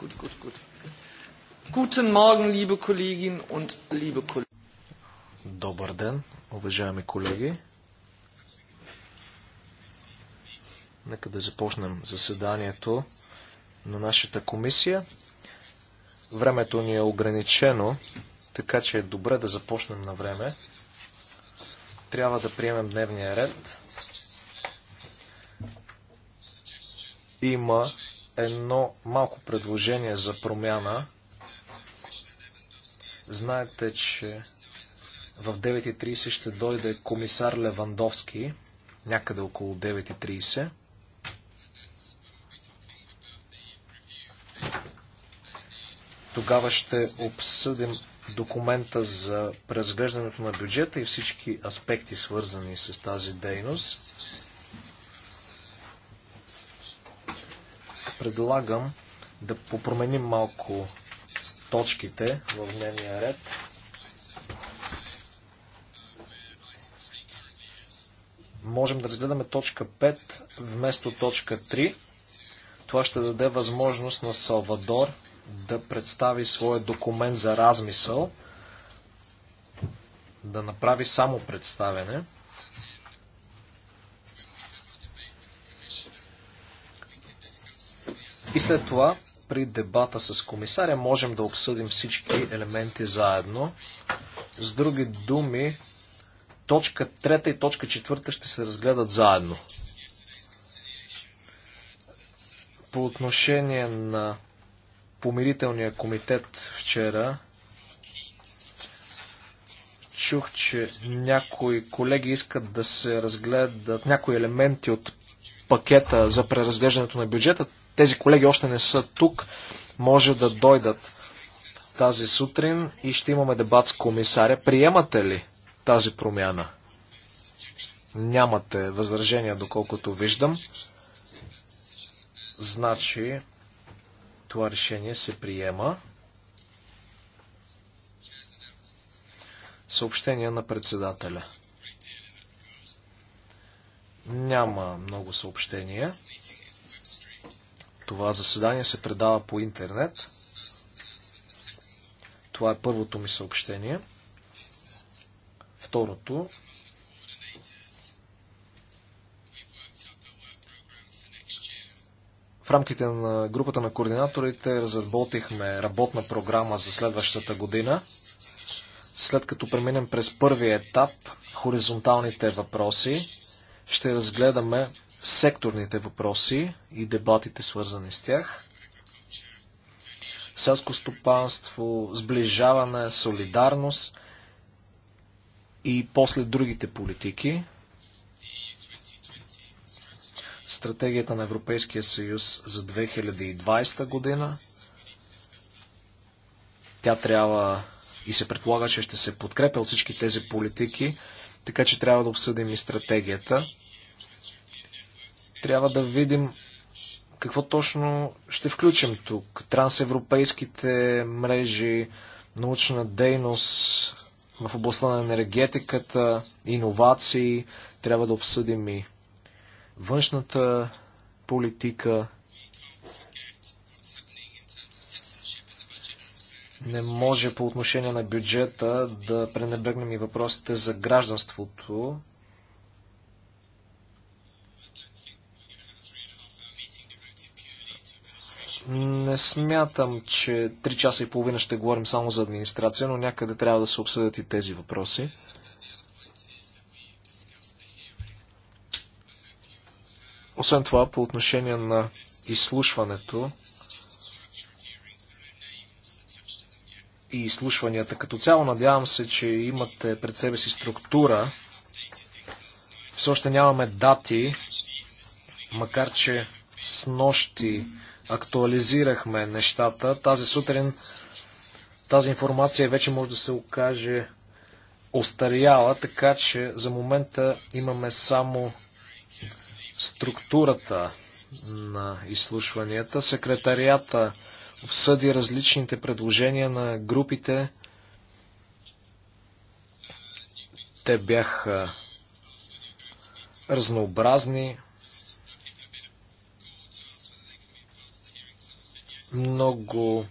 gut, gut, gut. Guten Morgen, liebe Kolleginnen und liebe Kollegen. Добър ден, уважаеми колеги. Нека да започнем заседанието на нашата комисия. Времето ни е ограничено, така че е добре да започнем на време. Трябва да приемем дневния ред. Има едно малко предложение за промяна. Знаете, че в 9.30 ще дойде комисар Левандовски, някъде около 9.30. Тогава ще обсъдим документа за преразглеждането на бюджета и всички аспекти, свързани с тази дейност. предлагам да попроменим малко точките в дневния ред. Можем да разгледаме точка 5 вместо точка 3. Това ще даде възможност на Салвадор да представи своя документ за размисъл, да направи само представяне. И след това, при дебата с комисаря, можем да обсъдим всички елементи заедно. С други думи, точка 3 и точка 4 ще се разгледат заедно. По отношение на помирителния комитет вчера, чух, че някои колеги искат да се разгледат някои елементи от пакета за преразглеждането на бюджета. Тези колеги още не са тук, може да дойдат тази сутрин и ще имаме дебат с комисаря. Приемате ли тази промяна? Нямате възражения, доколкото виждам. Значи, това решение се приема. Съобщение на председателя. Няма много съобщения. Това заседание се предава по интернет. Това е първото ми съобщение. Второто. В рамките на групата на координаторите разработихме работна програма за следващата година. След като преминем през първия етап, хоризонталните въпроси, ще разгледаме секторните въпроси и дебатите свързани с тях. Селско стопанство, сближаване, солидарност и после другите политики. Стратегията на Европейския съюз за 2020 година. Тя трябва и се предполага, че ще се подкрепя от всички тези политики, така че трябва да обсъдим и стратегията. Трябва да видим какво точно ще включим тук. Трансевропейските мрежи, научна дейност в областта на енергетиката, иновации. Трябва да обсъдим и външната политика. Не може по отношение на бюджета да пренебрегнем и въпросите за гражданството Не смятам, че 3 часа и половина ще говорим само за администрация, но някъде трябва да се обсъдят и тези въпроси. Освен това, по отношение на изслушването и изслушванията като цяло, надявам се, че имате пред себе си структура. Все още нямаме дати, макар че с нощи актуализирахме нещата. Тази сутрин тази информация вече може да се окаже остаряла, така че за момента имаме само структурата на изслушванията. Секретарията обсъди различните предложения на групите. Те бяха разнообразни. Много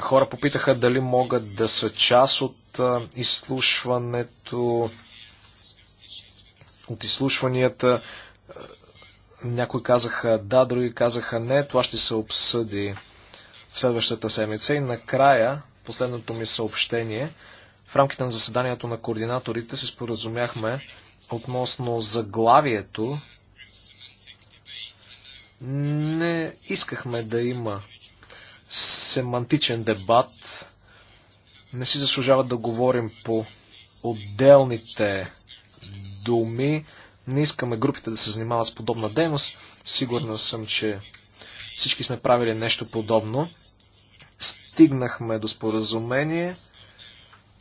хора попитаха дали могат да са част от изслушването, от изслушванията. Някои казаха да, други казаха не. Това ще се обсъди в следващата седмица. И накрая, последното ми съобщение, в рамките на заседанието на координаторите се споразумяхме относно заглавието не искахме да има семантичен дебат. Не си заслужава да говорим по отделните думи. Не искаме групите да се занимават с подобна дейност. Сигурна съм, че всички сме правили нещо подобно. Стигнахме до споразумение,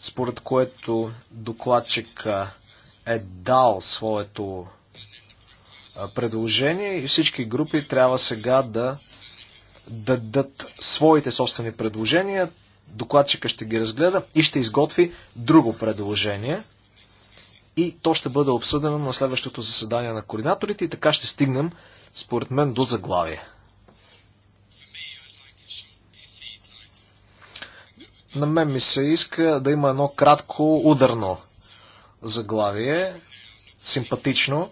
според което докладчика е дал своето предложение и всички групи трябва сега да дадат своите собствени предложения. Докладчика ще ги разгледа и ще изготви друго предложение. И то ще бъде обсъдено на следващото заседание на координаторите и така ще стигнем, според мен, до заглавие. На мен ми се иска да има едно кратко ударно заглавие, симпатично.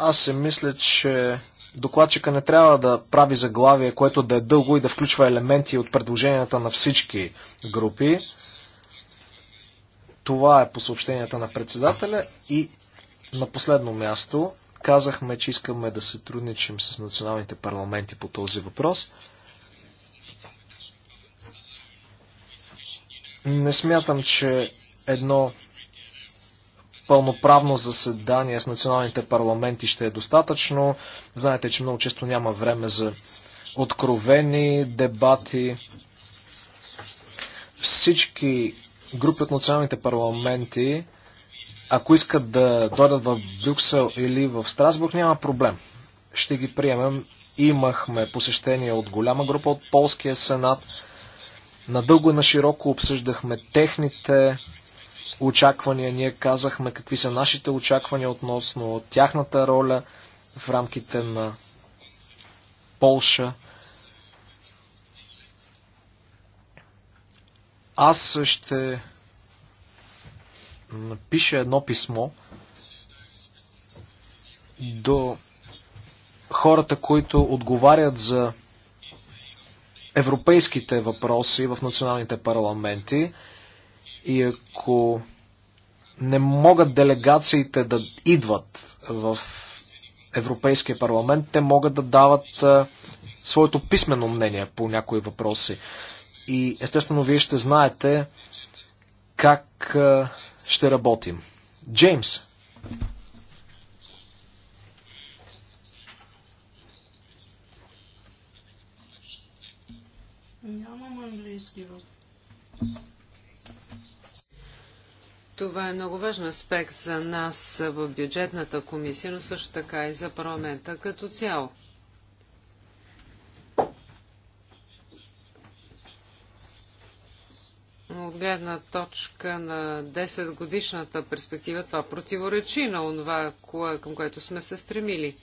Аз се мисля, че докладчика не трябва да прави заглавие, което да е дълго и да включва елементи от предложенията на всички групи. Това е по съобщенията на председателя и на последно място казахме, че искаме да се трудничим с националните парламенти по този въпрос. Не смятам, че едно пълноправно заседание с националните парламенти ще е достатъчно. Знаете, че много често няма време за откровени дебати. Всички групи от националните парламенти, ако искат да дойдат в Брюксел или в Страсбург, няма проблем. Ще ги приемем. Имахме посещение от голяма група от Полския сенат. Надълго и на широко обсъждахме техните очаквания, ние казахме какви са нашите очаквания относно тяхната роля в рамките на Полша. Аз ще напиша едно писмо до хората, които отговарят за европейските въпроси в националните парламенти. И ако не могат делегациите да идват в Европейския парламент, те могат да дават своето писмено мнение по някои въпроси. И естествено, вие ще знаете как ще работим. Джеймс. Нямам английски в Това е много важен аспект за нас в бюджетната комисия, но също така и за парламента като цяло. От гледна точка на 10 годишната перспектива това противоречи на това, към което сме се стремили.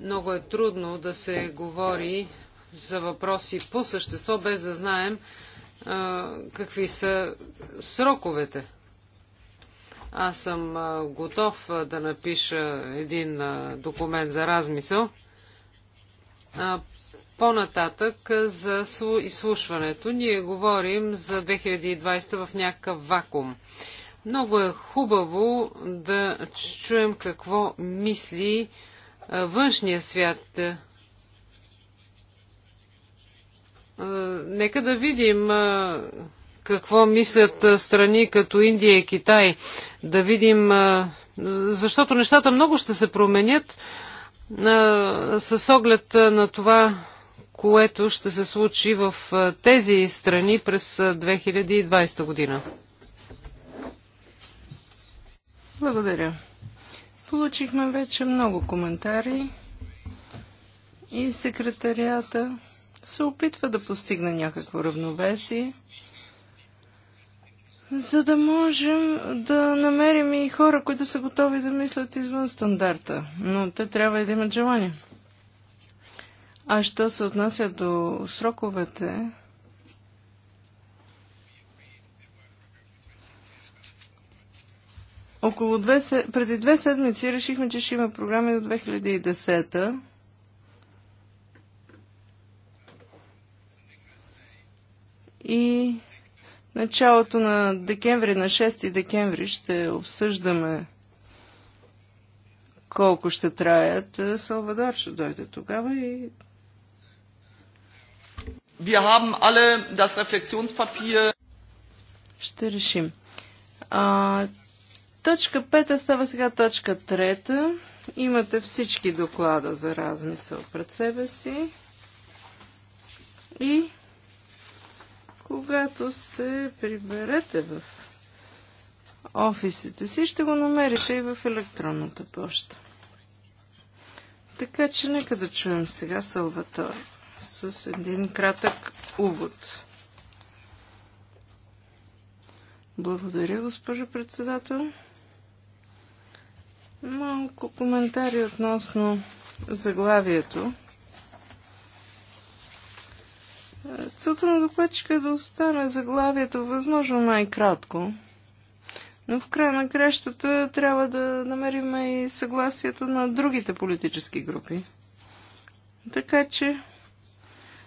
Много е трудно да се говори за въпроси по същество, без да знаем а, какви са сроковете. Аз съм готов да напиша един документ за размисъл. По-нататък за изслушването. Ние говорим за 2020 в някакъв вакуум. Много е хубаво да чуем какво мисли външния свят. Нека да видим какво мислят страни като Индия и Китай. Да видим, защото нещата много ще се променят с оглед на това, което ще се случи в тези страни през 2020 година. Благодаря. Получихме вече много коментари и секретарията се опитва да постигне някакво равновесие за да можем да намерим и хора, които са готови да мислят извън стандарта. Но те трябва и да имат желание. А що се отнася до сроковете, около две, преди две седмици решихме, че ще има програми до 2010 -та. и началото на декември, на 6 декември ще обсъждаме колко ще траят. Е, Салвадор ще дойде тогава и... Wir haben alle das Reflexionspapier. Ще решим. А, точка 5 става сега точка 3. Имате всички доклада за размисъл пред себе си. И когато се приберете в офисите си, ще го намерите и в електронната почта. Така че нека да чуем сега Салватор с един кратък увод. Благодаря, госпожо председател. Малко коментари относно заглавието. Целта на докладчика е да остане заглавието възможно най-кратко. Но в края на кращата трябва да намерим и съгласието на другите политически групи. Така че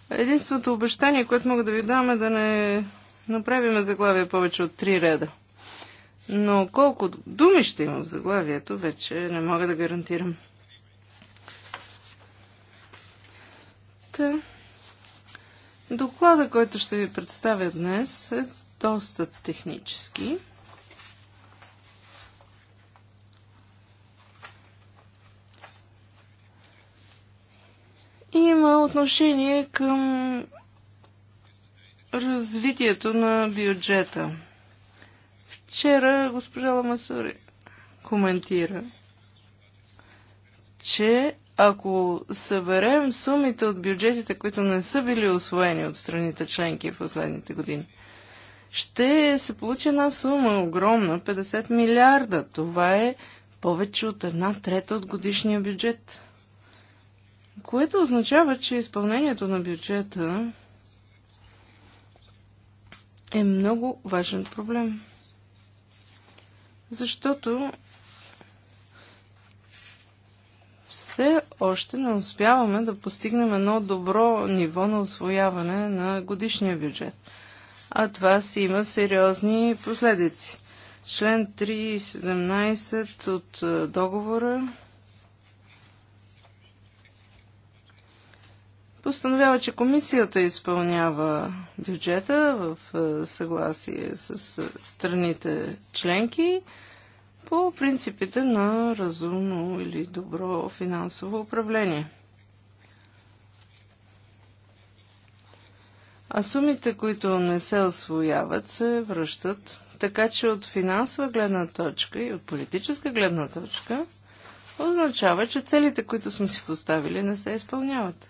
единственото обещание, което мога да ви дам е да не направим заглавие повече от три реда. Но колко думи ще има в заглавието, вече не мога да гарантирам. Та. Доклада, който ще ви представя днес, е доста технически. Има отношение към развитието на бюджета. Вчера госпожа Ламасури коментира, че ако съберем сумите от бюджетите, които не са били освоени от страните членки в последните години, ще се получи една сума огромна 50 милиарда. Това е повече от една трета от годишния бюджет. Което означава, че изпълнението на бюджета е много важен проблем. Защото все още не успяваме да постигнем едно добро ниво на освояване на годишния бюджет. А това си има сериозни последици. Член 3.17 от е, договора постановява, че комисията изпълнява бюджета в е, съгласие с е, страните членки по принципите на разумно или добро финансово управление. А сумите, които не се освояват, се връщат. Така че от финансова гледна точка и от политическа гледна точка означава, че целите, които сме си поставили, не се изпълняват.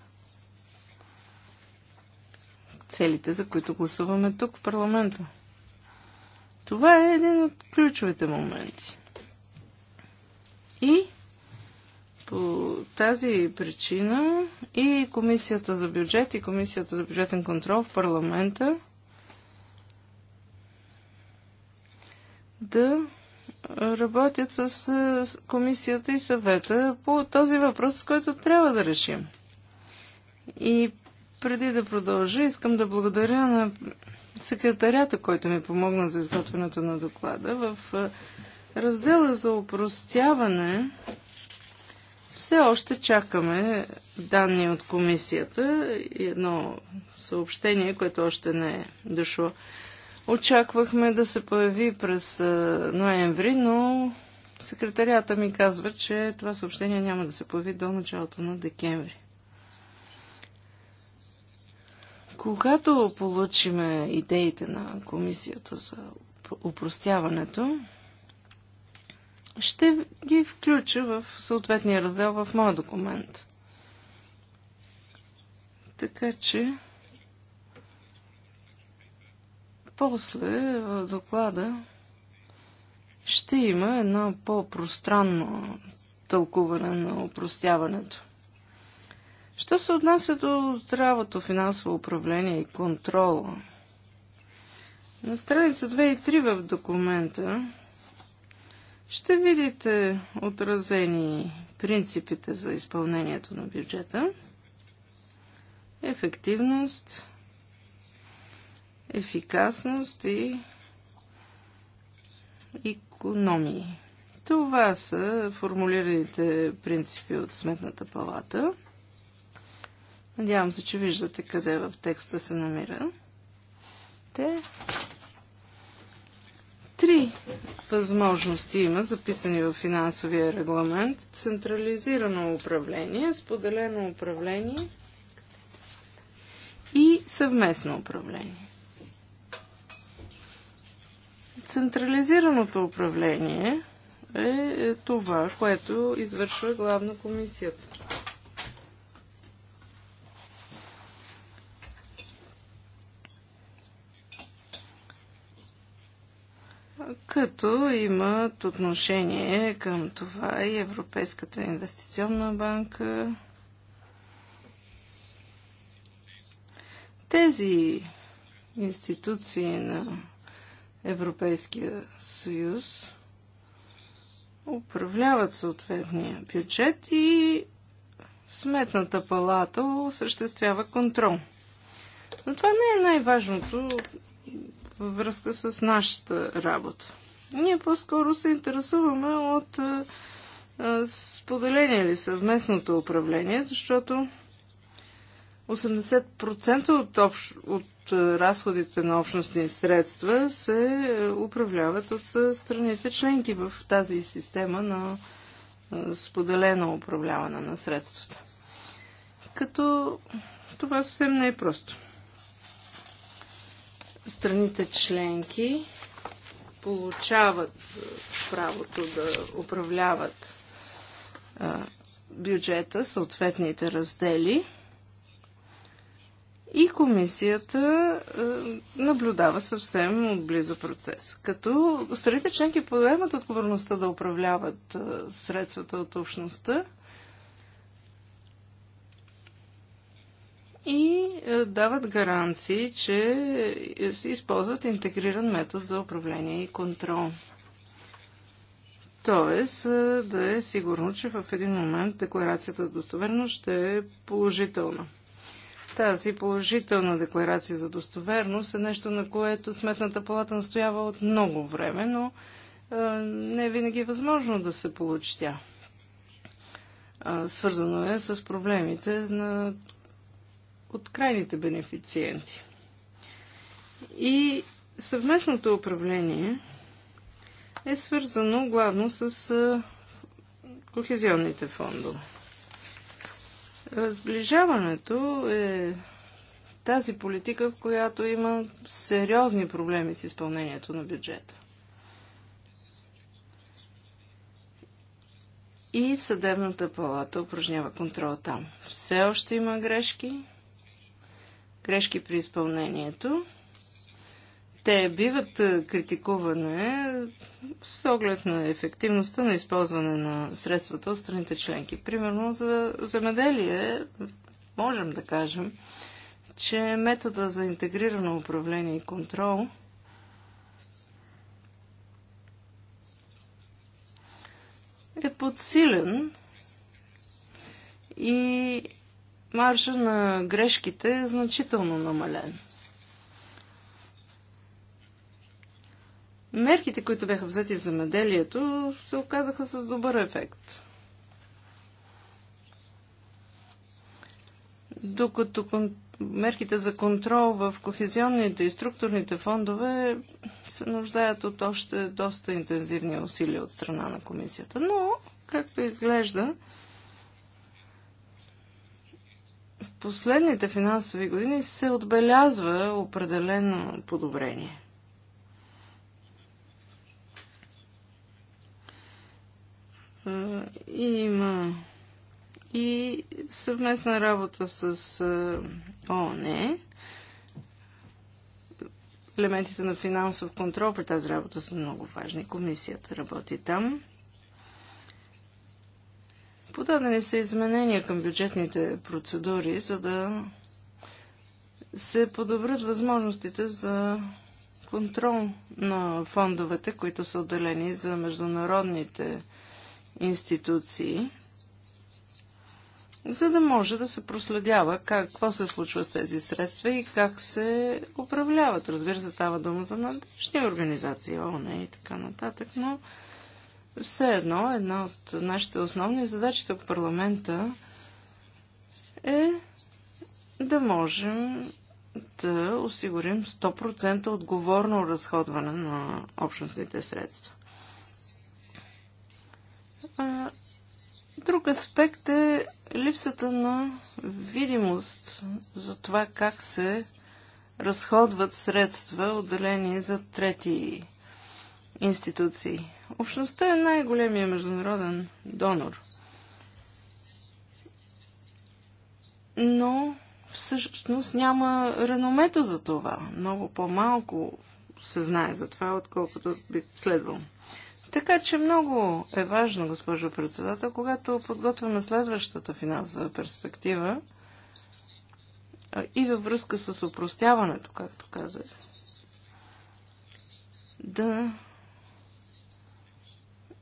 Целите, за които гласуваме тук в парламента. Това е един от ключовите моменти. И по тази причина и Комисията за бюджет и Комисията за бюджетен контрол в парламента да работят с комисията и съвета по този въпрос, който трябва да решим. И преди да продължа, искам да благодаря на секретарята, който ми помогна за изготвянето на доклада. В Раздела за опростяване все още чакаме данни от комисията и едно съобщение, което още не е дошло. Очаквахме да се появи през ноември, но секретарията ми казва, че това съобщение няма да се появи до началото на декември. Когато получиме идеите на комисията за упростяването, ще ги включа в съответния раздел в моя документ. Така че после в доклада ще има едно по-пространно тълкуване на упростяването. Що се отнася до здравото финансово управление и контрола? На страница 2 и 3 в документа ще видите отразени принципите за изпълнението на бюджета, ефективност, ефикасност и економии. Това са формулираните принципи от Сметната палата. Надявам се, че виждате къде в текста се намира. Те Три възможности има, записани в финансовия регламент. Централизирано управление, споделено управление и съвместно управление. Централизираното управление е това, което извършва главна комисията. като имат отношение към това и Европейската инвестиционна банка. Тези институции на Европейския съюз управляват съответния бюджет и Сметната палата осъществява контрол. Но това не е най-важното във връзка с нашата работа. Ние по-скоро се интересуваме от споделение ли съвместното управление, защото 80% от, общ, от разходите на общностни средства се е, управляват от страните членки в тази система на споделено управляване на средствата. Като това съвсем не е просто. Страните членки получават е, правото да управляват е, бюджета, съответните раздели и комисията е, наблюдава съвсем близо процес. Като страните членки поемат отговорността да управляват средствата от общността, и е, дават гаранции, че се използват интегриран метод за управление и контрол. Тоест, е, да е сигурно, че в един момент декларацията за е достоверност ще е положителна. Тази положителна декларация за достоверност е нещо, на което Сметната палата настоява от много време, но е, не е винаги възможно да се получи тя. Е, свързано е с проблемите на от крайните бенефициенти. И съвместното управление е свързано главно с кохезионните фондове. Сближаването е тази политика, в която има сериозни проблеми с изпълнението на бюджета. И съдебната палата упражнява контрол там. Все още има грешки, грешки при изпълнението. Те биват е, критикуване с оглед на ефективността на използване на средствата от страните членки. Примерно за земеделие можем да кажем, че метода за интегрирано управление и контрол е подсилен и маржа на грешките е значително намален. Мерките, които бяха взети в замеделието, се оказаха с добър ефект. Докато мерките за контрол в кохезионните и структурните фондове се нуждаят от още доста интензивни усилия от страна на комисията. Но, както изглежда, в последните финансови години се отбелязва определено подобрение. И има и съвместна работа с ООН. Елементите на финансов контрол при тази работа са много важни. Комисията работи там. Подадени са изменения към бюджетните процедури, за да се подобрят възможностите за контрол на фондовете, които са отделени за международните институции, за да може да се проследява какво се случва с тези средства и как се управляват. Разбира се, става дума за надежни организации, ООН и така нататък, но все едно, една от нашите основни задачи тук в парламента е да можем да осигурим 100% отговорно разходване на общностните средства. Друг аспект е липсата на видимост за това как се разходват средства, отделени за трети институции. Общността е най-големия международен донор. Но всъщност няма реномето за това. Много по-малко се знае за това, отколкото би следвало. Така че много е важно, госпожо председател, когато подготвяме следващата финансова перспектива и във връзка с упростяването, както казах, да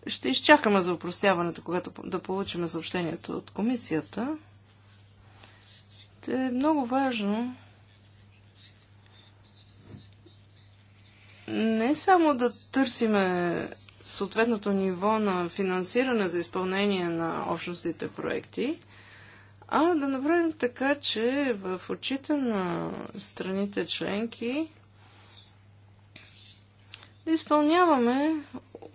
ще изчакаме за упростяването, когато да получим съобщението от комисията. Те е много важно не само да търсиме съответното ниво на финансиране за изпълнение на общностите проекти, а да направим така, че в очите на страните членки да изпълняваме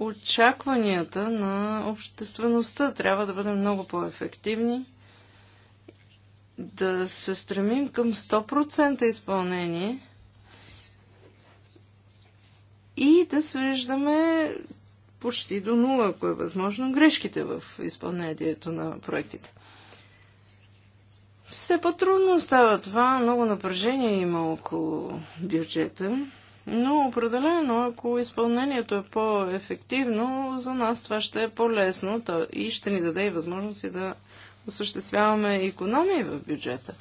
очакванията на обществеността. Трябва да бъдем много по-ефективни, да се стремим към 100% изпълнение и да свеждаме почти до нула, ако е възможно, грешките в изпълнението на проектите. Все по-трудно става това, много напрежение има около бюджета. Но определено, ако изпълнението е по-ефективно, за нас това ще е по-лесно и ще ни даде и възможности да осъществяваме економии в бюджета.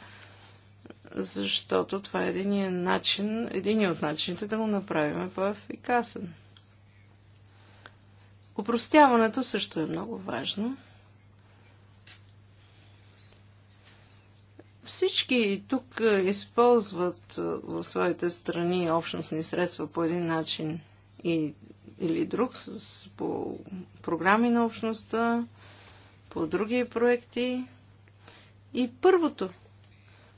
Защото това е един начин, един от начините да го направим по-ефикасен. Опростяването също е много важно – Всички тук е, използват е, в своите страни общностни средства по един начин и, или друг, с, по програми на общността, по други проекти. И първото,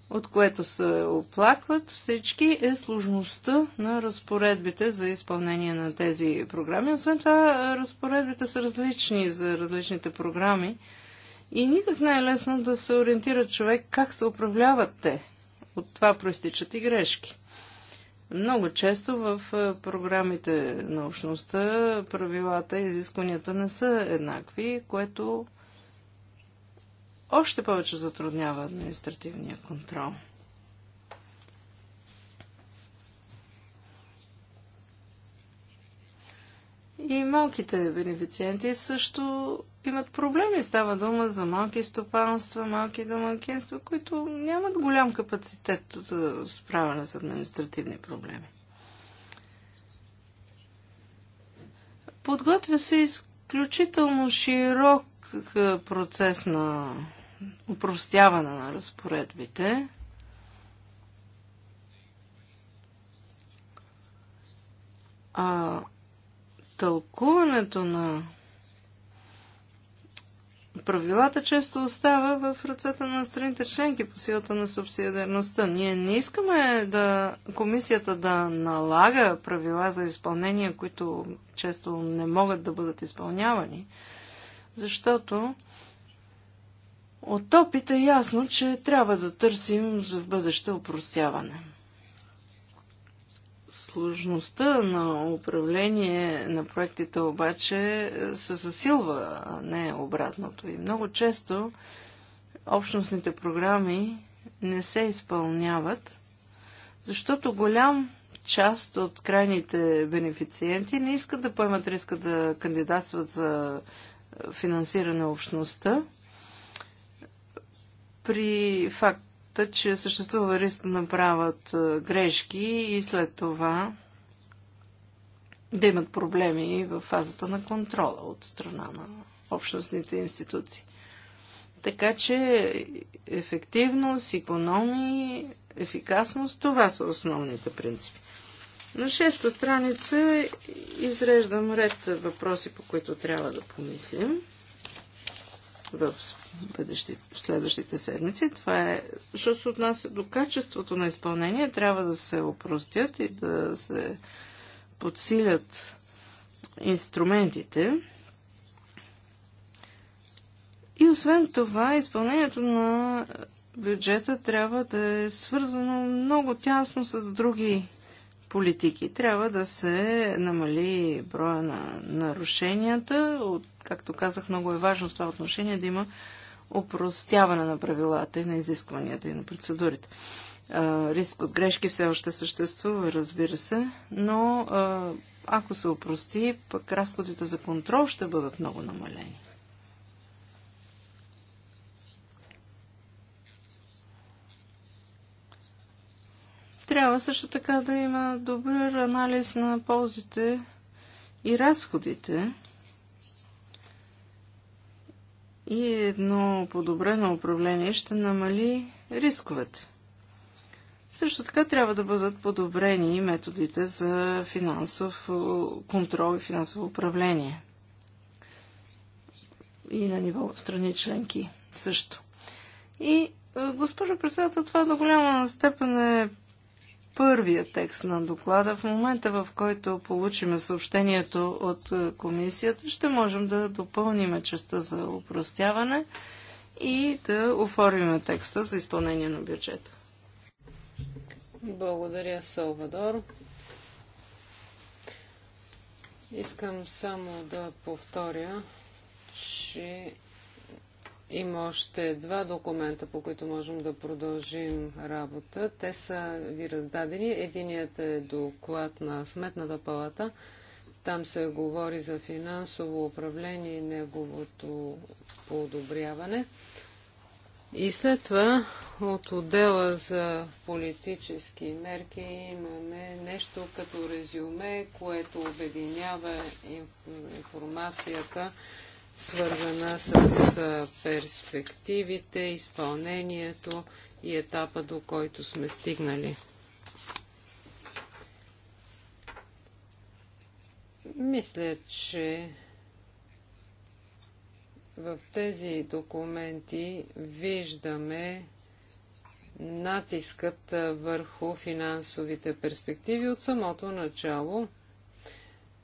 от което се оплакват всички, е сложността на разпоредбите за изпълнение на тези програми. Освен това, разпоредбите са различни за различните програми. И никак не е лесно да се ориентира човек как се управляват те. От това проистичат и грешки. Много често в е, програмите на общността правилата и изискванията не са еднакви, което още повече затруднява административния контрол. И малките бенефициенти също имат проблеми. Става дума за малки стопанства, малки домакинства, които нямат голям капацитет за справяне с административни проблеми. Подготвя се изключително широк процес на упростяване на разпоредбите. А тълкуването на правилата често остава в ръцете на страните членки по силата на субсидиарността. Ние не искаме да комисията да налага правила за изпълнение, които често не могат да бъдат изпълнявани, защото от опита е ясно, че трябва да търсим за бъдеще упростяване сложността на управление на проектите обаче се засилва, а не обратното. И много често общностните програми не се изпълняват, защото голям част от крайните бенефициенти не искат да поемат риска да кандидатстват за финансиране общността при факт, факта, че съществува риск да направят грешки и след това да имат проблеми в фазата на контрола от страна на общностните институции. Така че ефективност, економии, ефикасност, това са основните принципи. На шеста страница изреждам ред въпроси, по които трябва да помислим в бъдещи, в следващите седмици. Това е, що се отнася до качеството на изпълнение, трябва да се опростят и да се подсилят инструментите. И освен това, изпълнението на бюджета трябва да е свързано много тясно с други политики. Трябва да се намали броя на нарушенията. От, както казах, много е важно в това отношение да има опростяване на правилата и на изискванията и на процедурите. А, риск от грешки все още съществува, разбира се, но а, ако се опрости, пък разходите за контрол ще бъдат много намалени. Трябва също така да има добър анализ на ползите и разходите. И едно подобрено управление ще намали рисковете. Също така трябва да бъдат подобрени методите за финансов контрол и финансово управление. И на ниво страни членки също. И, е, госпожо председател, това до голяма степен е първия текст на доклада. В момента, в който получим съобщението от е, комисията, ще можем да допълним частта за упростяване и да оформим текста за изпълнение на бюджета. Благодаря, Салвадор. Искам само да повторя, че има още два документа, по които можем да продължим работа. Те са ви раздадени. Единият е доклад на Сметната палата. Там се говори за финансово управление и неговото подобряване. И след това от отдела за политически мерки имаме нещо като резюме, което обединява информацията свързана с перспективите, изпълнението и етапа, до който сме стигнали. Мисля, че в тези документи виждаме натискът върху финансовите перспективи от самото начало –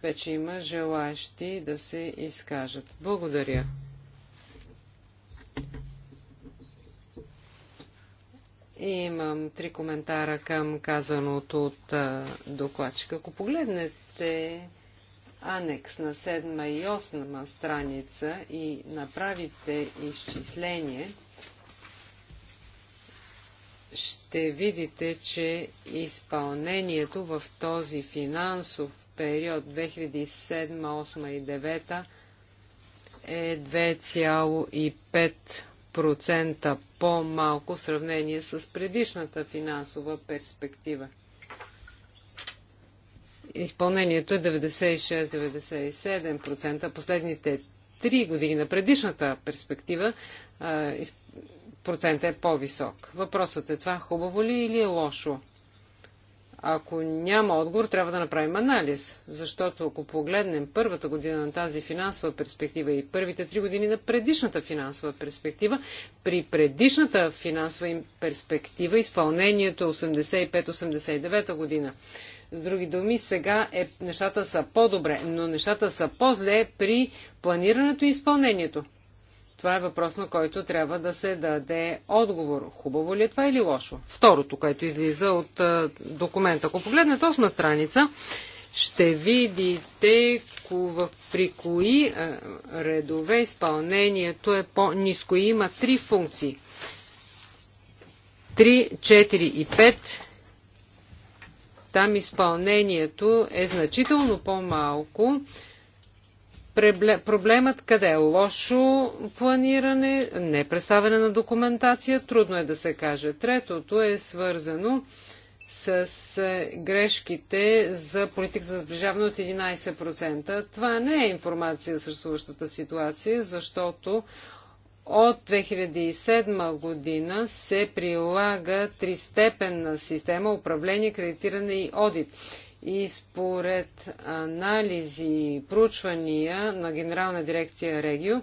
вече има желаящи да се изкажат. Благодаря. И имам три коментара към казаното от докладчика. Ако погледнете анекс на 7 и 8 страница и направите изчисление, ще видите, че изпълнението в този финансов период 2007, 2008 и 2009 е 2,5% по-малко в сравнение с предишната финансова перспектива. Изпълнението е 96-97%. Последните три години на предишната перспектива процентът е по-висок. Въпросът е това хубаво ли или е лошо? Ако няма отговор, трябва да направим анализ, защото ако погледнем първата година на тази финансова перспектива и първите три години на предишната финансова перспектива, при предишната финансова перспектива изпълнението е 85-89 година. С други думи, сега е, нещата са по-добре, но нещата са по-зле при планирането и изпълнението. Това е въпрос, на който трябва да се даде отговор. Хубаво ли е това или лошо? Второто, което излиза от документа. Ако погледнете осма страница, ще видите при кои редове изпълнението е по-низко. Има три функции. 3, 4 и 5. Там изпълнението е значително по-малко Проблемът къде е? Лошо планиране, не представяне на документация, трудно е да се каже. Третото е свързано с е, грешките за политика за сближаване от 11%. Това не е информация за съществуващата ситуация, защото от 2007 година се прилага тристепенна система управление, кредитиране и одит. И според анализи и проучвания на Генерална дирекция Регио,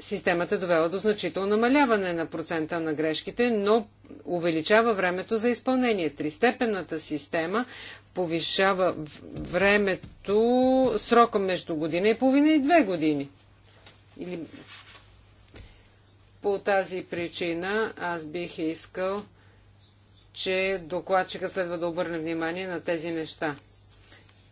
системата довела до значително намаляване на процента на грешките, но увеличава времето за изпълнение. Тристепенната система повишава времето, срока между година и половина и две години. Или... По тази причина аз бих искал че докладчика следва да обърне внимание на тези неща.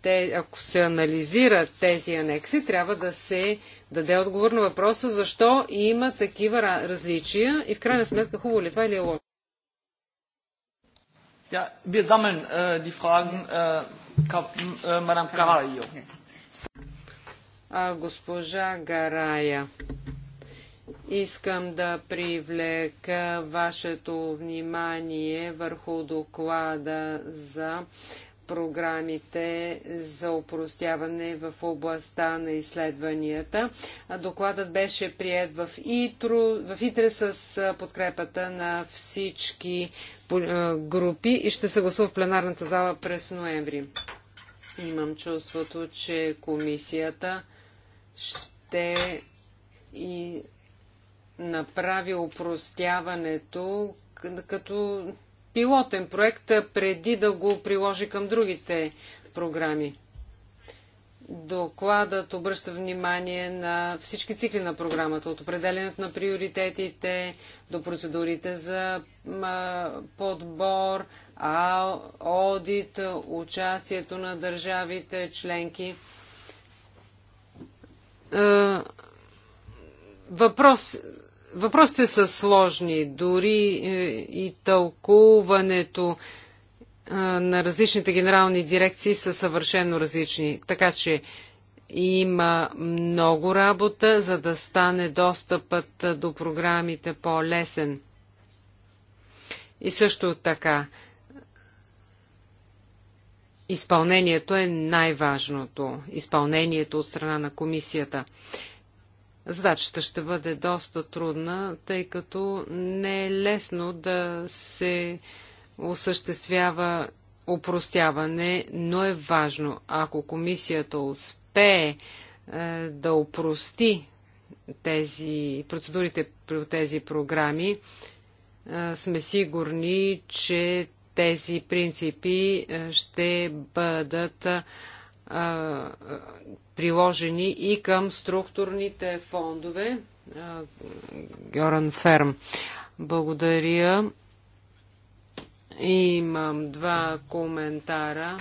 Те, ако се анализират тези анекси, трябва да се даде отговор на въпроса защо има такива различия и в крайна сметка хубаво ли това или е лошо. Ja, wir sammeln äh, die Fragen, äh, hm, äh, Madame Госпожа Гарая. Искам да привлека вашето внимание върху доклада за програмите за упростяване в областта на изследванията. Докладът беше прият в, ИТРО, в ИТРЕ с подкрепата на всички групи и ще се гласува в пленарната зала през ноември. Имам чувството, че комисията ще и направи упростяването като пилотен проект, преди да го приложи към другите програми. Докладът обръща внимание на всички цикли на програмата, от определенето на приоритетите до процедурите за подбор, аудит, участието на държавите, членки. Въпрос въпросите са сложни, дори е, и тълкуването е, на различните генерални дирекции са съвършено различни. Така че има много работа, за да стане достъпът е, до програмите по-лесен. И също така, изпълнението е най-важното. Изпълнението от страна на комисията. Задачата ще бъде доста трудна, тъй като не е лесно да се осъществява опростяване, но е важно, ако комисията успее е, да опрости тези процедурите при тези програми, е, сме сигурни, че тези принципи е, ще бъдат е, а, приложени и към структурните фондове. А, Георан Ферм. Благодаря. Имам два коментара.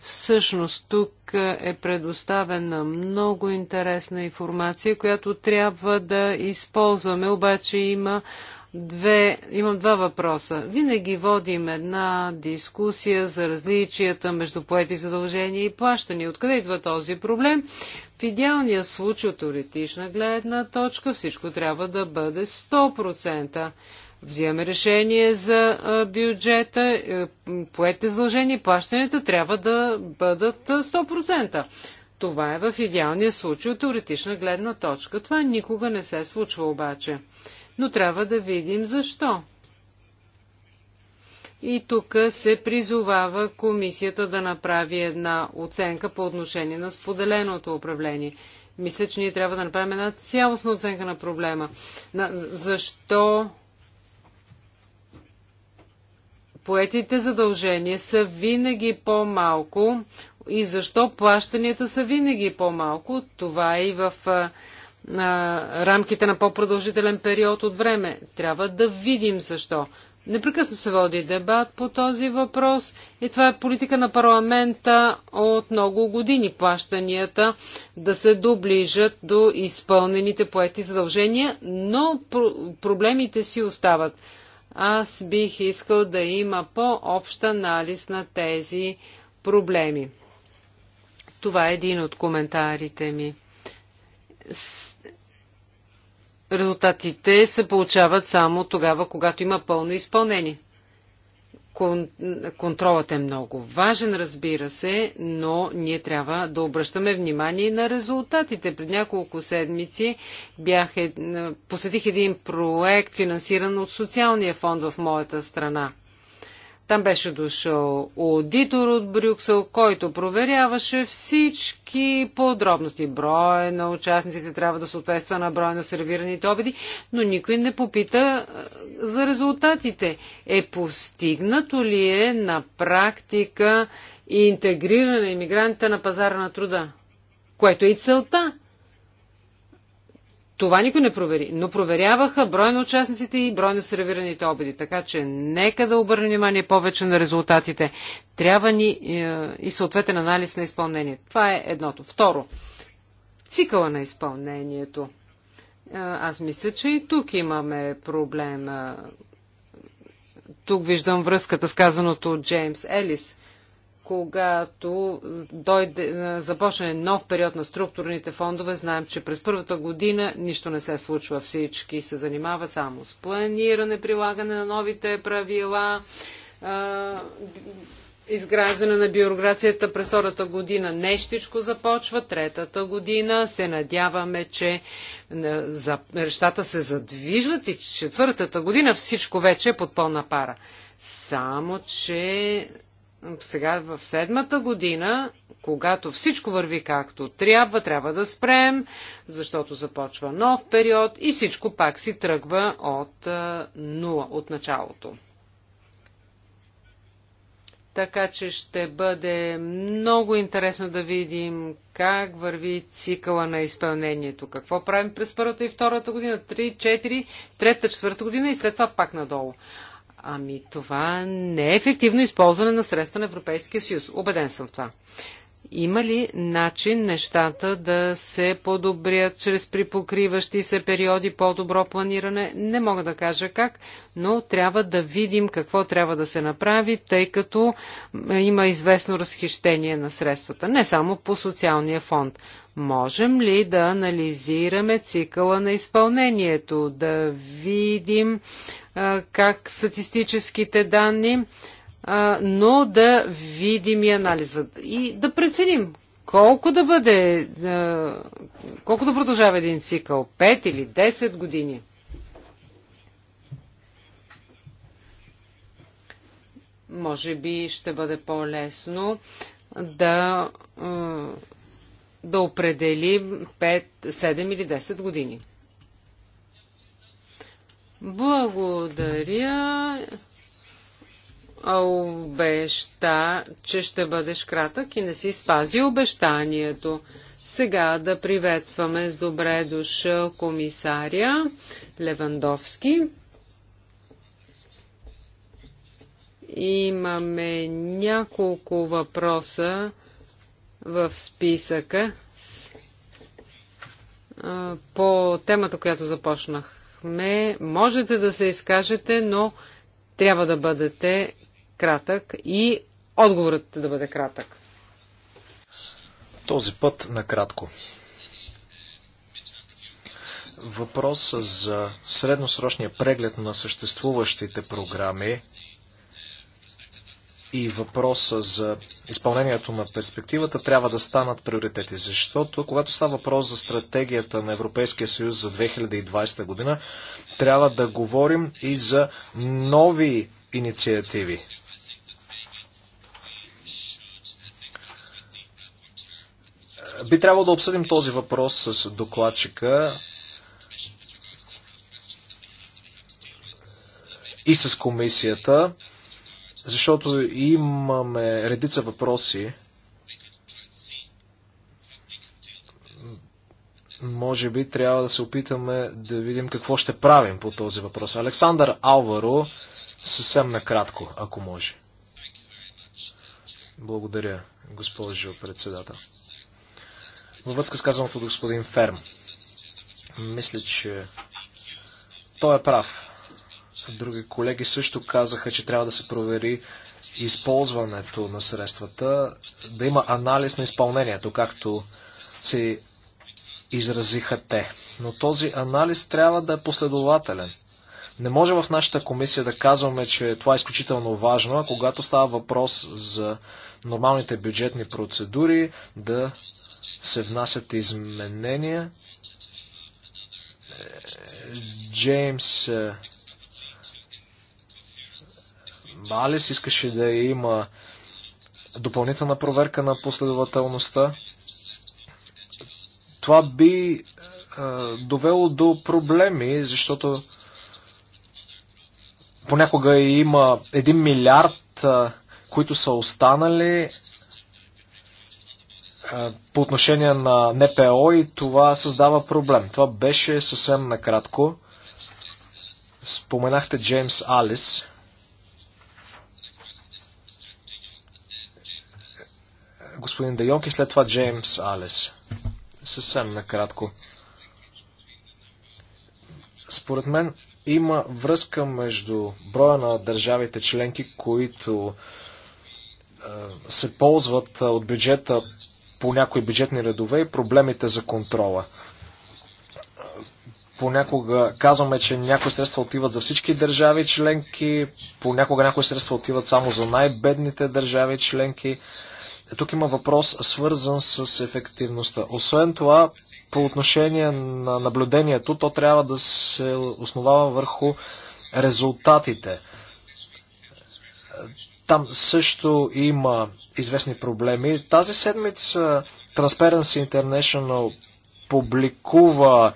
Всъщност тук е предоставена много интересна информация, която трябва да използваме, обаче има Две, имам два въпроса. Винаги водим една дискусия за различията между поети задължения и плащания. Откъде идва този проблем? В идеалния случай от теоретична гледна точка всичко трябва да бъде 100%. Взимаме решение за бюджета, е, поете задължения и плащанията трябва да бъдат 100%. Това е в идеалния случай от теоретична гледна точка. Това никога не се случва обаче но трябва да видим защо. И тук се призовава комисията да направи една оценка по отношение на споделеното управление. Мисля, че ние трябва да направим една цялостна оценка на проблема. На, защо поетите задължения са винаги по-малко и защо плащанията са винаги по-малко. Това е и в на рамките на по-продължителен период от време. Трябва да видим защо. Непрекъсно се води дебат по този въпрос и това е политика на парламента от много години. Плащанията да се доближат до изпълнените поети задължения, но проблемите си остават. Аз бих искал да има по-общ анализ на тези проблеми. Това е един от коментарите ми резултатите се получават само тогава, когато има пълно изпълнение. Кон, контролът е много важен, разбира се, но ние трябва да обръщаме внимание на резултатите. Пред няколко седмици бях, посетих един проект, финансиран от Социалния фонд в моята страна. Там беше дошъл аудитор от Брюксел, който проверяваше всички подробности. Броя на участниците трябва да съответства на броя на сервираните обеди, но никой не попита за резултатите. Е постигнато ли е на практика интегриране на иммигрантите на пазара на труда? Което е и целта – това никой не провери, но проверяваха броя на участниците и броя на сервираните обеди. Така че нека да обърнем внимание повече на резултатите. Трябва ни е, и съответен анализ на изпълнение. Това е едното. Второ, цикъла на изпълнението. Е, аз мисля, че и тук имаме проблем. Тук виждам връзката с казаното от Джеймс Елис когато дойде, започне нов период на структурните фондове, знаем, че през първата година нищо не се случва. Всички се занимават само с планиране, прилагане на новите правила, изграждане на бюрокрацията през втората година нещичко започва, третата година се надяваме, че нещата се задвижват и четвъртата година всичко вече е под пълна пара. Само, че сега в седмата година, когато всичко върви както трябва, трябва да спрем, защото започва нов период и всичко пак си тръгва от нула, от началото. Така че ще бъде много интересно да видим как върви цикъла на изпълнението. Какво правим през първата и втората година, 3, 4, трета, четвърта година и след това пак надолу. Ами това не е ефективно използване на средства на Европейския съюз. Обеден съм в това. Има ли начин нещата да се подобрят чрез припокриващи се периоди по-добро планиране? Не мога да кажа как, но трябва да видим какво трябва да се направи, тъй като има известно разхищение на средствата, не само по социалния фонд. Можем ли да анализираме цикъла на изпълнението, да видим а, как статистическите данни но да видим и анализа. и да преценим колко да бъде, колко да продължава един цикъл, 5 или 10 години. Може би ще бъде по-лесно да, да определим 5, 7 или 10 години. Благодаря обеща, че ще бъдеш кратък и не си спази обещанието. Сега да приветстваме с добре дошъл комисаря Левандовски. Имаме няколко въпроса в списъка по темата, която започнахме. Можете да се изкажете, но трябва да бъдете кратък и отговорът да бъде кратък. Този път накратко. Въпрос за средносрочния преглед на съществуващите програми и въпроса за изпълнението на перспективата трябва да станат приоритети, защото когато става въпрос за стратегията на Европейския съюз за 2020 година, трябва да говорим и за нови инициативи. Би трябвало да обсъдим този въпрос с докладчика и с комисията, защото имаме редица въпроси. Може би трябва да се опитаме да видим какво ще правим по този въпрос. Александър Алваро, съвсем накратко, ако може. Благодаря, госпожо председател във връзка с казаното от господин Ферм. Мисля, че той е прав. Други колеги също казаха, че трябва да се провери използването на средствата, да има анализ на изпълнението, както се изразиха те. Но този анализ трябва да е последователен. Не може в нашата комисия да казваме, че това е изключително важно, а когато става въпрос за нормалните бюджетни процедури, да се внасят изменения. Джеймс Балис е, искаше да има допълнителна проверка на последователността. Това би е, довело до проблеми, защото понякога има 1 милиард, е, които са останали по отношение на НПО и това създава проблем. Това беше съвсем накратко. Споменахте Джеймс Алис. Господин Де и след това Джеймс Алис. Съвсем накратко. Според мен има връзка между броя на държавите членки, които се ползват от бюджета по някои бюджетни редове и проблемите за контрола. Понякога казваме, че някои средства отиват за всички държави членки, понякога някои средства отиват само за най-бедните държави членки. Е, тук има въпрос свързан с ефективността. Освен това, по отношение на наблюдението, то трябва да се основава върху резултатите. Там също има известни проблеми. Тази седмица Transparency International публикува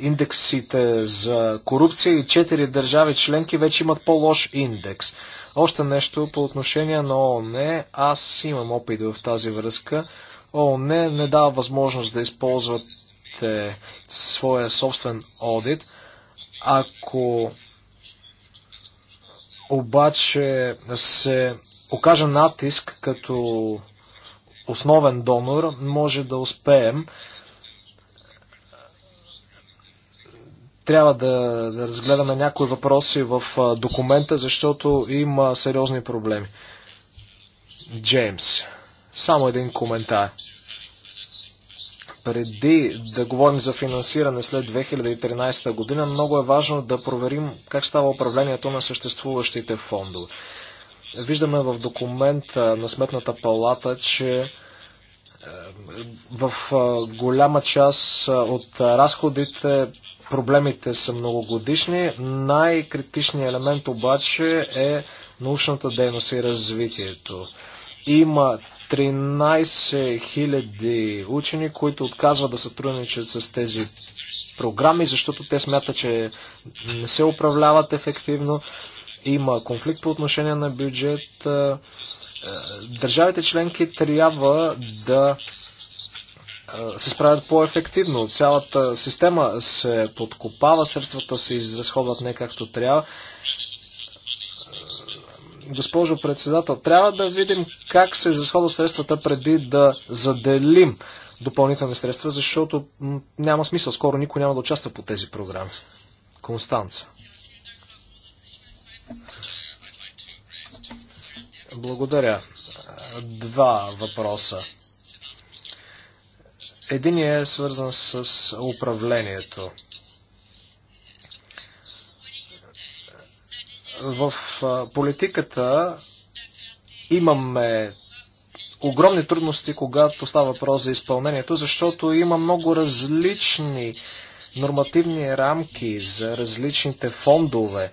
индексите за корупция и четири държави членки вече имат по-лош индекс. Още нещо по отношение на ООН. Аз имам опит в тази връзка. ООН не дава възможност да използвате своя собствен одит. Ако обаче се окажа натиск като основен донор, може да успеем. Трябва да, да разгледаме някои въпроси в документа, защото има сериозни проблеми. Джеймс, само един коментар преди да говорим за финансиране след 2013 година, много е важно да проверим как става управлението на съществуващите фондове. Виждаме в документа на Сметната палата, че е, в е, голяма част е, от разходите проблемите са многогодишни. Най-критичният елемент обаче е научната дейност и развитието. Има 13 000 учени, които отказват да сътрудничат с тези програми, защото те смятат, че не се управляват ефективно. Има конфликт по отношение на бюджет. Е, е, държавите членки трябва да е, се справят по-ефективно. Цялата система се подкопава, средствата се изразходват не както трябва госпожо председател. Трябва да видим как се изразходват средствата преди да заделим допълнителни средства, защото няма смисъл. Скоро никой няма да участва по тези програми. Констанца. Благодаря. Два въпроса. Единият е свързан с управлението. в политиката имаме огромни трудности, когато става въпрос за изпълнението, защото има много различни нормативни рамки за различните фондове.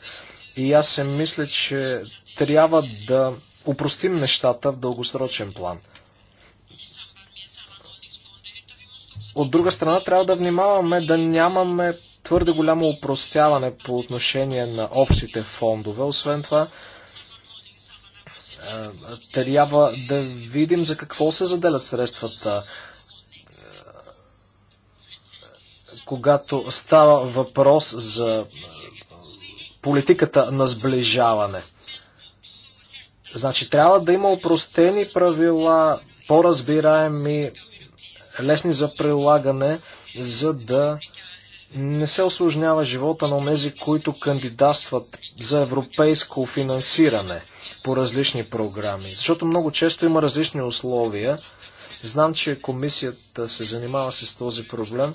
И аз се мисля, че трябва да упростим нещата в дългосрочен план. От друга страна, трябва да внимаваме да нямаме твърде голямо упростяване по отношение на общите фондове. Освен това, е, трябва да видим за какво се заделят средствата. Е, когато става въпрос за политиката на сближаване. Значи трябва да има упростени правила, по-разбираеми, лесни за прилагане, за да не се осложнява живота на тези, които кандидатстват за европейско финансиране по различни програми. Защото много често има различни условия. Знам, че комисията се занимава с този проблем.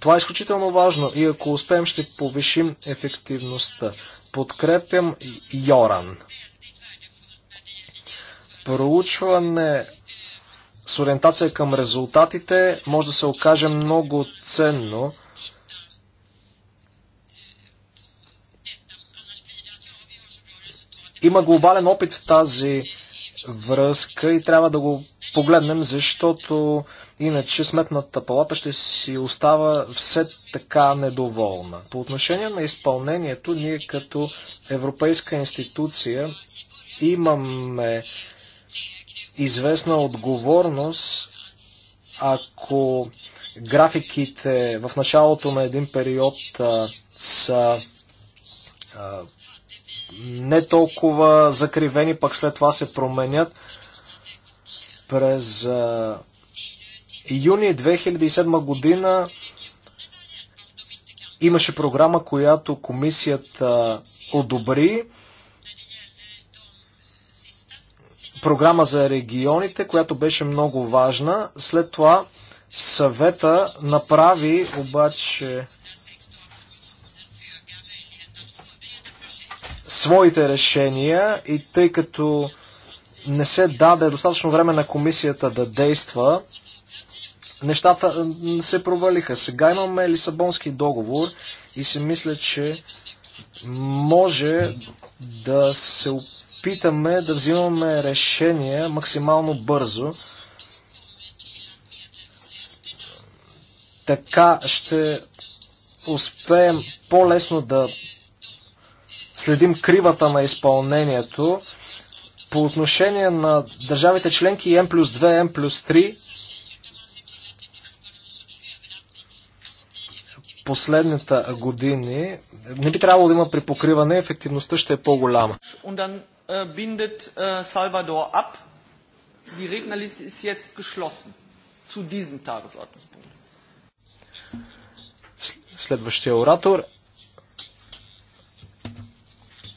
Това е изключително важно и ако успеем, ще повишим ефективността. Подкрепям Йоран. Проучване с ориентация към резултатите може да се окаже много ценно. Има глобален опит в тази връзка и трябва да го погледнем, защото иначе сметната палата ще си остава все така недоволна. По отношение на изпълнението, ние като европейска институция имаме известна отговорност, ако графиките в началото на един период а, са а, не толкова закривени, пък след това се променят. През а, юни 2007 година имаше програма, която комисията одобри програма за регионите, която беше много важна. След това съвета направи обаче своите решения и тъй като не се даде достатъчно време на комисията да действа, нещата се провалиха. Сега имаме Лисабонски договор и си мисля, че може да се опитаме да взимаме решения максимално бързо. Така ще успеем по-лесно да следим кривата на изпълнението. По отношение на държавите членки М плюс 2, М плюс 3, последните години не би трябвало да има припокриване, ефективността ще е по-голяма. Äh, bindet äh, Salvador ab. Die Rednerliste ist jetzt geschlossen zu diesem Tagesordnungspunkt. Следващия оратор.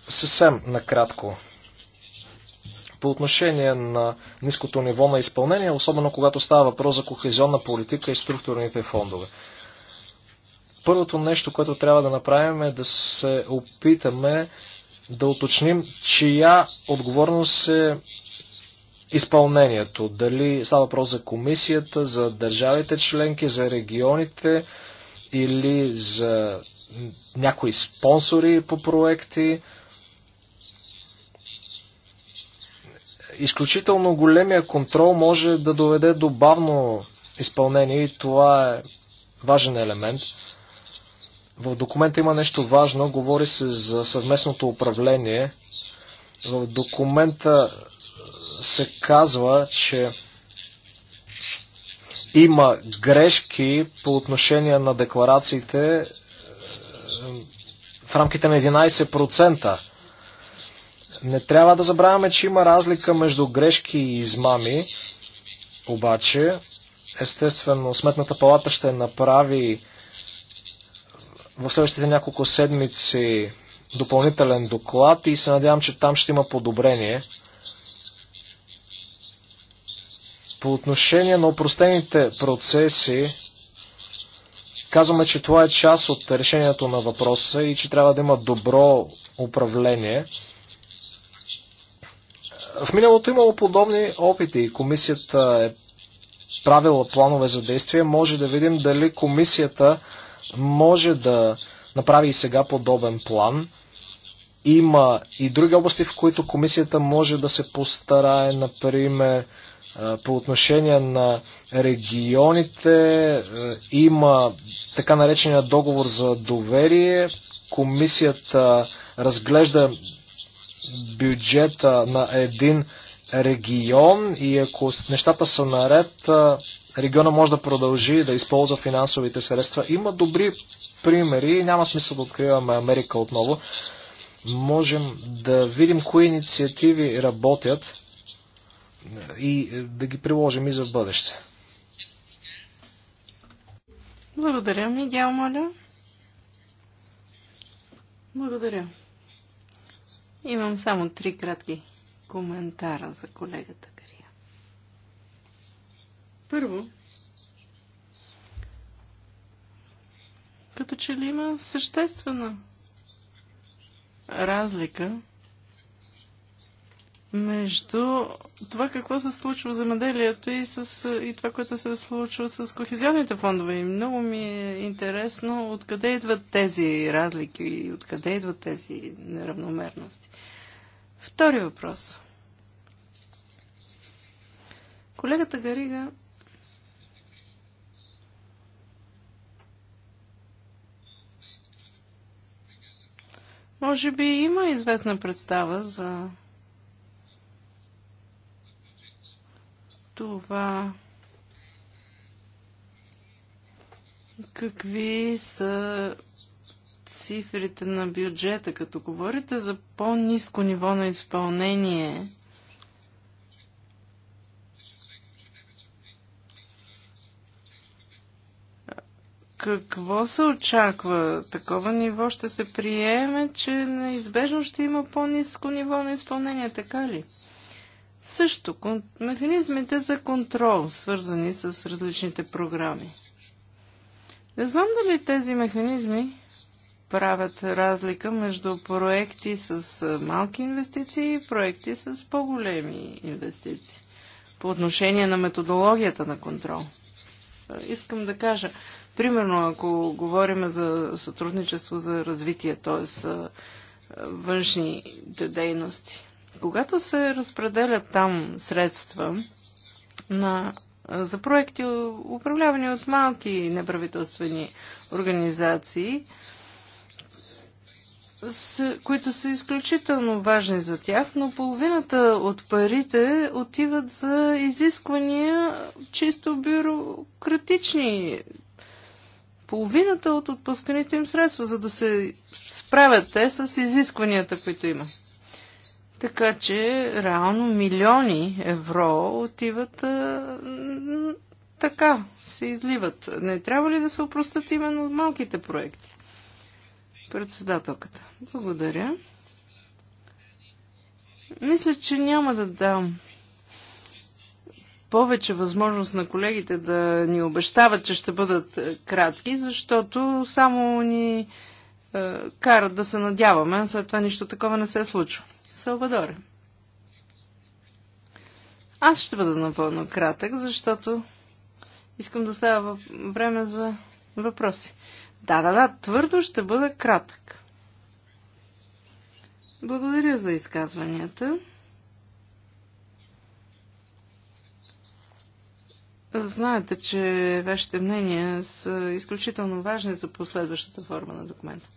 Съвсем накратко. По отношение на ниското ниво на изпълнение, особено когато става въпрос за кохезионна политика и структурните фондове първото нещо, което трябва да направим е да се опитаме да уточним, чия отговорност е изпълнението. Дали става въпрос за комисията, за държавите членки, за регионите или за някои спонсори по проекти. Изключително големия контрол може да доведе до бавно изпълнение и това е важен елемент. В документа има нещо важно. Говори се за съвместното управление. В документа се казва, че има грешки по отношение на декларациите е, в рамките на 11%. Не трябва да забравяме, че има разлика между грешки и измами, обаче, естествено, Сметната палата ще направи в следващите няколко седмици допълнителен доклад и се надявам, че там ще има подобрение. По отношение на упростените процеси, казваме, че това е част от решението на въпроса и че трябва да има добро управление. В миналото имало подобни опити. и Комисията е правила планове за действие. Може да видим дали комисията може да направи и сега подобен план. Има и други области, в които комисията може да се постарае, например, по отношение на регионите има така наречения договор за доверие. Комисията разглежда бюджета на един регион и ако нещата са наред, региона може да продължи да използва финансовите средства. Има добри примери, няма смисъл да откриваме Америка отново. Можем да видим кои инициативи работят и е, да ги приложим и за бъдеще. Благодаря, Мигел, моля. Благодаря. Имам само три кратки коментара за колегата. Първо, като че ли има съществена разлика между това какво се случва в земеделието и, с, и това, което се случва с кохезионните фондове. И много ми е интересно откъде идват тези разлики и откъде идват тези неравномерности. Втори въпрос. Колегата Гарига Може би има известна представа за това какви са цифрите на бюджета, като говорите за по-низко ниво на изпълнение какво се очаква? Такова ниво ще се приеме, че неизбежно ще има по-низко ниво на изпълнение, така ли? Също, механизмите за контрол, свързани с различните програми. Не знам дали тези механизми правят разлика между проекти с малки инвестиции и проекти с по-големи инвестиции по отношение на методологията на контрол. Искам да кажа, Примерно, ако говорим за сътрудничество за развитие, т.е. външни дейности. Когато се разпределят там средства на, за проекти, управлявани от малки неправителствени организации, с, които са изключително важни за тях, но половината от парите отиват за изисквания чисто бюрократични, половината от отпусканите им средства, за да се справят те с изискванията, които има. Така че реално милиони евро отиват а, така, се изливат. Не трябва ли да се опростат именно от малките проекти? Председателката. Благодаря. Мисля, че няма да дам повече възможност на колегите да ни обещават, че ще бъдат е, кратки, защото само ни е, карат да се надяваме, а след това нищо такова не се случва. Салвадоре. Аз ще бъда напълно кратък, защото искам да става време за въпроси. Да, да, да, твърдо ще бъда кратък. Благодаря за изказванията. Знаете, че вашите мнения са изключително важни за последващата форма на документа.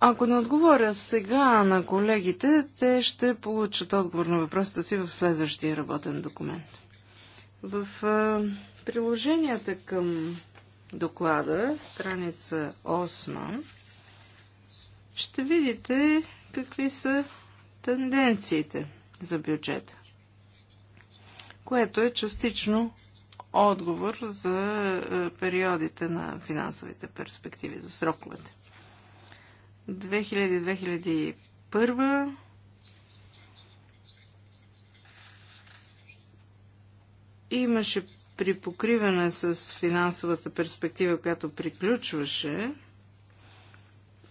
Ако не отговоря сега на колегите, те ще получат отговор на въпросите си в следващия работен документ. В приложенията към доклада, страница 8, ще видите какви са тенденциите за бюджета което е частично отговор за е, периодите на финансовите перспективи, за сроковете. 2000-2001 имаше при покриване с финансовата перспектива, която приключваше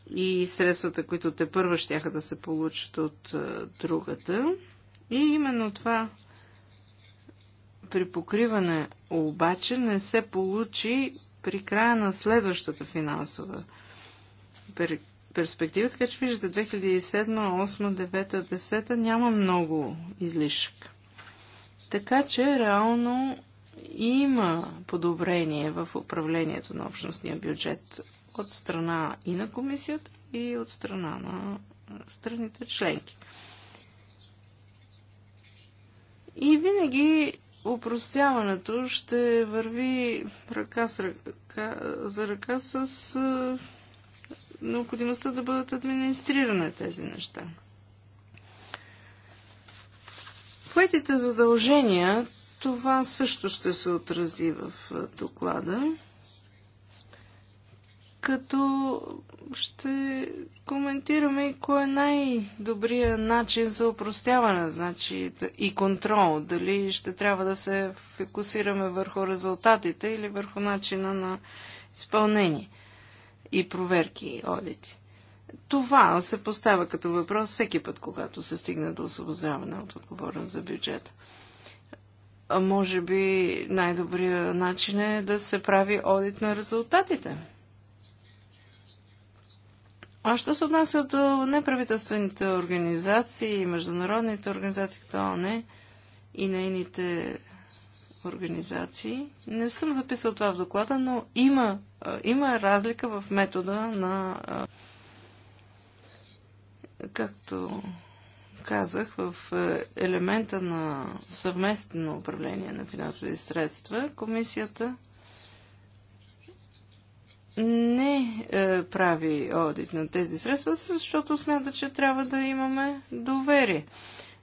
и средствата, които те първа щяха да се получат от е, другата. И именно това при покриване обаче не се получи при края на следващата финансова пер... перспектива. Така че виждате, 2007, 2008, 2009, 2010 няма много излишък. Така че реално има подобрение в управлението на общностния бюджет от страна и на комисията, и от страна на страните членки. И винаги упростяването ще върви ръка с ръка, за ръка с необходимостта да бъдат администрирани тези неща. Поетите задължения, това също ще се отрази в доклада като ще коментираме и кой е най-добрия начин за упростяване значи, и контрол. Дали ще трябва да се фокусираме върху резултатите или върху начина на изпълнение и проверки и одити. Това се поставя като въпрос всеки път, когато се стигне до освобождаване от отговорност за бюджета. Може би най-добрият начин е да се прави одит на резултатите а що се отнася до неправителствените организации и международните организации като ОНЕ и нейните организации, не съм записал това в доклада, но има, има разлика в метода на както казах, в елемента на съвместно управление на финансови средства, комисията не е, прави одит на тези средства, защото смята, че трябва да имаме доверие.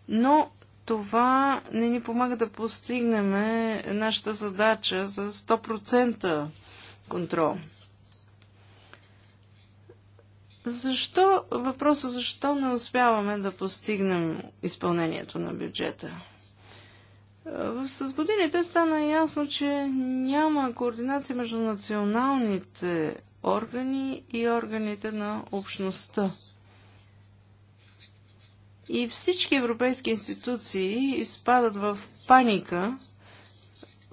Но това не ни помага да постигнем нашата задача за 100% контрол. Защо, въпросът: защо не успяваме да постигнем изпълнението на бюджета? С годините стана ясно, че няма координация между националните органи и органите на общността. И всички европейски институции изпадат в паника,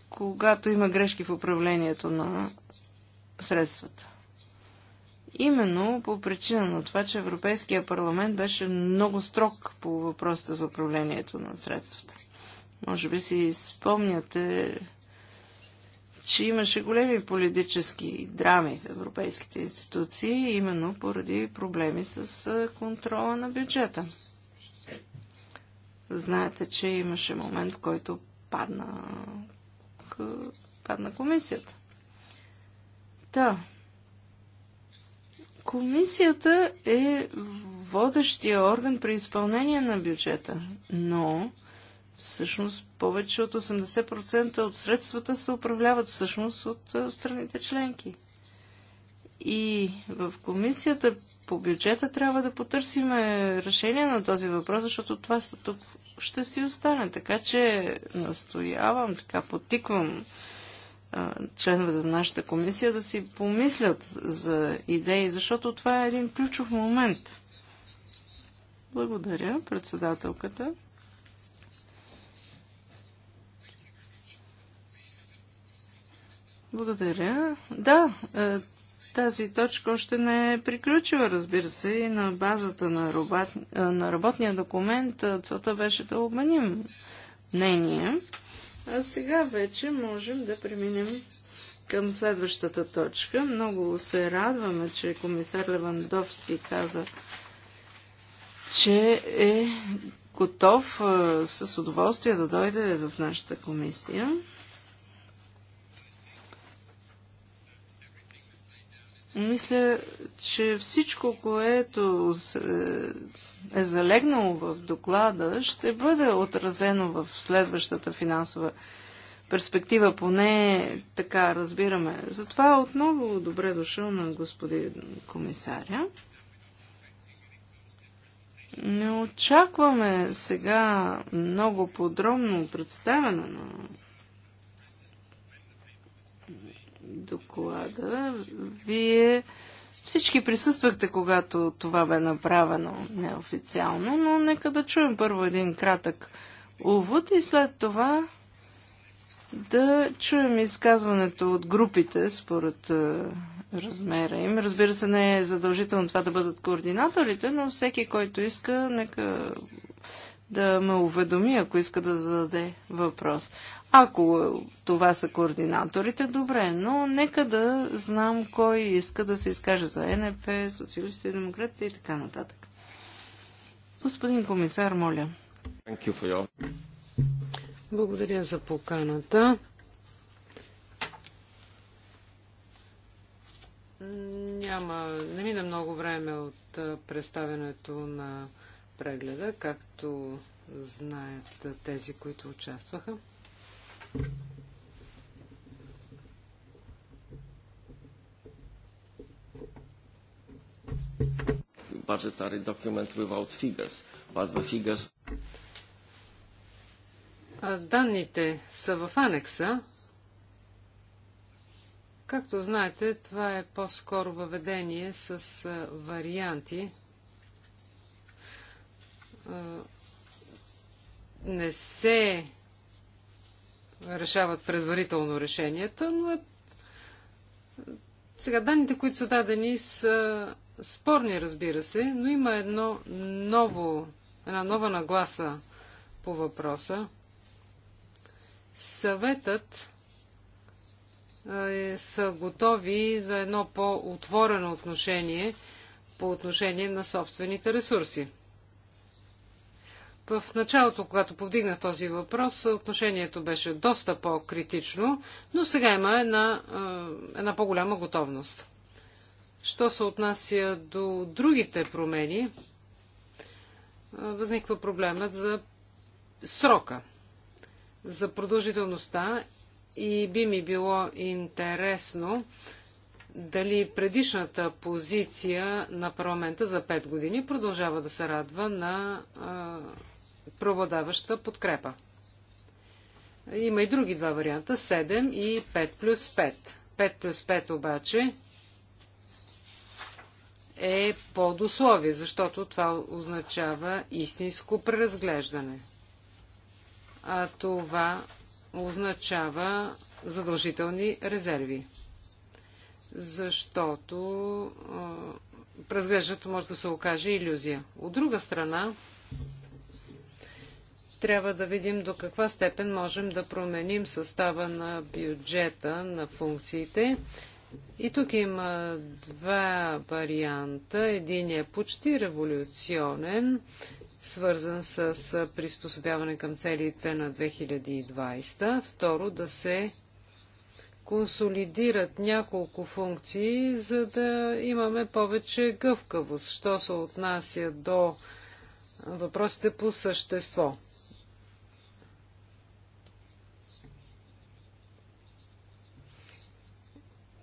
когато има грешки в управлението на средствата. Именно по причина на това, че Европейския парламент беше много строг по въпросите за управлението на средствата. Може би си спомняте, че имаше големи политически драми в европейските институции, именно поради проблеми с контрола на бюджета. Знаете, че имаше момент, в който падна, падна комисията. Да. Комисията е водещия орган при изпълнение на бюджета, но Всъщност повече от 80% от средствата се управляват всъщност от страните членки. И в комисията по бюджета трябва да потърсим решение на този въпрос, защото това тук ще си остане. Така че настоявам, така потиквам членовете на нашата комисия да си помислят за идеи, защото това е един ключов момент. Благодаря, председателката. Благодаря. Да, е, тази точка още не е приключила, разбира се, и на базата на, робот, е, на работния документ е, целта беше да обманим мнение. А сега вече можем да преминем към следващата точка. Много се радваме, че комисар Левандовски каза, че е готов с удоволствие да дойде в нашата комисия. Мисля, че всичко, което е залегнало в доклада, ще бъде отразено в следващата финансова перспектива, поне така разбираме. Затова отново добре дошъл на господин комисаря. Не очакваме сега много подробно представено на доклада. Вие всички присъствахте, когато това бе направено неофициално, но нека да чуем първо един кратък увод и след това да чуем изказването от групите според е, размера им. Разбира се, не е задължително това да бъдат координаторите, но всеки, който иска, нека да ме уведоми, ако иска да зададе въпрос. Ако това са координаторите, добре, но нека да знам кой иска да се изкаже за НП, социалистите и демократите и така нататък. Господин комисар, моля. Благодаря за поканата. Няма, не мина много време от представянето на прегледа, както знаят тези, които участваха budgetary document without figures, but the figures... Данните са в анекса. Както знаете, това е по-скоро въведение с варианти. Не се решават предварително решенията, но е... сега данните, които са дадени, са спорни, разбира се, но има едно ново, една нова нагласа по въпроса. Съветът е, са готови за едно по-отворено отношение по отношение на собствените ресурси. В началото, когато повдигна този въпрос, отношението беше доста по-критично, но сега има една, една по-голяма готовност. Що се отнася до другите промени, възниква проблемът за срока, за продължителността и би ми било интересно дали предишната позиция на парламента за 5 години продължава да се радва на а, проводаваща подкрепа. Има и други два варианта 7 и 5 плюс 5. 5 плюс 5 обаче е под условие, защото това означава истинско преразглеждане. А това означава задължителни резерви. Защото преразглеждането може да се окаже иллюзия. От друга страна, трябва да видим до каква степен можем да променим състава на бюджета, на функциите. И тук има два варианта. Един е почти революционен, свързан с приспособяване към целите на 2020. Второ, да се консолидират няколко функции, за да имаме повече гъвкавост, що се отнася до въпросите по същество.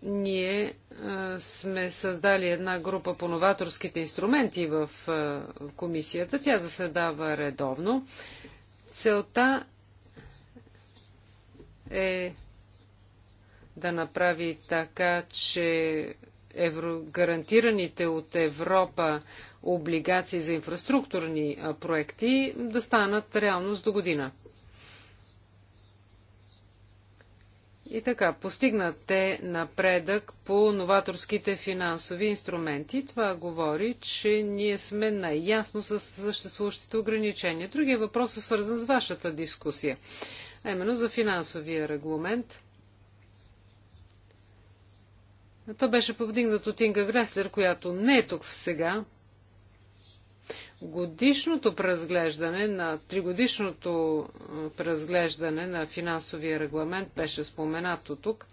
Ние а, сме създали една група по новаторските инструменти в а, комисията. Тя заседава редовно. Целта е да направи така, че евро, гарантираните от Европа облигации за инфраструктурни а, проекти да станат реалност до година. И така, постигнате напредък по новаторските финансови инструменти. Това говори, че ние сме наясно с съществуващите ограничения. Другия въпрос е свързан с вашата дискусия, а именно за финансовия регламент. То беше повдигнато Тинга Греслер, която не е тук в сега, годишното преразглеждане на тригодишното преразглеждане на финансовия регламент беше споменато тук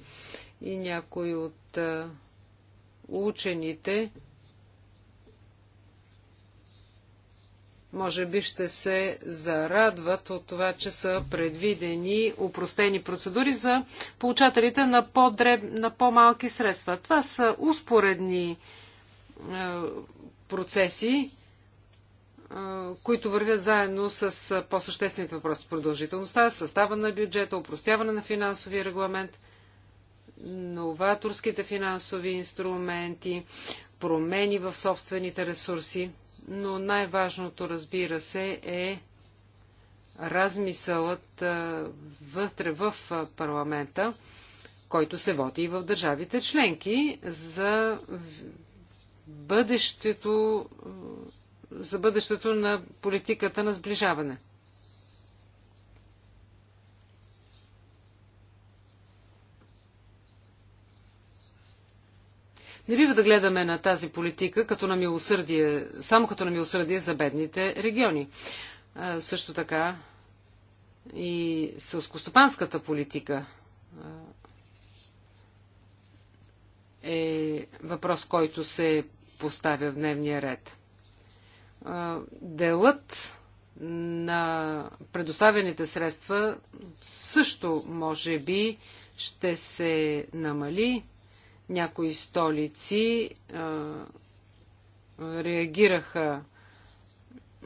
и някои от учените може би ще се зарадват от това, че са предвидени упростени процедури за получателите на, по-дреб... на по-малки средства. Това са успоредни процеси, които вървят заедно с по-съществените въпроси. Продължителността, състава на бюджета, упростяване на финансовия регламент, новаторските финансови инструменти, промени в собствените ресурси. Но най-важното, разбира се, е размисълът вътре в парламента, който се води и в държавите членки за бъдещето за бъдещето на политиката на сближаване. Не бива да гледаме на тази политика като на милосърдие, само като на милосърдие за бедните региони. А, също така и сълскостопанската политика а, е въпрос, който се поставя в дневния ред делът на предоставените средства също може би ще се намали. Някои столици а, реагираха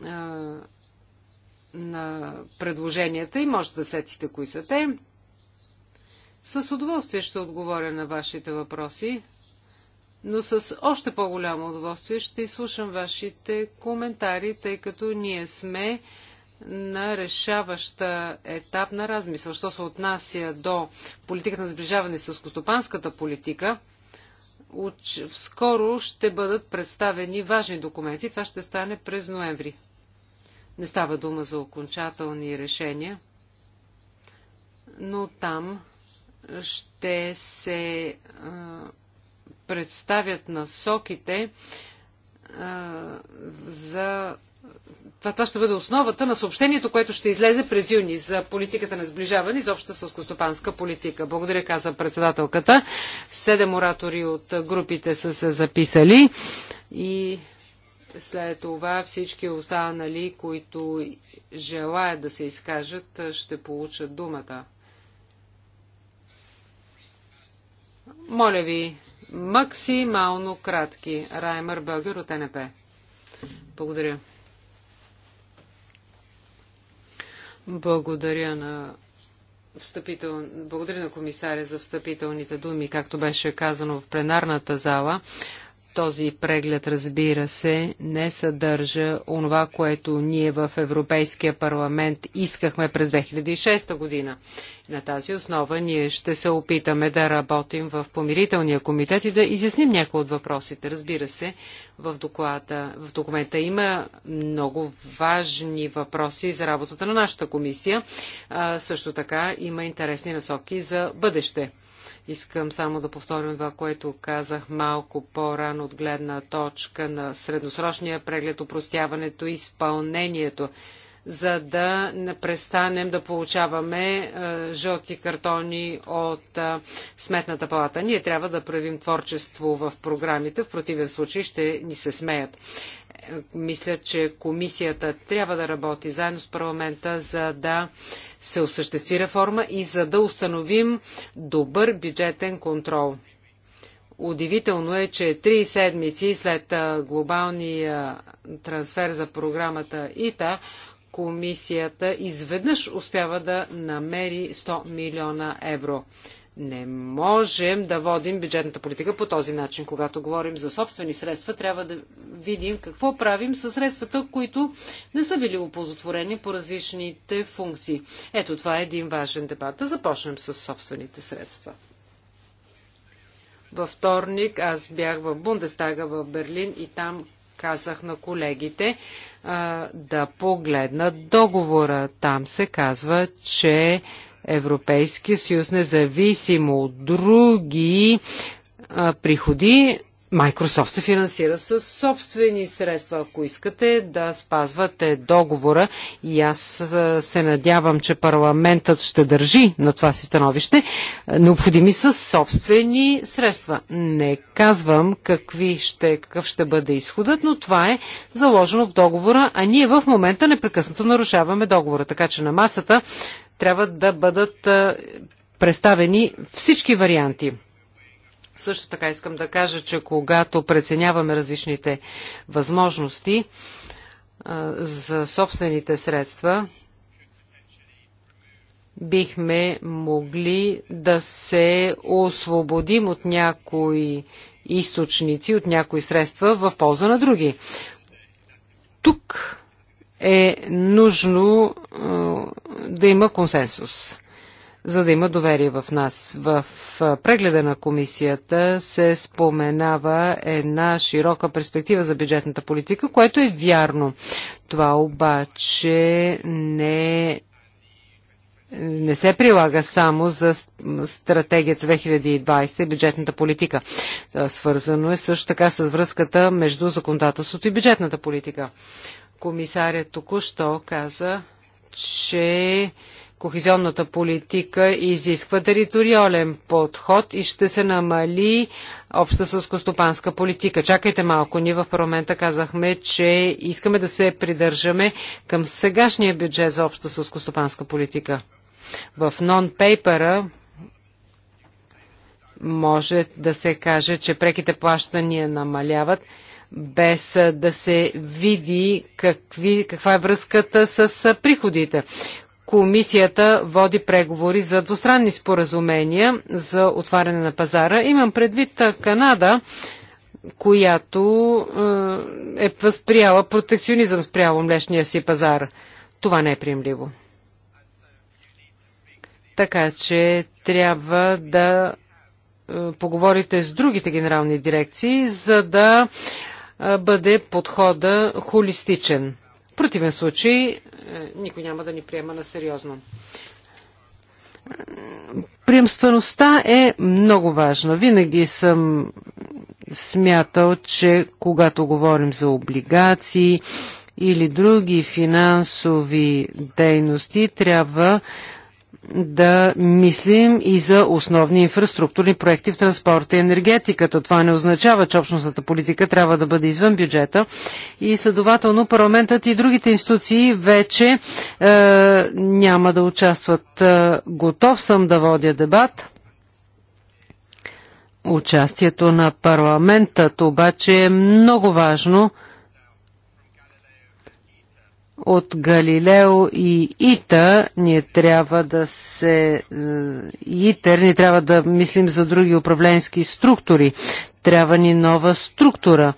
а, на предложенията и може да сетите кои са те. С удоволствие ще отговоря на вашите въпроси но с още по-голямо удоволствие ще изслушам вашите коментари, тъй като ние сме на решаваща етап на размисъл. Що се отнася до политиката на сближаване с скостопанската политика, скоро ще бъдат представени важни документи. Това ще стане през ноември. Не става дума за окончателни решения, но там ще се представят насоките а, за. Това, това ще бъде основата на съобщението, което ще излезе през юни за политиката на сближаване и за обща сълскостопанска политика. Благодаря, каза председателката. Седем оратори от групите са се записали и след това всички останали, които желаят да се изкажат, ще получат думата. Моля ви, максимално кратки. Раймър Бългер от НП. Благодаря. Благодаря на встъпител... Благодаря на комисаря за встъпителните думи, както беше казано в пленарната зала този преглед, разбира се, не съдържа онова, което ние в Европейския парламент искахме през 2006 година. На тази основа ние ще се опитаме да работим в помирителния комитет и да изясним някои от въпросите. Разбира се, в, доклада, в документа има много важни въпроси за работата на нашата комисия. А, също така има интересни насоки за бъдеще. Искам само да повторим това, което казах малко по-рано от гледна точка на средносрочния преглед, упростяването и изпълнението за да не престанем да получаваме е, жълти картони от е, Сметната палата. Ние трябва да правим творчество в програмите, в противен случай ще ни се смеят. Мисля, че комисията трябва да работи заедно с парламента, за да се осъществи реформа и за да установим добър бюджетен контрол. Удивително е, че три седмици след глобалния трансфер за програмата ИТА, комисията изведнъж успява да намери 100 милиона евро. Не можем да водим бюджетната политика по този начин. Когато говорим за собствени средства, трябва да видим какво правим с средствата, които не са били опозотворени по различните функции. Ето това е един важен дебат. Да започнем с собствените средства. Във вторник аз бях в Бундестага в Берлин и там казах на колегите а, да погледнат договора. Там се казва, че Европейския съюз, независимо от други а, приходи, Microsoft се финансира с собствени средства. Ако искате да спазвате договора и аз се надявам, че парламентът ще държи на това си становище, необходими са собствени средства. Не казвам какви ще, какъв ще бъде изходът, но това е заложено в договора, а ние в момента непрекъснато нарушаваме договора. Така че на масата трябва да бъдат представени всички варианти. Също така искам да кажа, че когато преценяваме различните възможности за собствените средства, бихме могли да се освободим от някои източници, от някои средства в полза на други. Тук е нужно е, да има консенсус, за да има доверие в нас. В е, прегледа на комисията се споменава една широка перспектива за бюджетната политика, което е вярно. Това обаче не не се прилага само за стратегията 2020 и бюджетната политика. Свързано е също така с връзката между законодателството и бюджетната политика комисарят току-що каза, че Кохезионната политика изисква териториален подход и ще се намали обща сълскостопанска политика. Чакайте малко, ние в парламента казахме, че искаме да се придържаме към сегашния бюджет за обща сълскостопанска политика. В нон-пейпера може да се каже, че преките плащания намаляват без да се види какви, каква е връзката с приходите. Комисията води преговори за двустранни споразумения за отваряне на пазара. Имам предвид Канада, която е възприяла протекционизъм спрямо млечния си пазар. Това не е приемливо. Така че трябва да поговорите с другите генерални дирекции, за да бъде подхода холистичен. В противен случай никой няма да ни приема на сериозно. Приемствеността е много важна. Винаги съм смятал, че когато говорим за облигации или други финансови дейности, трябва да мислим и за основни инфраструктурни проекти в транспорта и енергетиката. Това не означава, че общностната политика трябва да бъде извън бюджета и следователно парламентът и другите институции вече е, няма да участват. Е, готов съм да водя дебат. Участието на парламентът обаче е много важно – от Галилео и Ита ние трябва да се... Е, Итер, ние трябва да мислим за други управленски структури. Трябва ни нова структура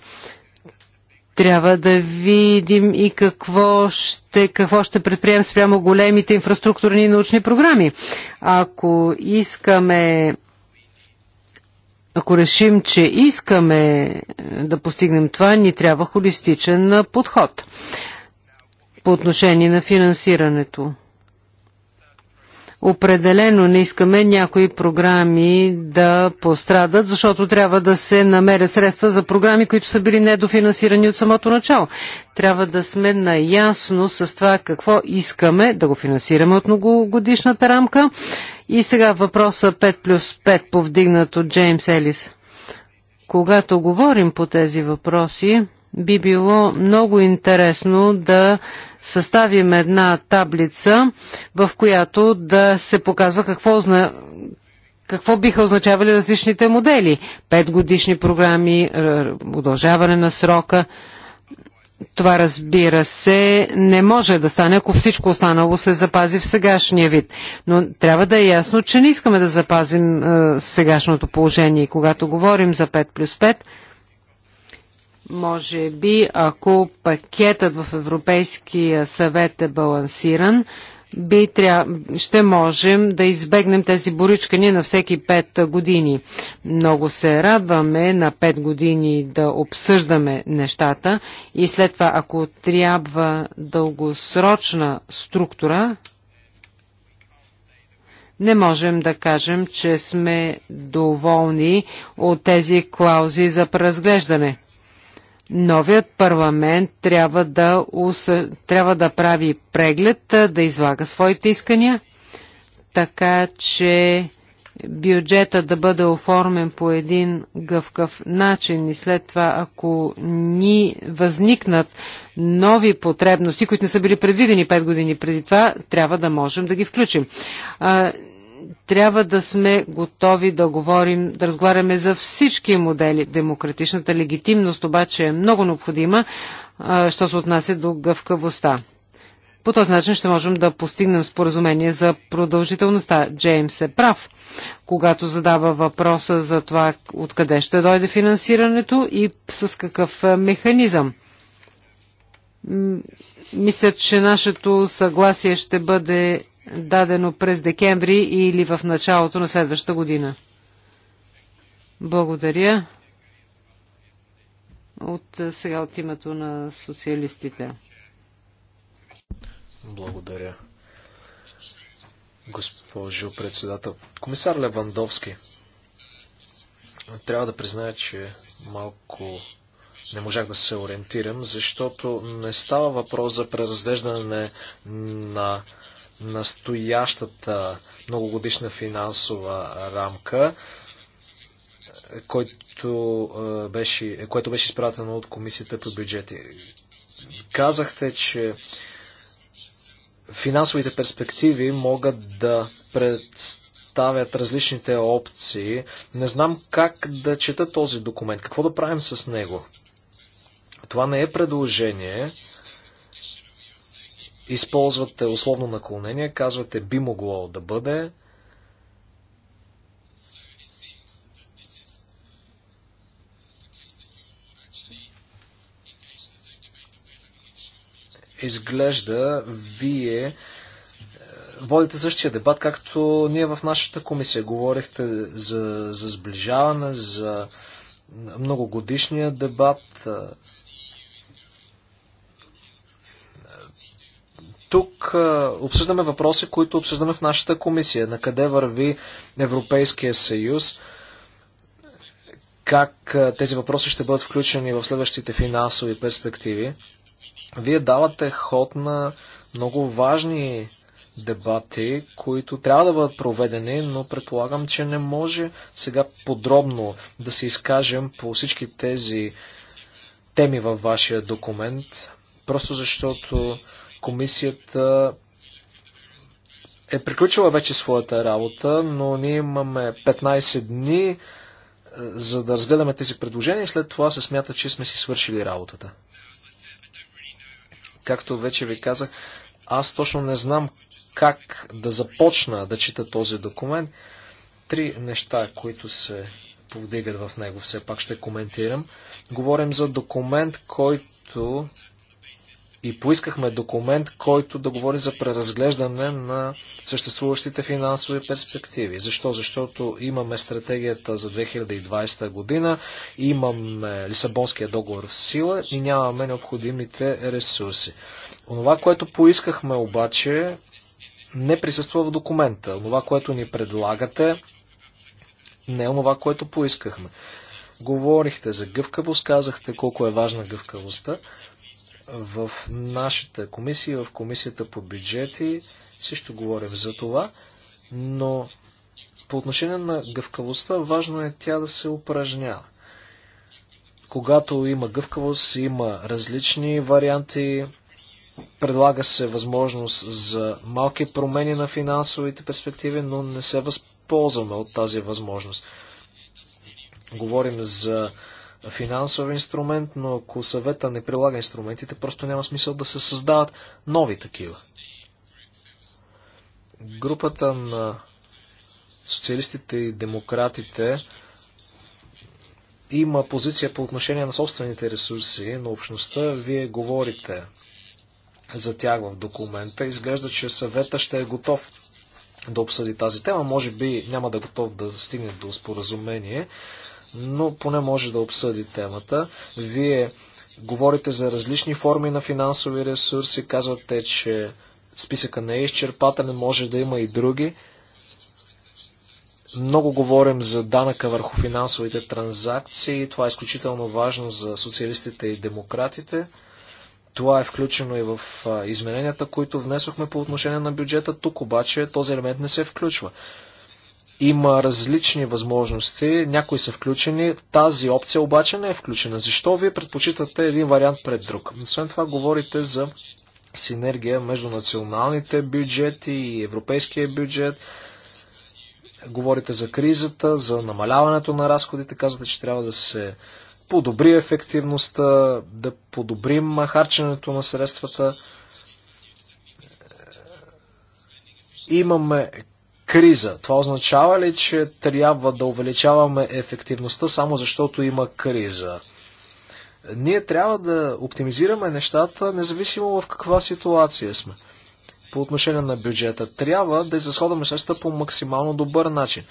трябва да видим и какво ще, какво ще предприем спрямо големите инфраструктурни и научни програми. Ако искаме, ако решим, че искаме да постигнем това, ни трябва холистичен подход по отношение на финансирането. Определено не искаме някои програми да пострадат, защото трябва да се намерят средства за програми, които са били недофинансирани от самото начало. Трябва да сме наясно с това какво искаме, да го финансираме от многогодишната рамка. И сега въпроса 5 плюс 5, повдигнат от Джеймс Елис. Когато говорим по тези въпроси, би било много интересно да съставим една таблица, в която да се показва какво, зна... какво биха означавали различните модели. Пет годишни програми, е, удължаване на срока. Това разбира се не може да стане, ако всичко останало се запази в сегашния вид. Но трябва да е ясно, че не искаме да запазим е, сегашното положение. Когато говорим за 5 плюс 5, може би, ако пакетът в Европейския съвет е балансиран, би тря... ще можем да избегнем тези боричкания на всеки 5 години. Много се радваме на 5 години да обсъждаме нещата и след това, ако трябва дългосрочна структура, не можем да кажем, че сме доволни от тези клаузи за преразглеждане. Новият парламент трябва да, трябва да прави преглед, да излага своите искания, така че бюджета да бъде оформен по един гъвкав начин и след това, ако ни възникнат нови потребности, които не са били предвидени 5 години преди това, трябва да можем да ги включим трябва да сме готови да говорим, да разговаряме за всички модели. Демократичната легитимност обаче е много необходима, що се отнася до гъвкавостта. По този начин ще можем да постигнем споразумение за продължителността. Джеймс е прав, когато задава въпроса за това откъде ще дойде финансирането и с какъв е, механизъм. Мисля, че нашето съгласие ще бъде дадено през декември или в началото на следващата година. Благодаря. От сега от името на социалистите. Благодаря. Госпожо председател. Комисар Левандовски, трябва да призная, че малко не можах да се ориентирам, защото не става въпрос за преразглеждане на настоящата многогодишна финансова рамка, който беше, което беше изпратено от Комисията по бюджети. Казахте, че финансовите перспективи могат да представят различните опции. Не знам как да чета този документ, какво да правим с него. Това не е предложение, използвате условно наклонение, казвате би могло да бъде. Изглежда, вие е, водите същия дебат, както ние в нашата комисия говорихте за, за сближаване, за многогодишния дебат, е, тук обсъждаме въпроси, които обсъждаме в нашата комисия. На къде върви Европейския съюз? Как тези въпроси ще бъдат включени в следващите финансови перспективи? Вие давате ход на много важни дебати, които трябва да бъдат проведени, но предполагам, че не може сега подробно да се изкажем по всички тези теми във вашия документ, просто защото Комисията е приключила вече своята работа, но ние имаме 15 дни, е, за да разгледаме тези предложения и след това се смята, че сме си свършили работата. Както вече ви казах, аз точно не знам как да започна да чета този документ. Три неща, които се повдигат в него, все пак ще коментирам. Говорим за документ, който и поискахме документ, който да говори за преразглеждане на съществуващите финансови перспективи. Защо? Защото имаме стратегията за 2020 година, имаме Лисабонския договор в сила и нямаме необходимите ресурси. Онова, което поискахме обаче, не присъства в документа. Онова, което ни предлагате, не е онова, което поискахме. Говорихте за гъвкавост, казахте колко е важна гъвкавостта в нашата комисия, в комисията по бюджети, също говорим за това, но по отношение на гъвкавостта, важно е тя да се упражнява. Когато има гъвкавост, има различни варианти, предлага се възможност за малки промени на финансовите перспективи, но не се възползваме от тази възможност. Говорим за финансов инструмент, но ако съвета не прилага инструментите, просто няма смисъл да се създават нови такива. Групата на социалистите и демократите има позиция по отношение на собствените ресурси на общността. Вие говорите за тях в документа. Изглежда, че съвета ще е готов да обсъди тази тема. Може би няма да е готов да стигне до споразумение но поне може да обсъди темата. Вие говорите за различни форми на финансови ресурси, казвате, че списъка не е изчерпателен, може да има и други. Много говорим за данъка върху финансовите транзакции. Това е изключително важно за социалистите и демократите. Това е включено и в измененията, които внесохме по отношение на бюджета. Тук обаче този елемент не се включва. Има различни възможности, някои са включени, тази опция обаче не е включена. Защо вие предпочитате един вариант пред друг? Освен това говорите за синергия между националните бюджети и европейския бюджет. Говорите за кризата, за намаляването на разходите. Казвате, че трябва да се подобри ефективността, да подобрим харченето на средствата. Имаме криза. Това означава ли, че трябва да увеличаваме ефективността само защото има криза? Ние трябва да оптимизираме нещата, независимо в каква ситуация сме. По отношение на бюджета, трябва да изразходваме средства по максимално добър начин.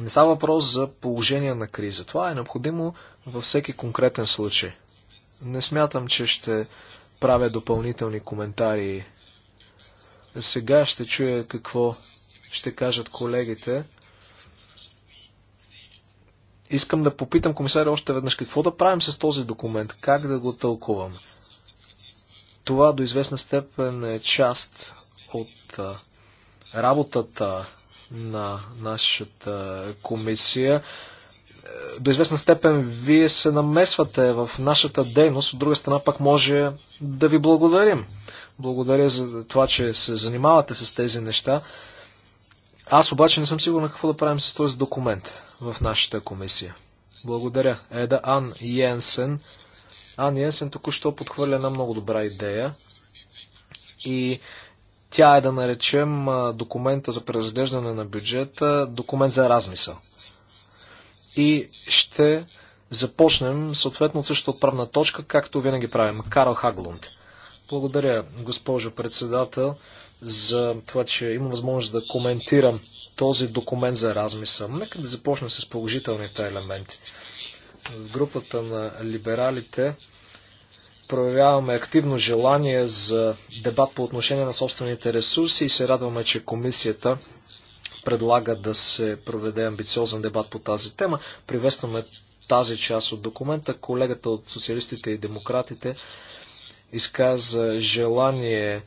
Не става въпрос за положение на криза. Това е необходимо във всеки конкретен случай. Не смятам, че ще правя допълнителни коментари сега ще чуя какво ще кажат колегите. Искам да попитам комисаря още веднъж какво да правим с този документ, как да го тълкувам. Това до известна степен е част от работата на нашата комисия. До известна степен вие се намесвате в нашата дейност, от друга страна пък може да ви благодарим благодаря за това, че се занимавате с тези неща. Аз обаче не съм сигурна какво да правим с този документ в нашата комисия. Благодаря. Еда Ан Йенсен. Ан Йенсен току-що подхвърля една много добра идея. И тя е да наречем документа за преразглеждане на бюджета документ за размисъл. И ще започнем съответно от същата отправна точка, както винаги правим. Карл Хаглунд. Благодаря, госпожо председател, за това, че имам възможност да коментирам този документ за размисъл. Нека да започнем с положителните елементи. В групата на либералите проявяваме активно желание за дебат по отношение на собствените ресурси и се радваме, че комисията предлага да се проведе амбициозен дебат по тази тема. Приветстваме тази част от документа. Колегата от социалистите и демократите изказа желание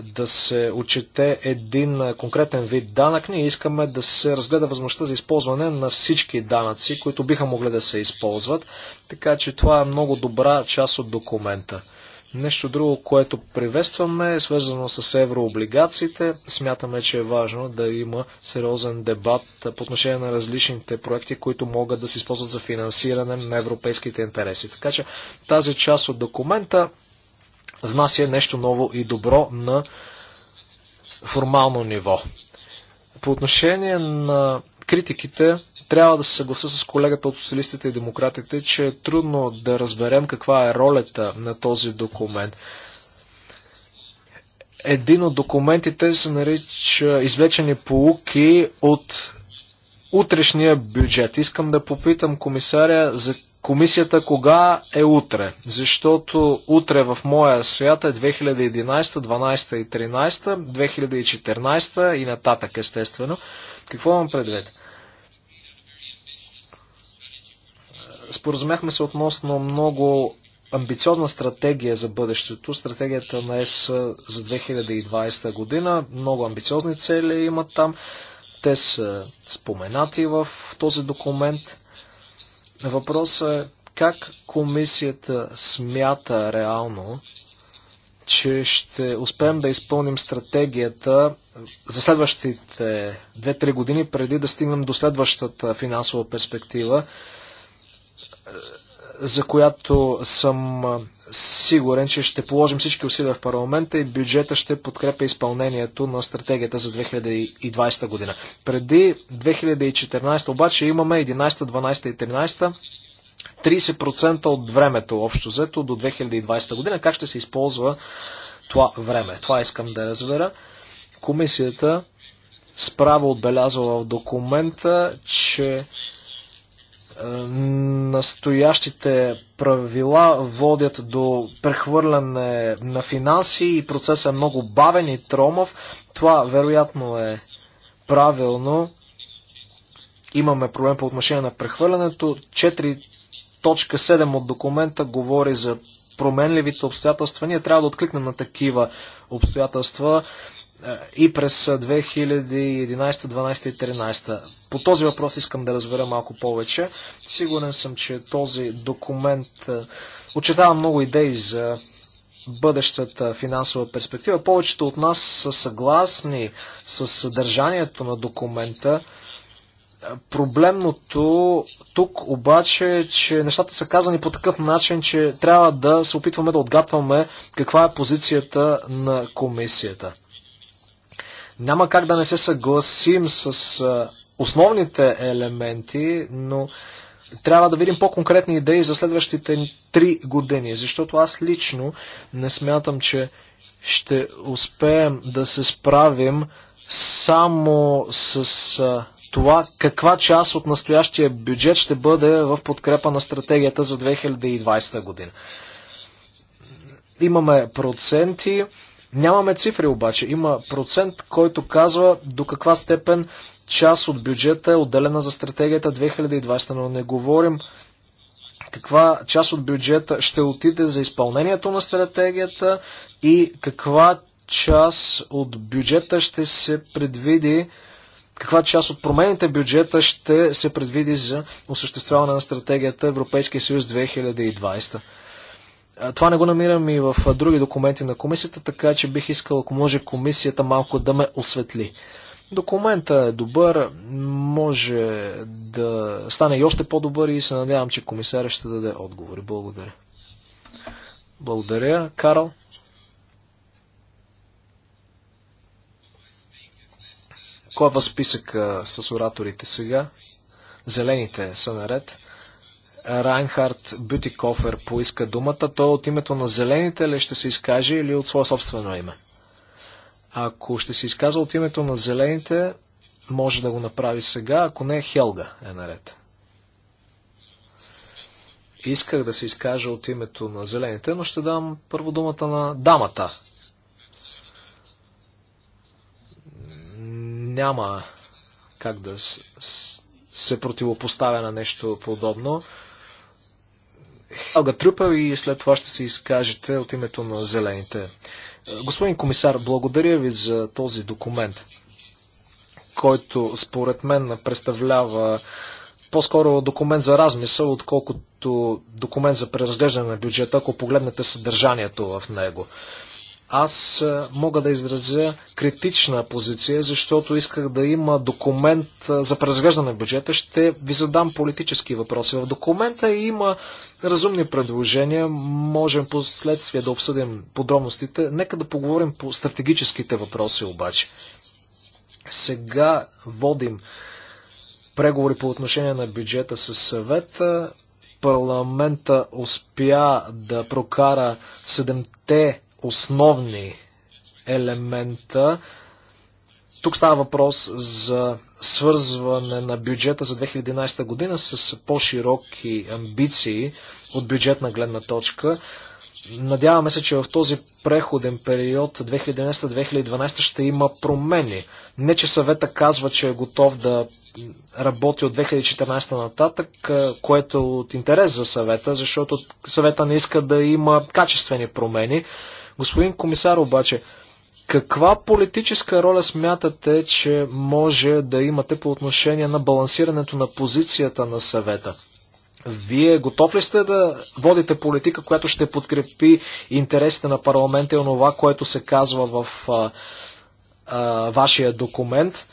да се отчете един конкретен вид данък, ние искаме да се разгледа възможността за използване на всички данъци, които биха могли да се използват. Така че това е много добра част от документа. Нещо друго, което приветстваме, е свързано с еврооблигациите. Смятаме, че е важно да има сериозен дебат по отношение на различните проекти, които могат да се използват за финансиране на европейските интереси. Така че тази част от документа внася нещо ново и добро на формално ниво. По отношение на критиките, трябва да се съгласа с колегата от социалистите и демократите, че е трудно да разберем каква е ролята на този документ. Един от документите се нарича извлечени полуки от утрешния бюджет. Искам да попитам комисаря за комисията кога е утре? Защото утре в моя свят е 2011, 12 и 13, 2014 и нататък естествено. Какво имам предвид? Споразумяхме се относно много амбициозна стратегия за бъдещето, стратегията на ЕС за 2020 година. Много амбициозни цели имат там. Те са споменати в този документ. Въпросът е как комисията смята реално, че ще успеем да изпълним стратегията за следващите 2-3 години, преди да стигнем до следващата финансова перспектива, за която съм сигурен, че ще положим всички усилия в парламента и бюджета ще подкрепя изпълнението на стратегията за 2020 година. Преди 2014 обаче имаме 11, 12 и 13 30% от времето общо взето до 2020 година. Как ще се използва това време? Това искам да разбера. Комисията справа отбелязва в документа, че е, настоящите правила водят до прехвърляне на финанси и процесът е много бавен и тромав. Това вероятно е правилно. Имаме проблем по отношение на прехвърлянето. 4.7 от документа говори за променливите обстоятелства. Ние трябва да откликнем на такива обстоятелства и през 2011, 2012 и 13. По този въпрос искам да разбера малко повече. Сигурен съм, че този документ очетава много идеи за бъдещата финансова перспектива. Повечето от нас са съгласни с съдържанието на документа. Проблемното тук обаче е, че нещата са казани по такъв начин, че трябва да се опитваме да отгатваме каква е позицията на комисията. Няма как да не се съгласим с основните елементи, но трябва да видим по-конкретни идеи за следващите три години, защото аз лично не смятам, че ще успеем да се справим само с това каква част от настоящия бюджет ще бъде в подкрепа на стратегията за 2020 година. Имаме проценти, Нямаме цифри обаче. Има процент, който казва до каква степен част от бюджета е отделена за стратегията 2020, но не говорим каква част от бюджета ще отиде за изпълнението на стратегията и каква част от бюджета ще се предвиди каква част от промените в бюджета ще се предвиди за осъществяване на стратегията Европейския съюз 2020. Това не го намирам и в други документи на комисията, така че бих искал, ако може, комисията малко да ме осветли. Документа е добър, може да стане и още по-добър и се надявам, че комисаря ще даде отговори. Благодаря. Благодаря, Карл. Кой е списък с ораторите сега? Зелените са наред. Райнхард Бютикофер поиска думата. Той от името на зелените ли ще се изкаже или от свое собствено име? Ако ще се изказва от името на зелените, може да го направи сега, ако не Хелга е наред. Исках да се изкажа от името на зелените, но ще дам първо думата на дамата. Няма как да се противопоставя на нещо подобно. Алга Трупа и след това ще се изкажете от името на зелените. Господин комисар, благодаря ви за този документ, който според мен представлява по-скоро документ за размисъл, отколкото документ за преразглеждане на бюджета, ако погледнете съдържанието в него. Аз е, мога да изразя критична позиция, защото исках да има документ е, за преразглеждане на бюджета. Ще ви задам политически въпроси. В документа има разумни предложения. Можем последствие да обсъдим подробностите. Нека да поговорим по стратегическите въпроси обаче. Сега водим преговори по отношение на бюджета с съвета. Парламента успя да прокара седемте основни елемента. Тук става въпрос за свързване на бюджета за 2011 година с по-широки амбиции от бюджетна гледна точка. Надяваме се, че в този преходен период 2011-2012 ще има промени. Не, че съвета казва, че е готов да работи от 2014 нататък, което е от интерес за съвета, защото съвета не иска да има качествени промени. Господин комисар, обаче, каква политическа роля смятате, че може да имате по отношение на балансирането на позицията на съвета? Вие готов ли сте да водите политика, която ще подкрепи интересите на парламента и онова, което се казва в а, а, вашия документ?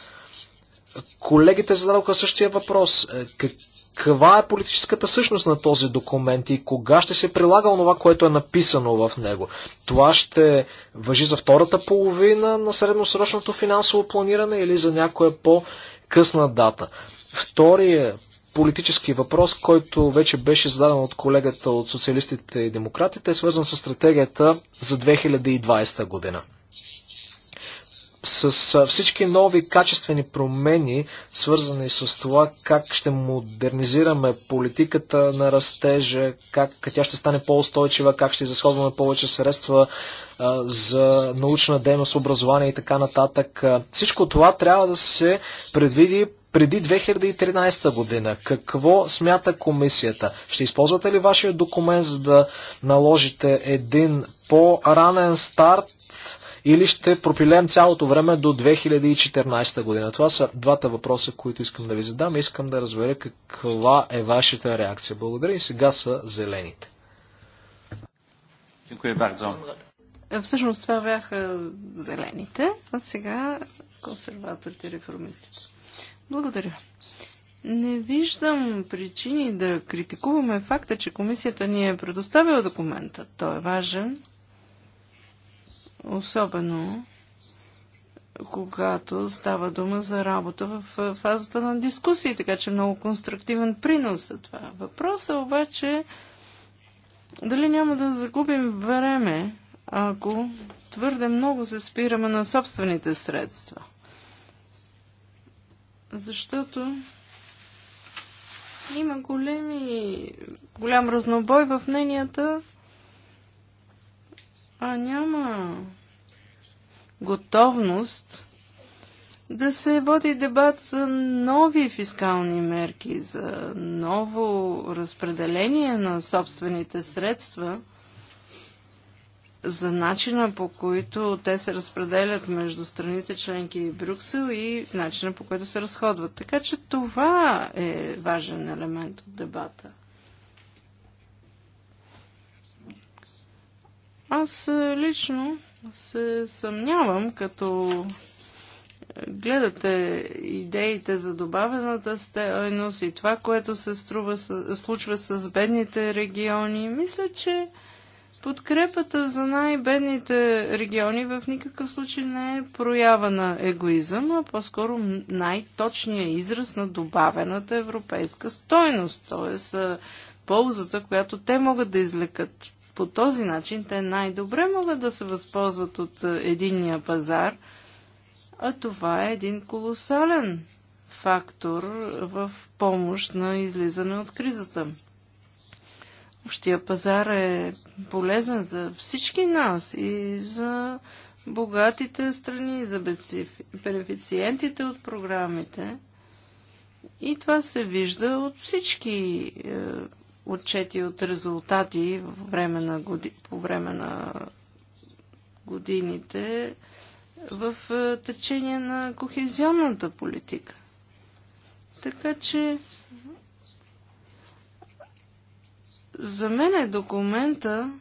Колегите зададоха същия въпрос. Е, как, каква е политическата същност на този документ и кога ще се прилага това, което е написано в него. Това ще въжи за втората половина на средносрочното финансово планиране или за някоя по-късна дата. Втория политически въпрос, който вече беше зададен от колегата от социалистите и демократите, е свързан с стратегията за 2020 година с всички нови качествени промени, свързани с това как ще модернизираме политиката на растежа, как тя ще стане по-устойчива, как ще изразходваме повече средства за научна дейност, образование и така нататък. Всичко това трябва да се предвиди преди 2013 година. Какво смята комисията? Ще използвате ли вашия документ, за да наложите един по-ранен старт или ще пропилеем цялото време до 2014 година? Това са двата въпроса, които искам да ви задам и искам да разбера каква е вашата реакция. Благодаря и сега са зелените. Е, всъщност това бяха зелените, а сега консерваторите, реформистите. Благодаря. Не виждам причини да критикуваме факта, че комисията ни е предоставила документа. Той е важен Особено когато става дума за работа в фазата на дискусии, така че много конструктивен принос за това. Въпросът е обаче дали няма да загубим време, ако твърде много се спираме на собствените средства. Защото има големи, голям разнобой в мненията а няма готовност да се води дебат за нови фискални мерки, за ново разпределение на собствените средства, за начина по който те се разпределят между страните членки и Брюксел и начина по който се разходват. Така че това е важен елемент от дебата. Аз е, лично се съмнявам, като е, гледате идеите за добавената стойност и това, което се струва, случва с бедните региони, мисля, че подкрепата за най-бедните региони в никакъв случай не е проява на егоизъм, а по-скоро най-точният израз на добавената европейска стойност, т.е. Е, ползата, която те могат да излекат по този начин те най-добре могат да се възползват от е, единния пазар, а това е един колосален фактор в помощ на излизане от кризата. Общия пазар е полезен за всички нас и за богатите страни, за бенефициентите от програмите. И това се вижда от всички е, отчети от резултати време на годи... по време на годините в е, течение на кохезионната политика. Така че за мен е документа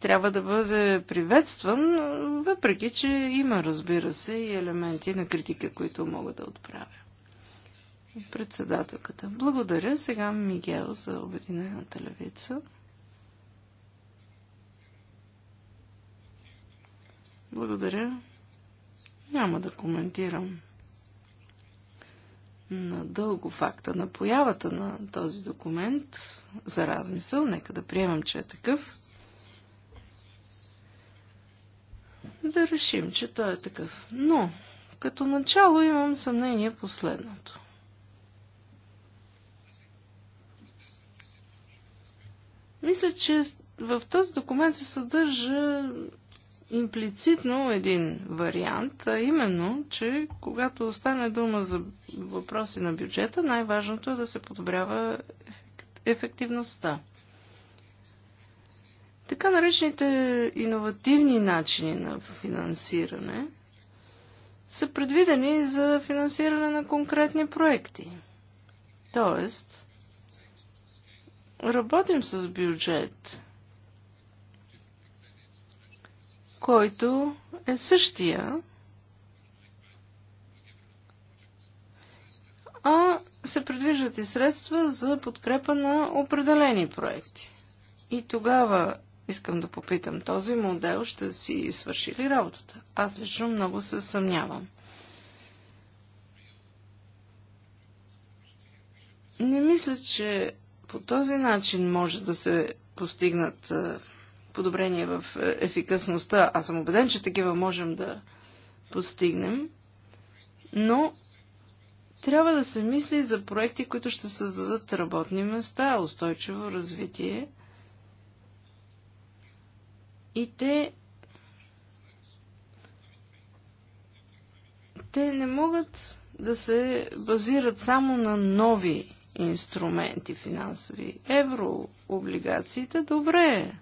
трябва да бъде приветстван, въпреки че има, разбира се, и елементи на критика, които мога да отправя. Председателката. Благодаря. Сега Мигел за Обединената левица. Благодаря. Няма да коментирам на дълго факта на появата на този документ за размисъл. Нека да приемам, че е такъв. Да решим, че той е такъв. Но, като начало имам съмнение последното. Мисля, че в този документ се съдържа имплицитно един вариант, а именно, че когато остане дума за въпроси на бюджета, най-важното е да се подобрява ефективността. Така наречените иновативни начини на финансиране са предвидени за финансиране на конкретни проекти. Тоест, Работим с бюджет, който е същия, а се предвиждат и средства за подкрепа на определени проекти. И тогава искам да попитам, този модел ще си свърши ли работата? Аз лично много се съмнявам. Не мисля, че по този начин може да се постигнат подобрения в ефикасността. Аз съм убеден, че такива можем да постигнем, но трябва да се мисли за проекти, които ще създадат работни места, устойчиво развитие. И те те не могат да се базират само на нови инструменти финансови, облигациите, добре.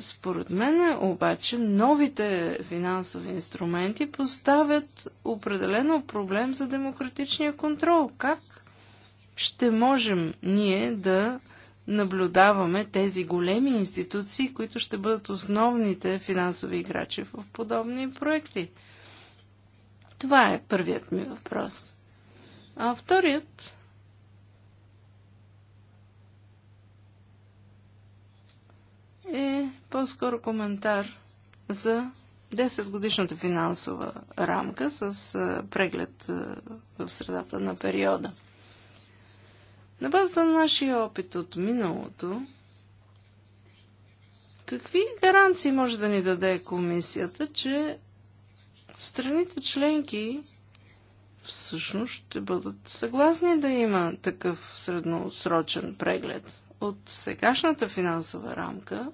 Според мен обаче новите финансови инструменти поставят определено проблем за демократичния контрол. Как ще можем ние да наблюдаваме тези големи институции, които ще бъдат основните финансови играчи в подобни проекти? Това е първият ми въпрос. А вторият е по-скоро коментар за 10-годишната финансова рамка с преглед в средата на периода. На базата на нашия опит от миналото, какви гаранции може да ни даде комисията, че страните членки всъщност ще бъдат съгласни да има такъв средносрочен преглед? от сегашната финансова рамка,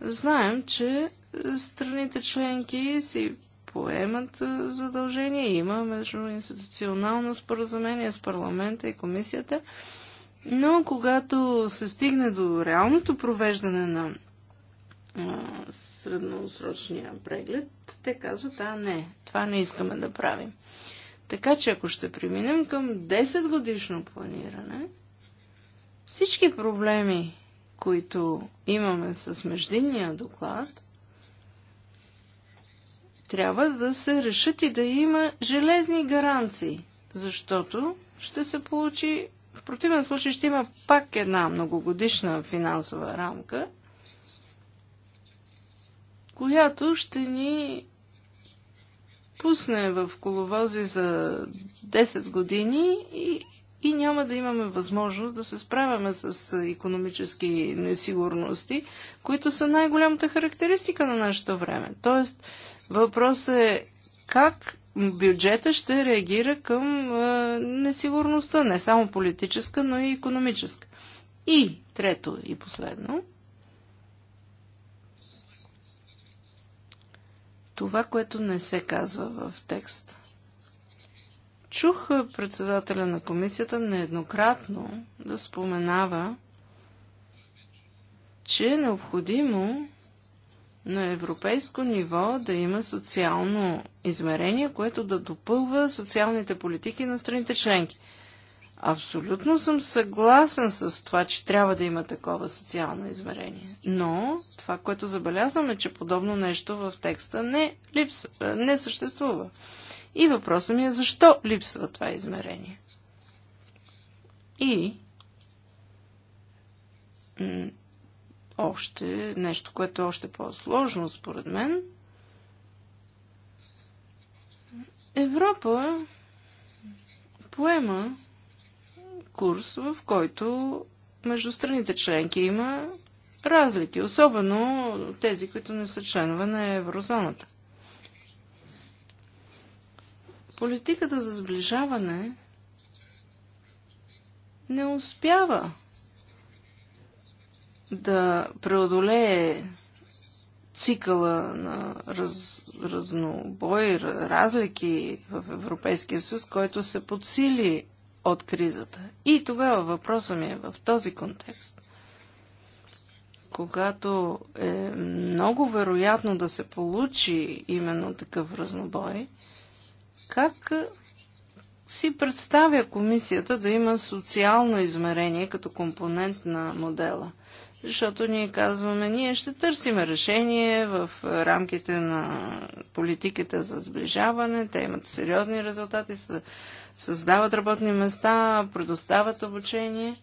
знаем, че страните членки си поемат задължения. Има междуинституционално споразумение с парламента и комисията. Но когато се стигне до реалното провеждане на средносрочния преглед, те казват, а не, това не искаме да правим. Така че ако ще преминем към 10 годишно планиране, всички проблеми, които имаме с междинния доклад, трябва да се решат и да има железни гаранции, защото ще се получи, в противен случай ще има пак една многогодишна финансова рамка, която ще ни пусне в коловози за 10 години и и няма да имаме възможност да се справяме с економически несигурности, които са най-голямата характеристика на нашето време. Тоест, въпрос е как бюджета ще реагира към е, несигурността, не само политическа, но и економическа. И трето и последно, това, което не се казва в текста. Чух е, председателя на комисията нееднократно да споменава, че е необходимо на европейско ниво да има социално измерение, което да допълва социалните политики на страните членки. Абсолютно съм съгласен с това, че трябва да има такова социално измерение. Но това, което забелязваме, е, че подобно нещо в текста не, липс... не съществува. И въпросът ми е защо липсва това измерение. И още нещо, което е още по-сложно според мен. Европа поема курс, в който между страните членки има разлики, особено тези, които не са членове на еврозоната. Политиката за сближаване не успява да преодолее цикъла на раз, разнобой, разлики в Европейския съюз, който се подсили от кризата. И тогава въпросът ми е в този контекст. Когато е много вероятно да се получи именно такъв разнобой, как си представя комисията да има социално измерение като компонент на модела? Защото ние казваме, ние ще търсим решение в рамките на политиката за сближаване. Те имат сериозни резултати, създават работни места, предоставят обучение.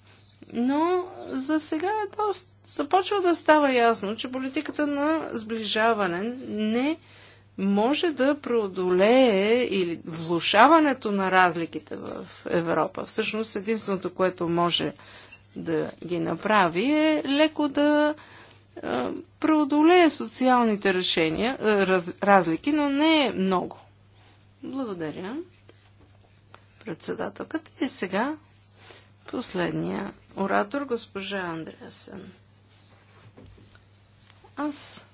Но за сега е доста, започва да става ясно, че политиката на сближаване не е може да преодолее или влушаването на разликите в Европа. Всъщност единственото, което може да ги направи е леко да преодолее социалните решения, раз, разлики, но не е много. Благодаря. Председателката и сега последния оратор, госпожа Андреасен. Аз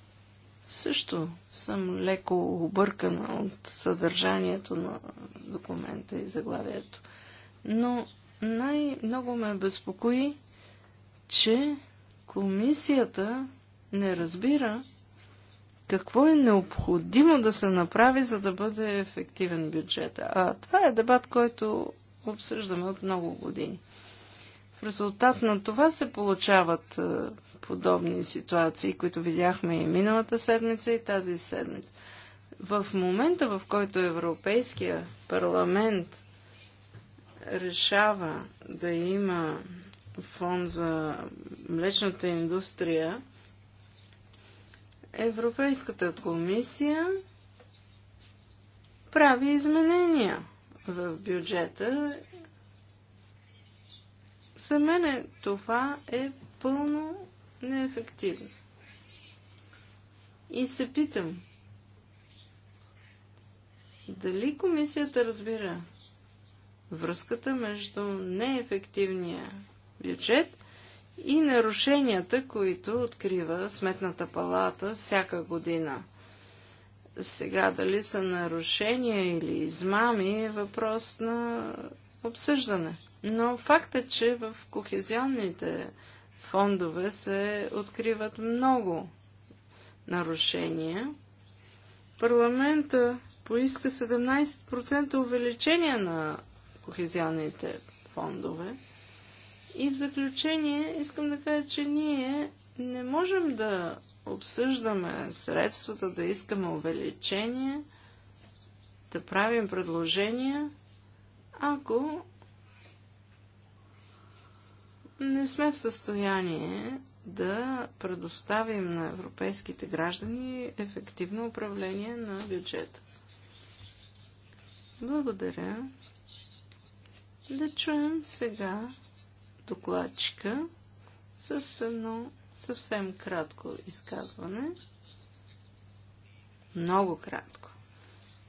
също съм леко объркана от съдържанието на документа и заглавието. Но най-много ме безпокои, че комисията не разбира какво е необходимо да се направи, за да бъде ефективен бюджет. А това е дебат, който обсъждаме от много години. В резултат на това се получават е, подобни ситуации, които видяхме и миналата седмица, и тази седмица. В момента, в който Европейския парламент решава да има фонд за млечната индустрия, Европейската комисия прави изменения в бюджета. За мен това е пълно неефективни. И се питам, дали комисията разбира връзката между неефективния бюджет и нарушенията, които открива Сметната палата всяка година. Сега дали са нарушения или измами е въпрос на обсъждане. Но е, че в кохезионните фондове се откриват много нарушения. Парламента поиска 17% увеличение на кохезионните фондове. И в заключение искам да кажа, че ние не можем да обсъждаме средствата, да искаме увеличение, да правим предложения, ако не сме в състояние да предоставим на европейските граждани ефективно управление на бюджета. Благодаря. Да чуем сега докладчика с едно съвсем кратко изказване. Много кратко.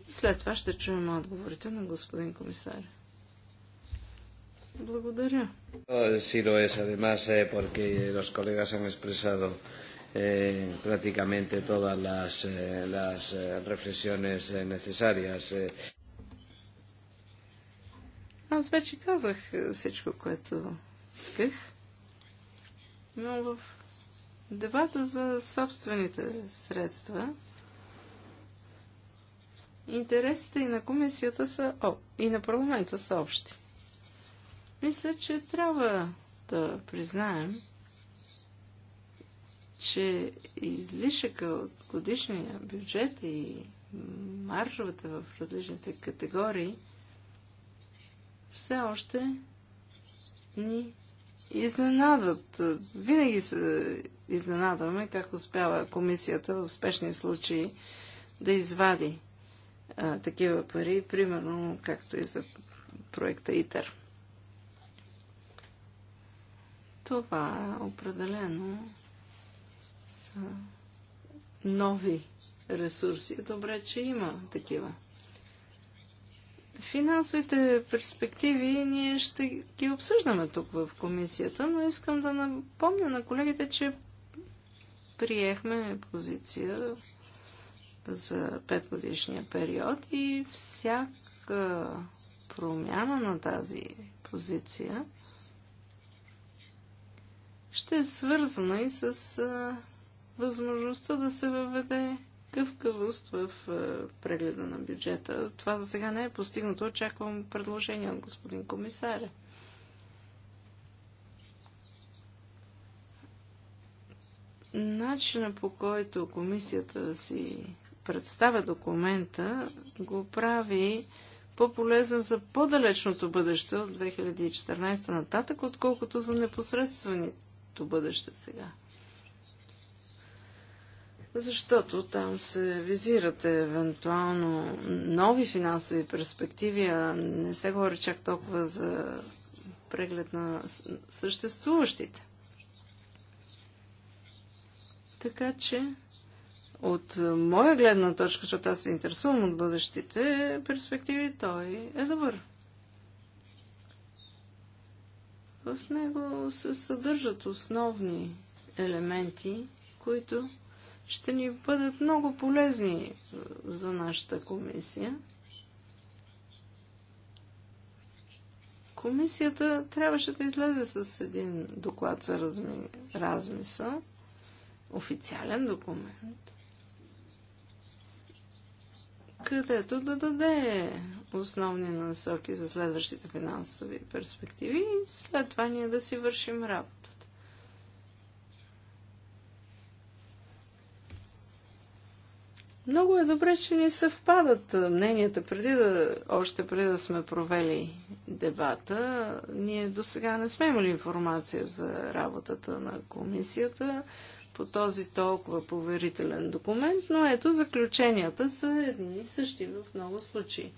И след това ще чуем отговорите на господин комисаря. Благодаря. Sí lo es, además, eh, porque los colegas han expresado eh, prácticamente todas las, eh, las eh, reflexiones eh, necesarias. Eh. Аз вече казах е, всичко, което исках, но в дебата за собствените средства интересите и на комисията са, о, и на парламента са общи. Мисля, че трябва да признаем, че излишъка от годишния бюджет и маржовете в различните категории все още ни изненадват. Винаги се изненадваме как успява комисията в спешни случаи да извади а, такива пари, примерно както и за проекта ИТЕР. Това определено са нови ресурси. Добре, че има такива. Финансовите перспективи ние ще ги обсъждаме тук в комисията, но искам да напомня на колегите, че приехме позиция за петгодишния период и всяка промяна на тази позиция ще е свързана и с а, възможността да се въведе гъвкавост в а, прегледа на бюджета. Това за сега не е постигнато. Очаквам предложение от господин комисаря. Начина по който комисията си представя документа го прави по-полезен за по-далечното бъдеще от 2014 нататък, отколкото за непосредствените близкото бъдеще сега. Защото там се визирате евентуално нови финансови перспективи, а не се говори чак толкова за преглед на съществуващите. Така че, от моя гледна точка, защото аз се интересувам от бъдещите перспективи, той е добър. В него се съдържат основни елементи, които ще ни бъдат много полезни е, за нашата комисия. Комисията трябваше да излезе с един доклад за разми... размисъл, официален документ, където да даде основни насоки за следващите финансови перспективи и след това ние да си вършим работата. Много е добре, че ни съвпадат мненията преди да, още преди да сме провели дебата. Ние до сега не сме имали информация за работата на комисията по този толкова поверителен документ, но ето заключенията са едни и същи в много случаи.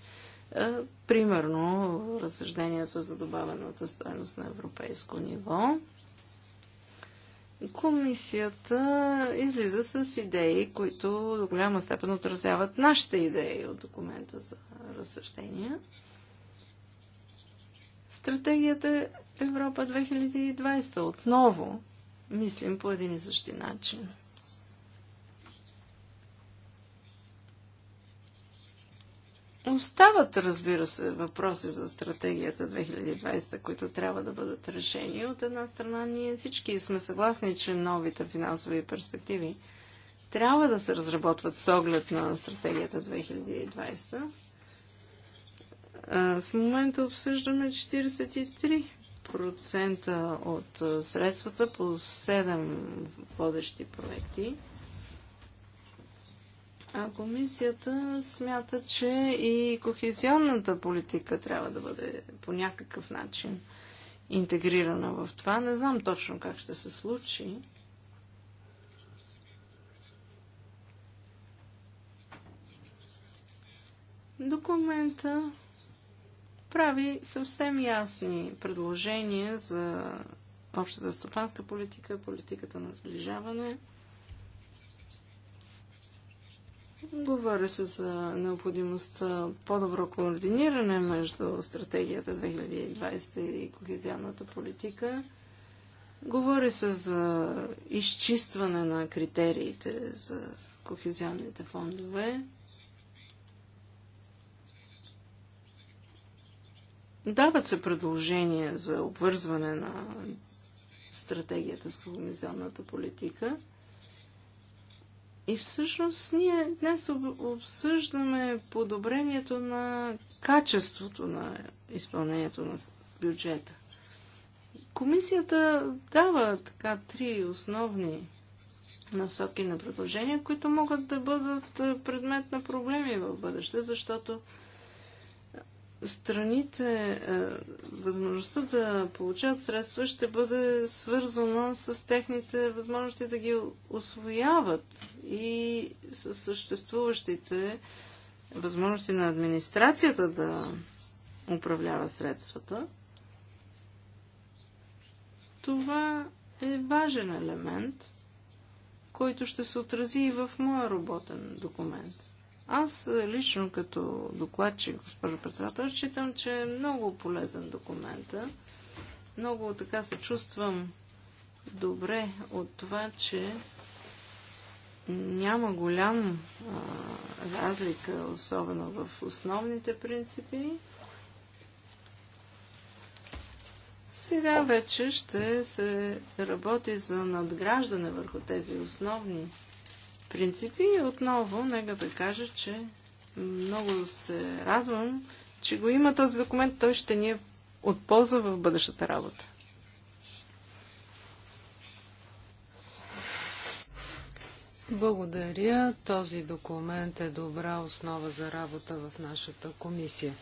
Е, примерно, разсъжденията за добавената стоеност на европейско ниво. Комисията излиза с идеи, които до голяма степен отразяват нашите идеи от документа за разсъждения. Стратегията Европа 2020 отново мислим по един и същи начин. Остават, разбира се, въпроси за стратегията 2020, които трябва да бъдат решени. От една страна, ние всички сме съгласни, че новите финансови перспективи трябва да се разработват с оглед на стратегията 2020. В момента обсъждаме 43 процента от средствата по 7 водещи проекти. А комисията смята, че и кохезионната политика трябва да бъде по някакъв начин интегрирана в това. Не знам точно как ще се случи. Документа прави съвсем ясни предложения за общата стопанска политика, политиката на сближаване. Говоря се за необходимостта по-добро координиране между стратегията 2020 и кохезионната политика. Говори се за изчистване на критериите за кохезионните фондове. Дават се предложения за обвързване на стратегията с когнизионната политика. И всъщност ние днес обсъждаме подобрението на качеството на изпълнението на бюджета. Комисията дава така три основни насоки на предложения, които могат да бъдат предмет на проблеми в бъдеще, защото страните е, възможността да получат средства ще бъде свързана с техните възможности да ги освояват и с съществуващите възможности на администрацията да управлява средствата. Това е важен елемент, който ще се отрази и в моя работен документ. Аз е, лично като докладчик, госпожо председател, считам, че е много полезен документа. Много така се чувствам добре от това, че няма голям а, разлика, особено в основните принципи. Сега вече ще се работи за надграждане върху тези основни принципи. И отново, нека да кажа, че много се радвам, че го има този документ, той ще ни е от полза в бъдещата работа. Благодаря. Този документ е добра основа за работа в нашата комисия.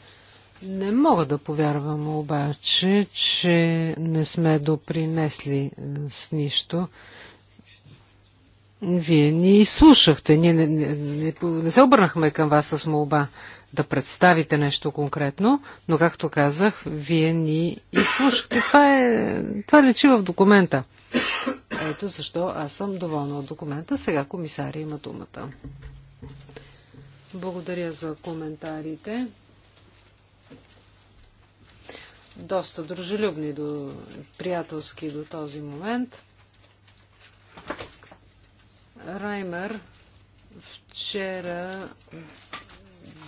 Не мога да повярвам обаче, че не сме допринесли е, с нищо. Вие ни изслушахте. Ние не, не, не, не се обърнахме към вас с молба да представите нещо конкретно, но както казах, вие ни изслушахте. Това, е, това лечи в документа. Ето защо аз съм доволна от документа. Сега комисари има думата. Благодаря за коментарите. Доста дружелюбни, до, приятелски до този момент. Раймер вчера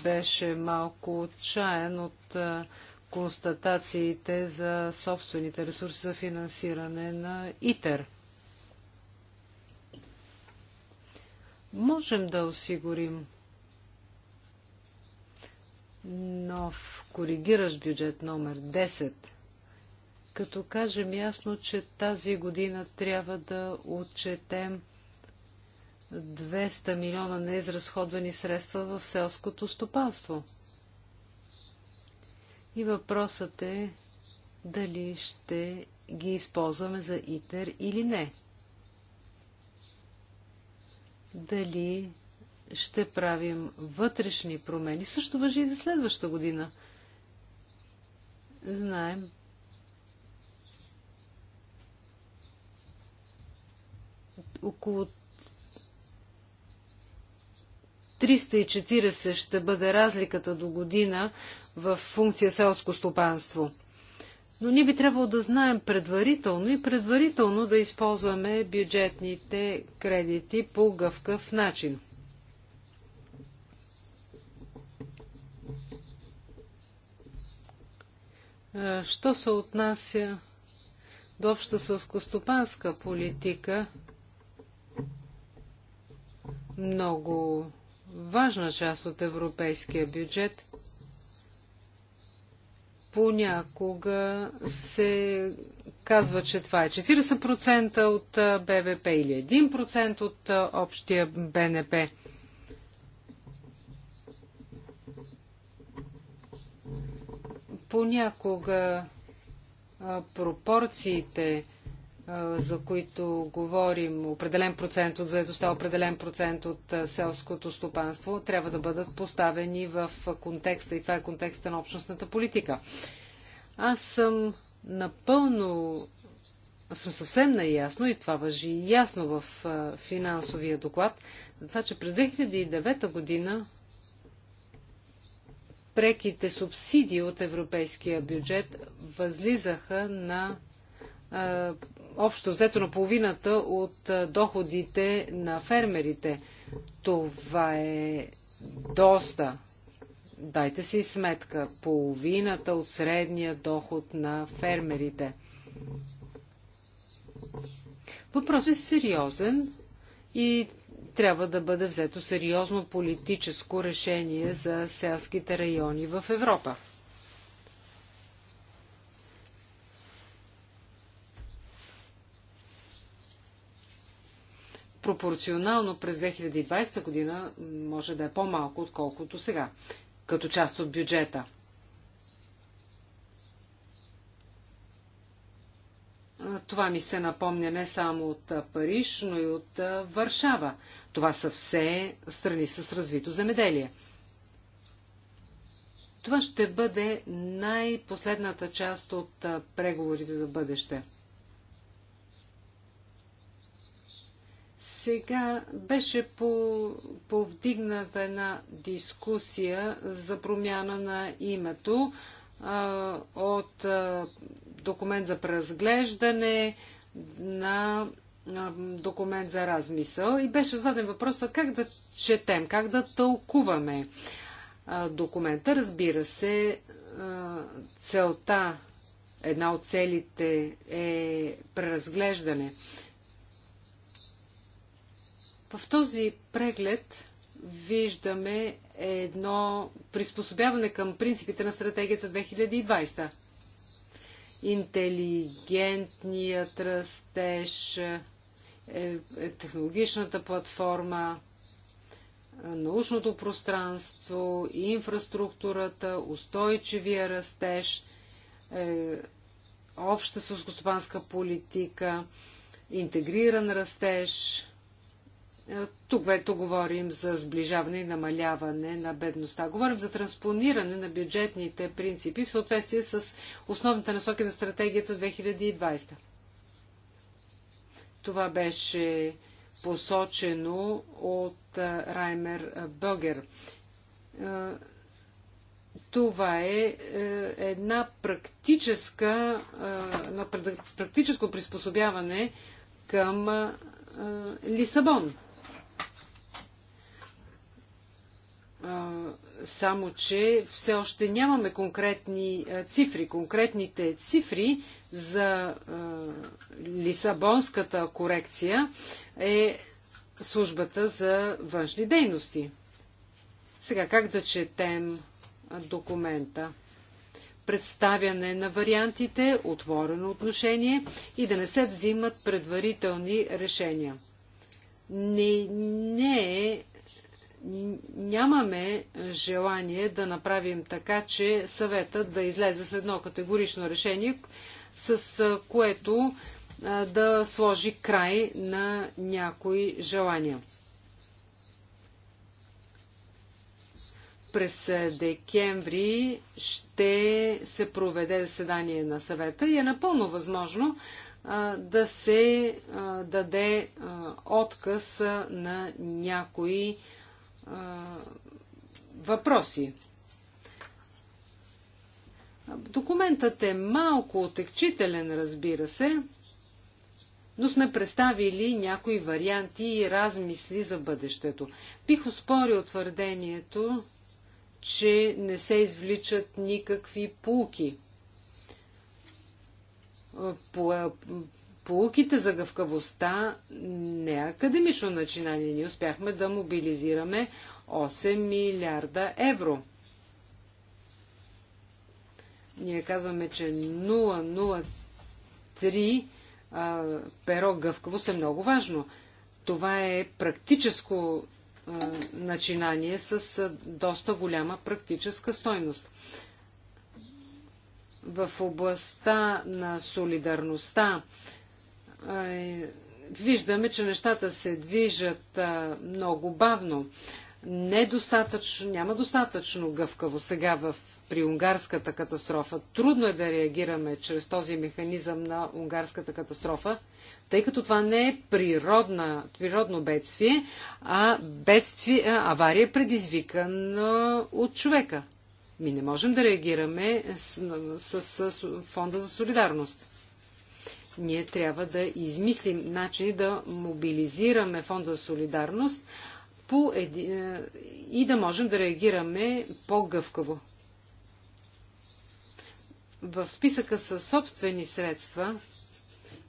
беше малко отчаян от констатациите за собствените ресурси за финансиране на ИТЕР. Можем да осигурим нов коригиращ бюджет номер 10, като кажем ясно, че тази година трябва да отчетем 200 милиона неизразходвани средства в селското стопанство. И въпросът е дали ще ги използваме за ИТЕР или не. Дали ще правим вътрешни промени. Също въжи и за следващата година. Знаем, около 340 ще бъде разликата до година в функция селско стопанство. Но ние би трябвало да знаем предварително и предварително да използваме бюджетните кредити по гъвкав начин. Що се отнася до обща сълскостопанска политика, много важна част от европейския бюджет. Понякога се казва, че това е 40% от БВП или 1% от общия БНП. Понякога пропорциите за които говорим, определен процент от заедостта, определен процент от селското стопанство, трябва да бъдат поставени в контекста и това е контекста на общностната политика. Аз съм напълно, съм съвсем наясно и това въжи ясно в финансовия доклад, за това, че през 2009 година преките субсидии от европейския бюджет възлизаха на общо взето на половината от доходите на фермерите. Това е доста. Дайте си сметка. Половината от средния доход на фермерите. Въпросът е сериозен и трябва да бъде взето сериозно политическо решение за селските райони в Европа. пропорционално през 2020 година може да е по-малко, отколкото сега, като част от бюджета. Това ми се напомня не само от Париж, но и от Варшава. Това са все страни с развито земеделие. Това ще бъде най-последната част от преговорите за бъдеще. Сега беше по, повдигната една дискусия за промяна на името а, от а, документ за преразглеждане на а, документ за размисъл и беше зададен въпроса как да четем, как да тълкуваме а, документа. Разбира се, а, целта, една от целите е преразглеждане. В този преглед виждаме едно приспособяване към принципите на стратегията 2020. Интелигентният растеж, е, е технологичната платформа, е, научното пространство, инфраструктурата, устойчивия растеж, е, обща сълскостопанска политика, интегриран растеж – е, тук вето говорим за сближаване и намаляване на бедността. Говорим за транспониране на бюджетните принципи в съответствие с основните насоки на стратегията 2020. Това беше посочено от е, Раймер Бъгер. Е, това е една практическа, практическо приспособяване към Лисабон. само че все още нямаме конкретни цифри. Конкретните цифри за Лисабонската корекция е службата за външни дейности. Сега как да четем документа? Представяне на вариантите, отворено отношение и да не се взимат предварителни решения. Не, не е нямаме желание да направим така, че съвета да излезе с едно категорично решение, с което да сложи край на някои желания. През декември ще се проведе заседание на съвета и е напълно възможно да се даде отказ на някои въпроси. Документът е малко отекчителен, разбира се, но сме представили някои варианти и размисли за бъдещето. Бих успорил твърдението, че не се извличат никакви пулки полуките за гъвкавостта не е академично начинание. Ние успяхме да мобилизираме 8 милиарда евро. Ние казваме, че 003 а, перо гъвкавост е много важно. Това е практическо а, начинание с а, доста голяма практическа стойност. В областта на солидарността, виждаме, че нещата се движат много бавно. Недостатъчно, няма достатъчно гъвкаво сега в, при унгарската катастрофа. Трудно е да реагираме чрез този механизъм на унгарската катастрофа, тъй като това не е природна, природно бедствие, а бедствие, а, авария е предизвикана от човека. Ми не можем да реагираме с, с, с, с Фонда за солидарност. Ние трябва да измислим начини да мобилизираме фонда за солидарност по еди... Е, и да можем да реагираме по-гъвкаво. В списъка със собствени средства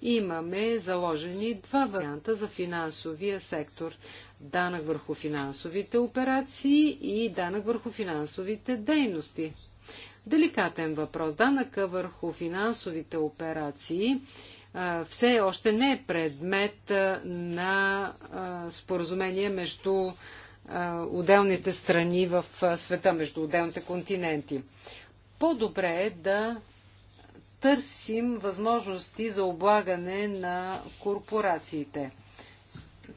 имаме заложени два варианта за финансовия сектор. Данък върху финансовите операции и данък върху финансовите дейности. Деликатен въпрос. Данъка върху финансовите операции все още не е предмет на споразумение между отделните страни в света, между отделните континенти. По-добре е да търсим възможности за облагане на корпорациите.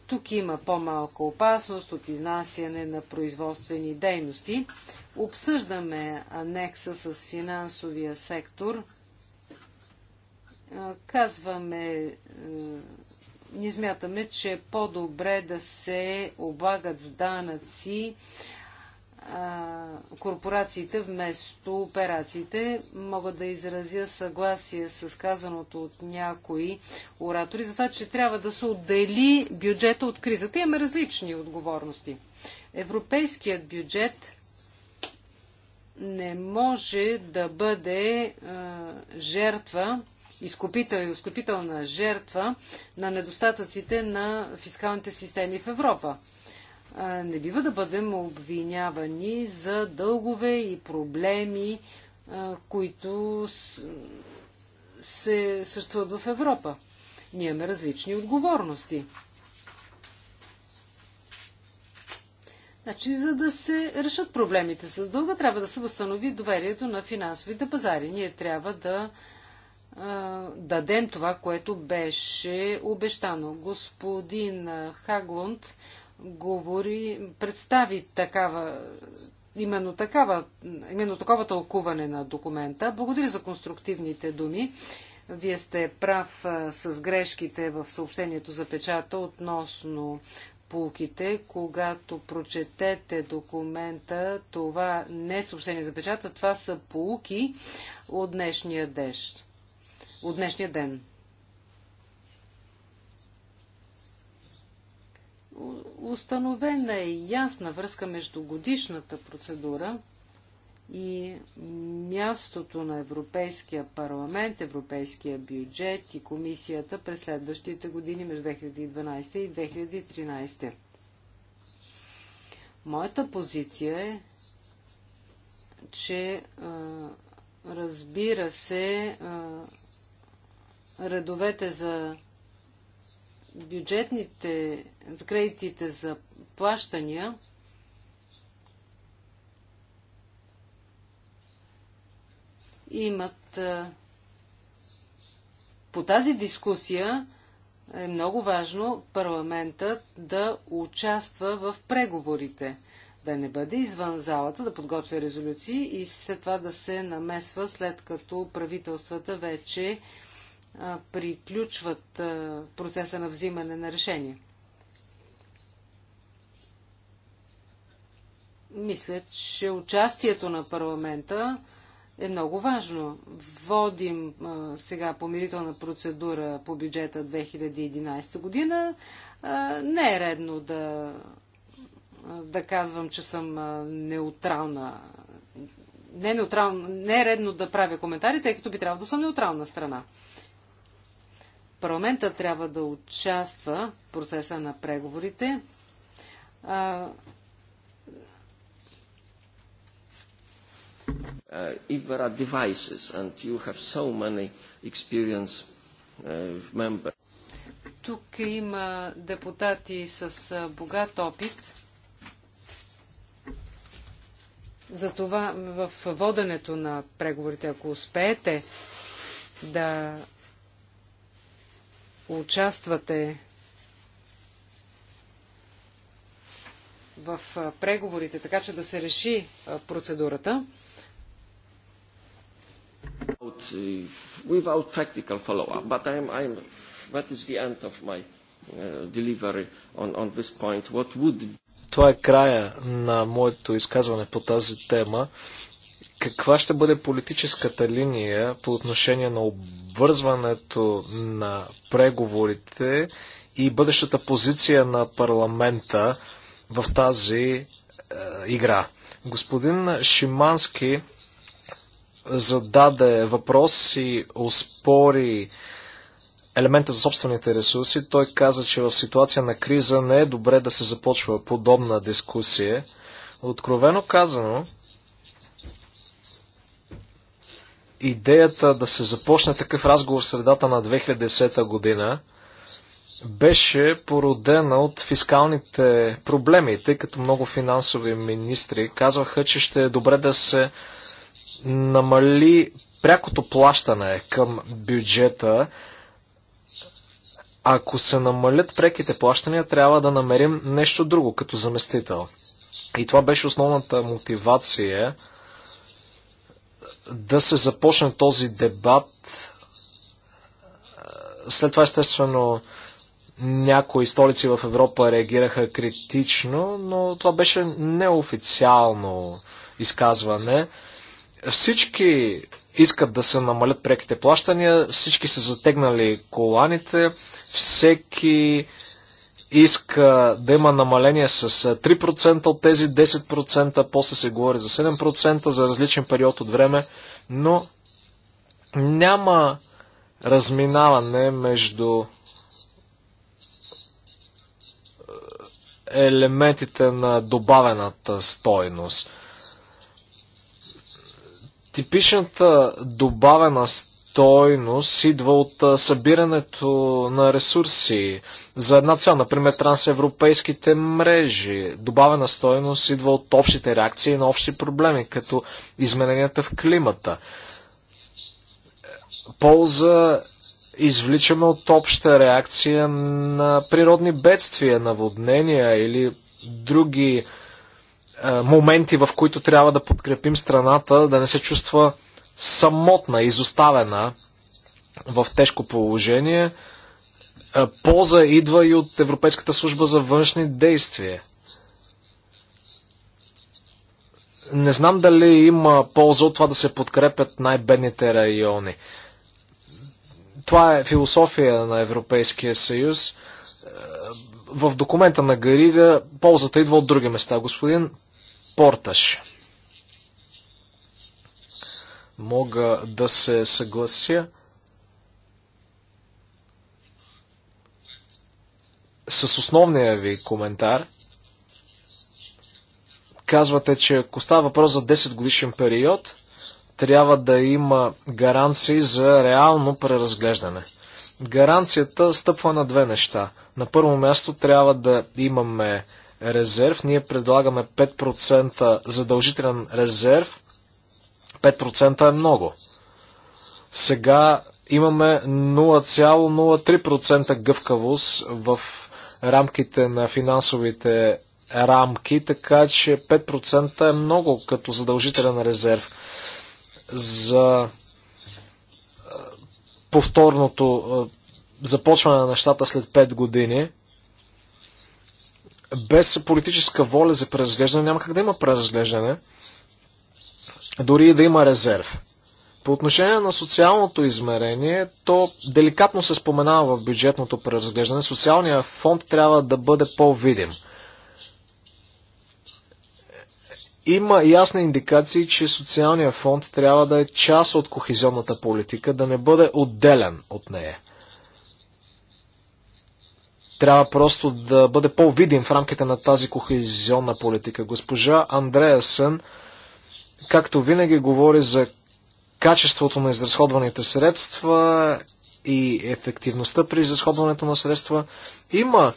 Тук има по-малка опасност от изнасяне на производствени дейности. Обсъждаме анекса с финансовия сектор – казваме, е, ни смятаме, че е по-добре да се облагат с данъци корпорациите вместо операциите. Мога да изразя съгласие с казаното от някои оратори за това, че трябва да се отдели бюджета от кризата. Имаме различни отговорности. Европейският бюджет не може да бъде а, жертва изкупител, изкупителна жертва на недостатъците на фискалните системи в Европа. Не бива да бъдем обвинявани за дългове и проблеми, които се съществуват в Европа. Ние имаме различни отговорности. Значи, за да се решат проблемите с дълга, трябва да се възстанови доверието на финансовите пазари. Ние трябва да дадем това, което беше обещано. Господин Хаглунд говори, представи такава, именно, такава, именно такова тълкуване на документа. Благодаря за конструктивните думи. Вие сте прав с грешките в съобщението за печата относно пулките. Когато прочетете документа, това не е съобщение за печата, това са полуки от днешния дещ от днешния ден. Установена е ясна връзка между годишната процедура и мястото на Европейския парламент, Европейския бюджет и комисията през следващите години между 2012 и 2013. Моята позиция е, че разбира се, редовете за бюджетните, за кредитите за плащания, имат по тази дискусия е много важно парламентът да участва в преговорите, да не бъде извън залата, да подготвя резолюции и след това да се намесва, след като правителствата вече приключват процеса на взимане на решение. Мисля, че участието на парламента е много важно. Водим а, сега помирителна процедура по бюджета 2011 година. А, не е редно да, да казвам, че съм неутрална. Не, е неутрална. не е редно да правя коментари, тъй като би трябвало да съм неутрална страна. Парламента трябва да участва в процеса на преговорите. Uh, if there are devices and you have so many experience uh, member. Тук има депутати с богат опит. Затова в воденето на преговорите, ако успеете да участвате в преговорите, така че да се реши процедурата. Uh, without practical follow-up, but I'm, I'm, is the end of my uh, delivery on, on this point. What would... Това е края на моето изказване по тази тема каква ще бъде политическата линия по отношение на обвързването на преговорите и бъдещата позиция на парламента в тази е, игра. Господин Шимански зададе въпрос и успори елемента за собствените ресурси. Той каза, че в ситуация на криза не е добре да се започва подобна дискусия. Откровено казано, идеята да се започне такъв разговор в средата на 2010 година беше породена от фискалните проблеми, тъй като много финансови министри казваха, че ще е добре да се намали прякото плащане към бюджета. Ако се намалят преките плащания, трябва да намерим нещо друго като заместител. И това беше основната мотивация да се започне този дебат. След това, естествено, някои столици в Европа реагираха критично, но това беше неофициално изказване. Всички искат да се намалят преките плащания, всички са затегнали коланите, всеки иска да има намаление с 3% от тези 10%, после се говори за 7% за различен период от време, но няма разминаване между елементите на добавената стойност. Типичната добавена стойност стойност идва от събирането на ресурси за една цел, например трансевропейските мрежи. Добавена стойност идва от общите реакции на общи проблеми, като измененията в климата. Полза извличаме от обща реакция на природни бедствия, наводнения или други моменти, в които трябва да подкрепим страната, да не се чувства самотна, изоставена в тежко положение. Е, полза идва и от Европейската служба за външни действия. Не знам дали има полза от това да се подкрепят най-бедните райони. Това е философия на Европейския съюз. Е, в документа на Гарига ползата идва от други места. Господин Порташ мога да се съглася с основния ви коментар. Казвате, че ако става въпрос за 10 годишен период, трябва да има гаранции за реално преразглеждане. Гаранцията стъпва на две неща. На първо място трябва да имаме резерв. Ние предлагаме 5% задължителен резерв 5% е много. Сега имаме 0,03% гъвкавост в рамките на финансовите рамки, така че 5% е много като задължителен резерв за повторното започване на нещата след 5 години. Без политическа воля за преразглеждане няма как да има преразглеждане дори и да има резерв. По отношение на социалното измерение, то деликатно се споменава в бюджетното преразглеждане. Социалният фонд трябва да бъде по-видим. Има ясни индикации, че социалният фонд трябва да е част от кохезионната политика, да не бъде отделен от нея. Трябва просто да бъде по-видим в рамките на тази кохезионна политика. Госпожа Андреасън както винаги, говори за качеството на изразходваните средства и ефективността при изразходването на средства. Има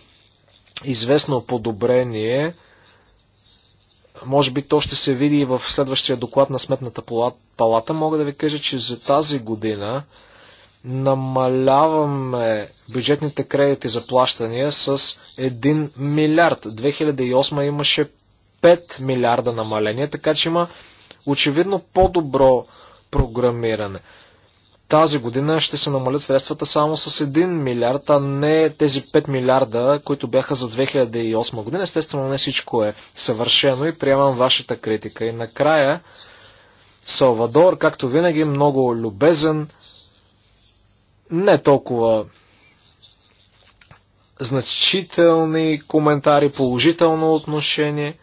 известно подобрение. Може би то ще се види и в следващия доклад на Сметната палата. Мога да ви кажа, че за тази година намаляваме бюджетните кредити за плащания с 1 милиард. 2008 имаше 5 милиарда намаление, така че има очевидно по-добро програмиране. Тази година ще се намалят средствата само с 1 милиард, а не тези 5 милиарда, които бяха за 2008 година. Естествено, не всичко е съвършено и приемам вашата критика. И накрая, Салвадор, както винаги, много любезен, не толкова значителни коментари, положително отношение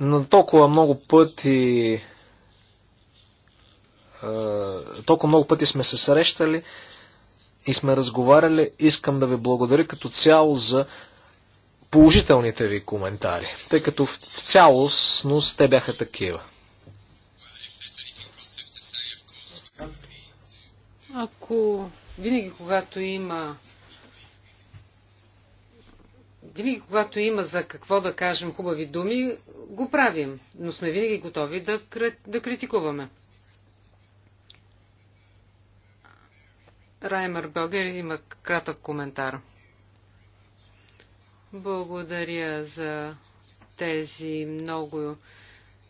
на толкова много пъти толкова много пъти сме се срещали и сме разговаряли. Искам да ви благодаря като цяло за положителните ви коментари, тъй като в цялостност те бяха такива. Ако винаги когато има винаги когато има за какво да кажем хубави думи, го правим, но сме винаги готови да, да критикуваме. Раймер Бългер има кратък коментар. Благодаря за тези много,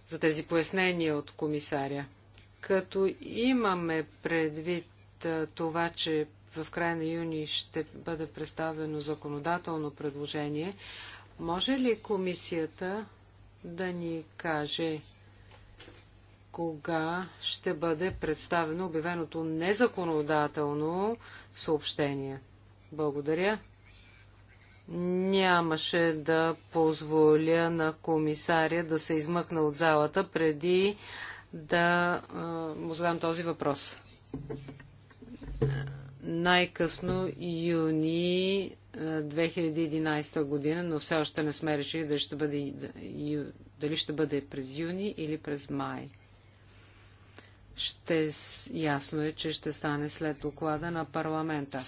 за тези пояснения от комисаря. Като имаме предвид това, че в края на юни ще бъде представено законодателно предложение, може ли комисията да ни каже кога ще бъде представено обявеното незаконодателно съобщение. Благодаря. Нямаше да позволя на комисаря да се измъкна от залата преди да му задам този въпрос най-късно юни 2011 година, но все още не сме решили дали ще бъде, дали ще бъде през юни или през май. Ще, ясно е, че ще стане след доклада на парламента.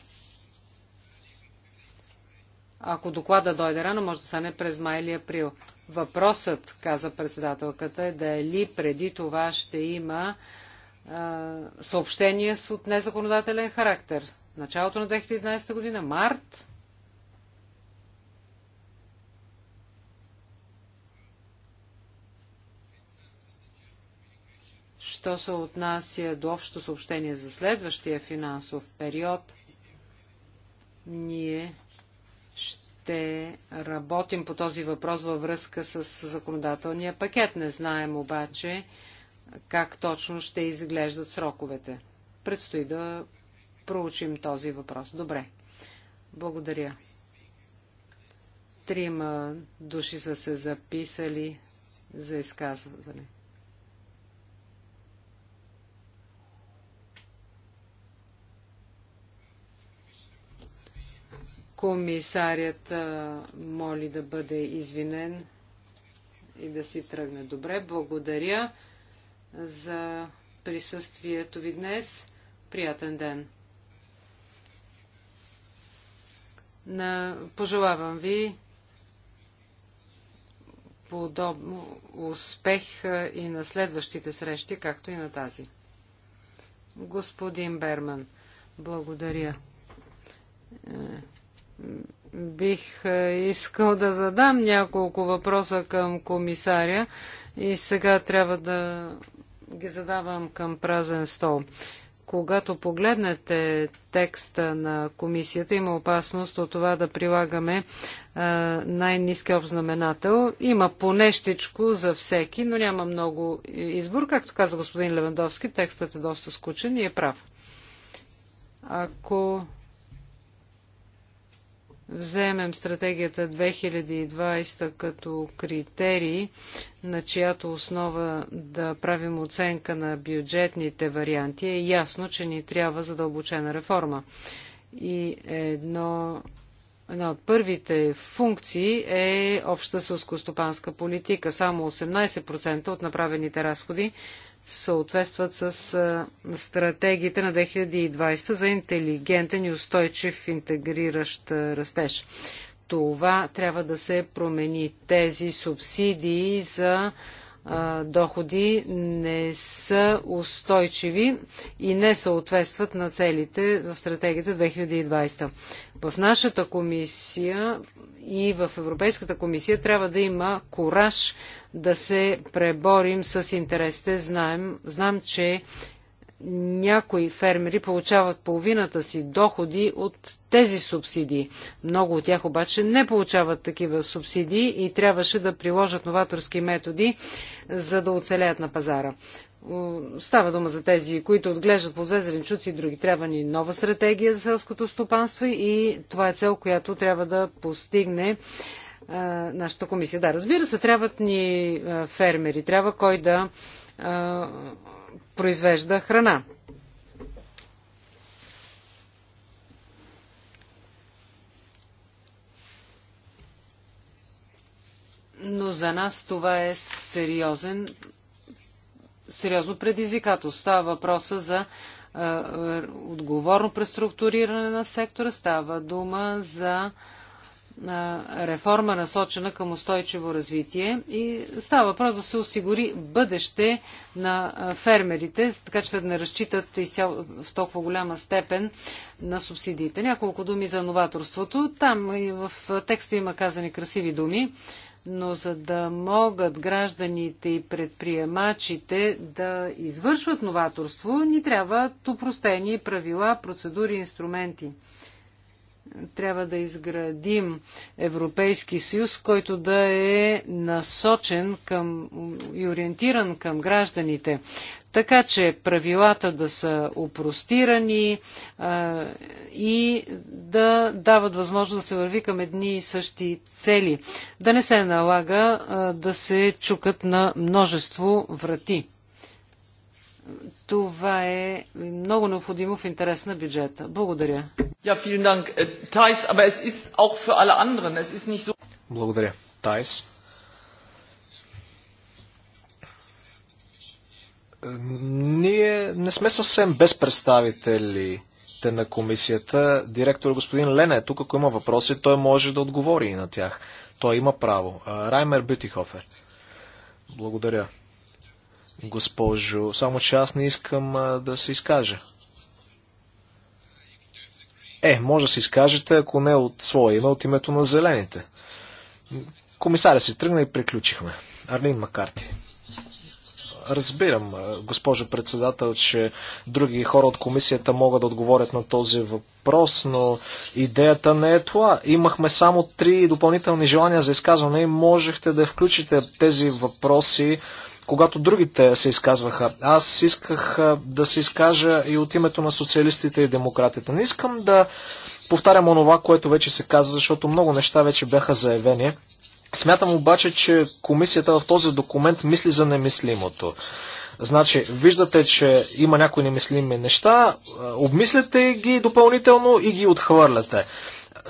Ако доклада дойде рано, може да стане през май или април. Въпросът, каза председателката, е дали преди това ще има Съобщения с от незаконодателен характер. Началото на 2011 година, март. Що се отнася до общо съобщение за следващия финансов период, ние ще работим по този въпрос във връзка с законодателния пакет. Не знаем обаче, как точно ще изглеждат сроковете. Предстои да проучим този въпрос. Добре. Благодаря. Трима души са се записали за изказване. Комисарят моли да бъде извинен и да си тръгне. Добре, благодаря за присъствието ви днес. Приятен ден! На, пожелавам ви подоб... успех и на следващите срещи, както и на тази. Господин Берман, благодаря. Е, бих е, искал да задам няколко въпроса към комисаря и сега трябва да ги задавам към празен стол. Когато погледнете текста на комисията, има опасност от това да прилагаме най низки обзнаменател. Има понещичко за всеки, но няма много избор. Както каза господин Левандовски, текстът е доста скучен и е прав. Ако вземем стратегията 2020 като критерии, на чиято основа да правим оценка на бюджетните варианти, е ясно, че ни трябва задълбочена реформа. И едно, една от първите функции е обща сълскостопанска политика. Само 18% от направените разходи съответстват с стратегиите на 2020 за интелигентен и устойчив интегриращ растеж. Това трябва да се промени. Тези субсидии за доходи не са устойчиви и не съответстват на целите в стратегията 2020. В нашата комисия и в Европейската комисия трябва да има кураж да се преборим с интересите. Знаем, знам, че някои фермери получават половината си доходи от тези субсидии. Много от тях обаче не получават такива субсидии и трябваше да приложат новаторски методи, за да оцелеят на пазара. Става дума за тези, които отглеждат по две зеленчуци и други. Трябва ни нова стратегия за селското стопанство и това е цел, която трябва да постигне а, нашата комисия. Да, разбира се, трябват ни а, фермери. Трябва кой да а, произвежда храна. Но за нас това е сериозен, сериозно предизвикателство. Става въпроса за е, отговорно преструктуриране на сектора, става дума за е, реформа насочена към устойчиво развитие и става въпрос да се осигури бъдеще на фермерите, така че да не разчитат изцяло в толкова голяма степен на субсидиите. Няколко думи за новаторството. Там и в текста има казани красиви думи, но за да могат гражданите и предприемачите да извършват новаторство, ни трябват упростени правила, процедури, инструменти – трябва да изградим Европейски съюз, който да е насочен към и ориентиран към гражданите. Така че правилата да са упростирани а, и да дават възможност да се върви към едни и същи цели. Да не се налага а, да се чукат на множество врати. Това е много необходимо в интерес на бюджета. Благодаря. Благодаря, Тайс. Ние не сме съвсем без представители на комисията. Директор господин Лене е тук, ако има въпроси, той може да отговори и на тях. Той има право. Раймер Бютихофер. Благодаря, госпожо, само че аз не искам а, да се изкажа. Е, може да се изкажете, ако не от своя име, от името на зелените. Комисаря си тръгна и приключихме. Арлин Макарти. Разбирам, госпожо председател, че други хора от комисията могат да отговорят на този въпрос, но идеята не е това. Имахме само три допълнителни желания за изказване и можехте да включите тези въпроси когато другите се изказваха. Аз исках да се изкажа и от името на социалистите и демократите. Не искам да повтарям онова, което вече се каза, защото много неща вече бяха заявени. Смятам обаче, че комисията в този документ мисли за немислимото. Значи, виждате, че има някои немислими неща, обмисляте ги допълнително и ги отхвърляте.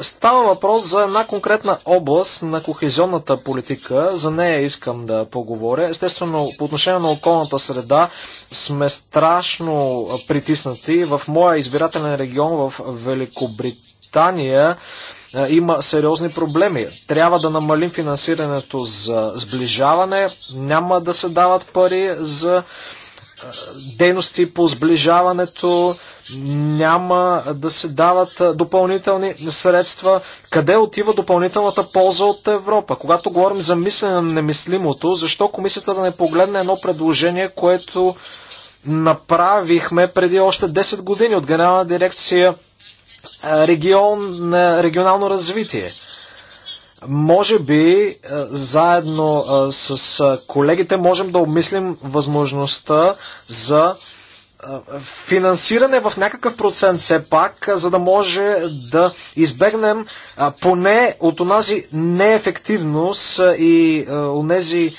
Става въпрос за една конкретна област на кохезионната политика. За нея искам да поговоря. Естествено, по отношение на околната среда сме страшно притиснати. В моя избирателен регион в Великобритания е, има сериозни проблеми. Трябва да намалим финансирането за сближаване, няма да се дават пари за дейности по сближаването, няма да се дават допълнителни средства. Къде отива допълнителната полза от Европа? Когато говорим за мислене на немислимото, защо комисията да не погледне едно предложение, което направихме преди още 10 години от Генерална дирекция регион, регионално развитие – може би е, заедно е, с е, колегите можем да обмислим възможността за финансиране в някакъв процент все пак, за да може да избегнем поне от онази неефективност и тези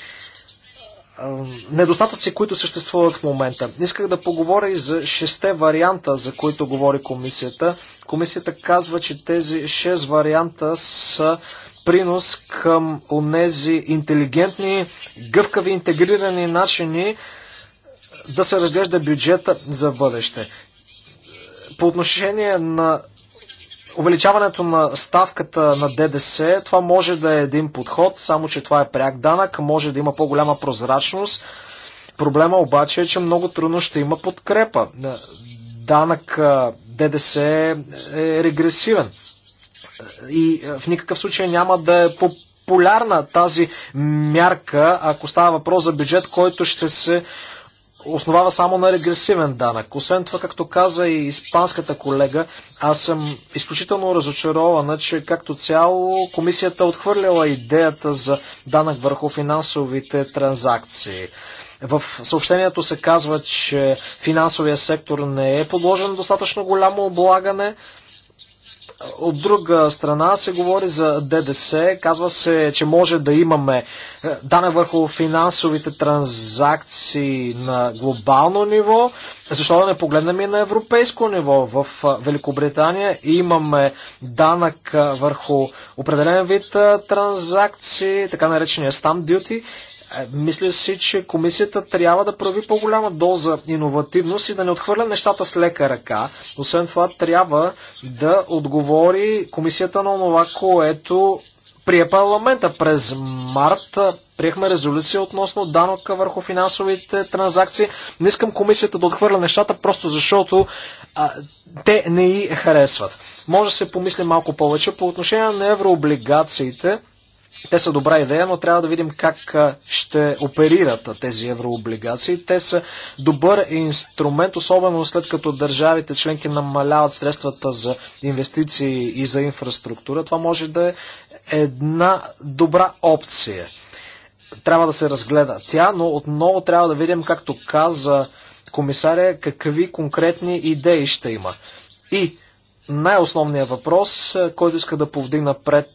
недостатъци, които съществуват в момента. Исках да поговоря и за шесте варианта, за които говори комисията. Комисията казва, че тези шест варианта са принос към онези интелигентни, гъвкави, интегрирани начини да се разглежда бюджета за бъдеще. По отношение на увеличаването на ставката на ДДС, това може да е един подход, само че това е пряк данък, може да има по-голяма прозрачност. Проблема обаче е, че много трудно ще има подкрепа. Данък ДДС е регресивен и е, в никакъв случай няма да е популярна тази мярка, ако става въпрос за бюджет, който ще се основава само на регресивен данък. Освен това, както каза и испанската колега, аз съм изключително разочарована, че както цяло комисията отхвърляла идеята за данък върху финансовите транзакции. В съобщението се казва, че финансовия сектор не е подложен достатъчно голямо облагане. От друга страна се говори за ДДС. Казва се, че може да имаме е, данък върху финансовите транзакции на глобално ниво. Защо да не погледнем и на европейско ниво? В е, Великобритания имаме данък е, върху определен вид транзакции, така наречения stamp duty. Е, мисля си, че комисията трябва да прави по-голяма доза иновативност и да не отхвърля нещата с лека ръка. Освен това, трябва да отговори комисията на това, което прие парламента. През март е, приехме резолюция относно данъка върху финансовите транзакции. Не искам комисията да отхвърля нещата, просто защото а, е, те не и харесват. Може да се помисли малко повече. По отношение на еврооблигациите, те са добра идея, но трябва да видим как ще оперират тези еврооблигации. Те са добър инструмент, особено след като държавите членки намаляват средствата за инвестиции и за инфраструктура. Това може да е една добра опция. Трябва да се разгледа тя, но отново трябва да видим, както каза комисаря, какви конкретни идеи ще има. И най-основният въпрос, който иска да повдигна пред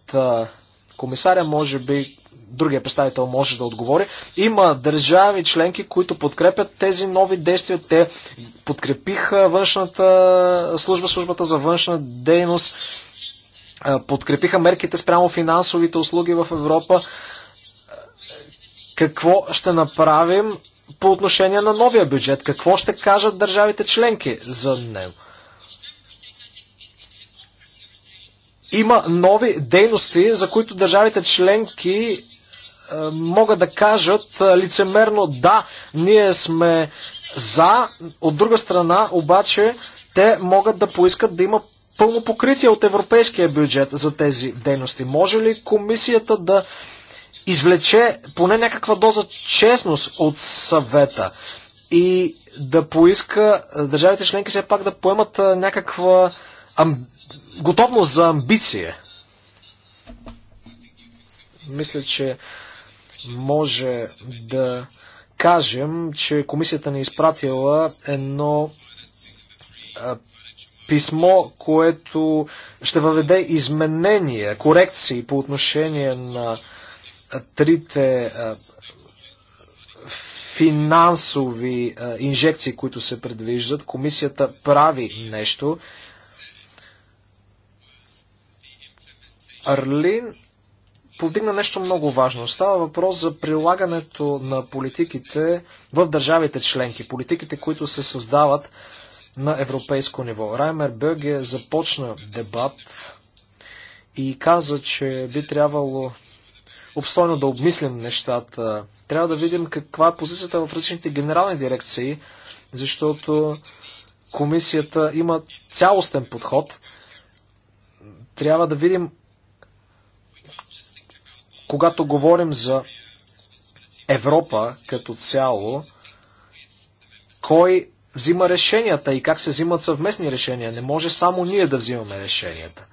комисаря, може би другия представител може да отговори. Има държави членки, които подкрепят тези нови действия. Те подкрепиха външната служба, службата за външна дейност, подкрепиха мерките спрямо финансовите услуги в Европа. Какво ще направим по отношение на новия бюджет? Какво ще кажат държавите членки за него? има нови дейности, за които държавите членки е, могат да кажат е, лицемерно да, ние сме за, от друга страна обаче те могат да поискат да има пълно покритие от европейския бюджет за тези дейности. Може ли комисията да извлече поне някаква доза честност от съвета и да поиска е, държавите членки все пак да поемат някаква готовност за амбиция. Мисля, че може да кажем, че комисията ни е изпратила едно писмо, което ще въведе изменения, корекции по отношение на трите финансови инжекции, които се предвиждат. Комисията прави нещо. Арлин повдигна нещо много важно. Става въпрос за прилагането на политиките в държавите членки, политиките, които се създават на европейско ниво. Раймер Бърге започна дебат и каза, че би трябвало обстойно да обмислим нещата. Трябва да видим каква е позицията в различните генерални дирекции, защото комисията има цялостен подход. Трябва да видим когато говорим за Европа като цяло, кой взима решенията и как се взимат съвместни решения. Не може само ние да взимаме решенията.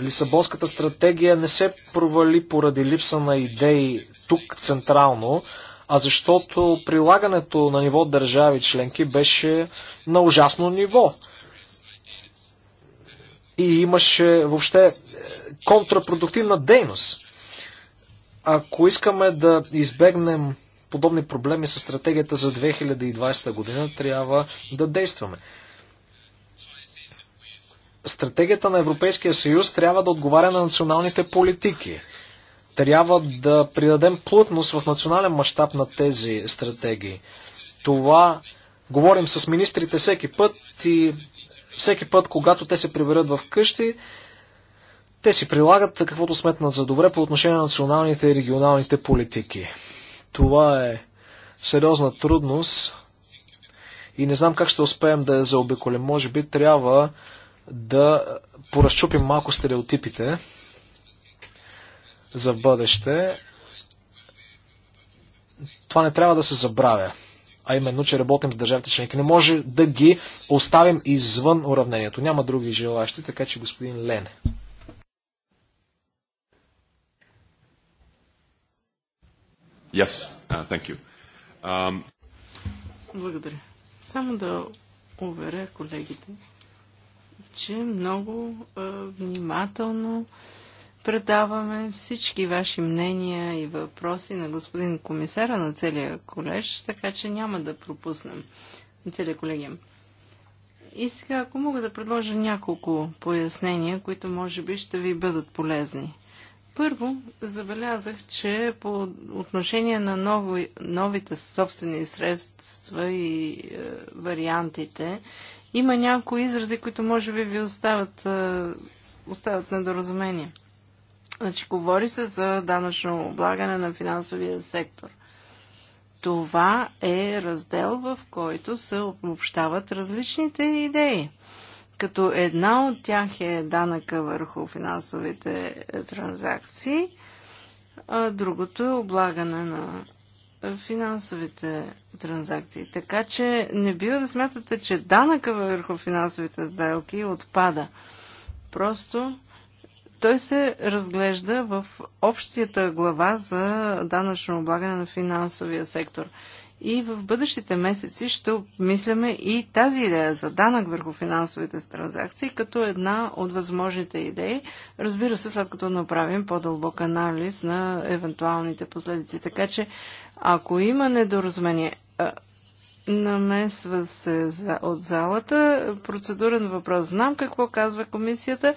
Лисабонската стратегия не се провали поради липса на идеи тук централно, а защото прилагането на ниво държави членки беше на ужасно ниво. И имаше въобще контрапродуктивна дейност. Ако искаме да избегнем подобни проблеми с стратегията за 2020 година, трябва да действаме. Стратегията на Европейския съюз трябва да отговаря на националните политики. Трябва да придадем плътност в национален мащаб на тези стратегии. Това говорим с министрите всеки път и всеки път, когато те се приберат в къщи, те си прилагат каквото сметнат за добре по отношение на националните и регионалните политики. Това е сериозна трудност и не знам как ще успеем да я заобиколим. Може би трябва да поразчупим малко стереотипите за бъдеще. Това не трябва да се забравя а именно, че работим с държавите членки. Не може да ги оставим извън уравнението. Няма други желащи, така че господин Лене. Yes, uh, thank you. Um... Благодаря. Само да уверя колегите, че много uh, внимателно предаваме всички ваши мнения и въпроси на господин комисара на целия колеж, така че няма да пропуснем на целия колегия. И сега, ако мога да предложа няколко пояснения, които може би ще ви бъдат полезни. Първо, забелязах, че по отношение на нови, новите собствени средства и е, вариантите, има някои изрази, които може би ви остават, е, остават недоразумение. Значи, говори се за данъчно облагане на финансовия сектор. Това е раздел, в който се обобщават различните идеи като една от тях е данъка върху финансовите е, транзакции, а другото е облагане на е, финансовите транзакции. Така че не бива да смятате, че данъка върху финансовите сделки отпада. Просто той се разглежда в общията глава за данъчно облагане на финансовия сектор и в бъдещите месеци ще обмисляме и тази идея за данък върху финансовите транзакции като една от възможните идеи, разбира се, след като направим по-дълбок анализ на евентуалните последици. Така че, ако има недоразумение, намесва се от залата. Процедурен въпрос. Знам какво казва комисията.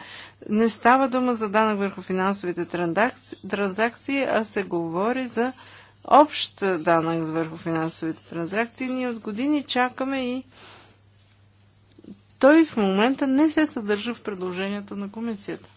Не става дума за данък върху финансовите транзакции, а се говори за общ данък върху финансовите транзакции, ние от години чакаме и той в момента не се съдържа в предложението на комисията.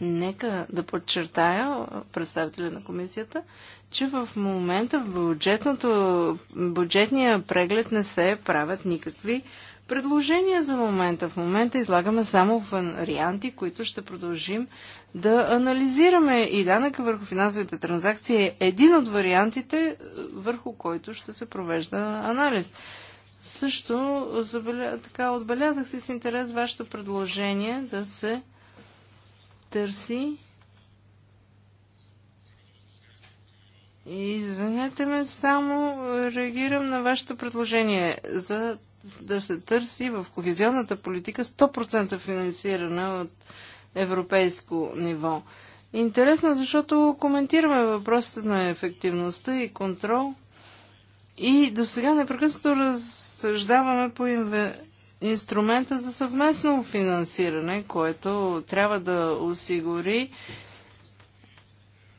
Нека да подчертая представителя на комисията, че в момента в бюджетния преглед не се правят никакви предложения за момента. В момента излагаме само варианти, които ще продължим да анализираме. И данъка върху финансовите транзакции е един от вариантите, е, върху който ще се провежда анализ. Също забеля... така, отбелязах си с интерес вашето предложение да се търси Извинете ме, само реагирам на вашето предложение за да се търси в кохезионната политика 100% финансиране от европейско ниво. Интересно, е, защото коментираме въпросите на ефективността и контрол и до сега непрекъснато разсъждаваме по инве... инструмента за съвместно финансиране, което трябва да осигури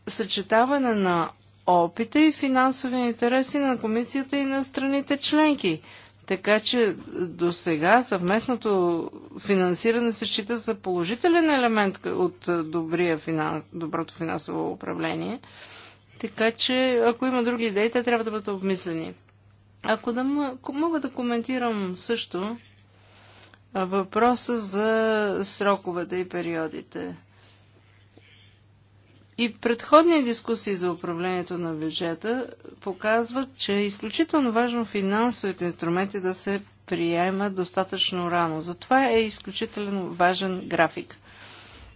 съчетаване на опита и финансови интереси на комисията и на страните членки – така че до сега съвместното финансиране се счита за положителен елемент от добрия финанс, доброто финансово управление. Така че, ако има други идеи, те трябва да бъдат обмислени. Ако да мога да коментирам също въпроса за сроковете и периодите. И в предходни дискусии за управлението на бюджета показват, че е изключително важно финансовите инструменти да се приемат достатъчно рано. Затова е изключително важен график.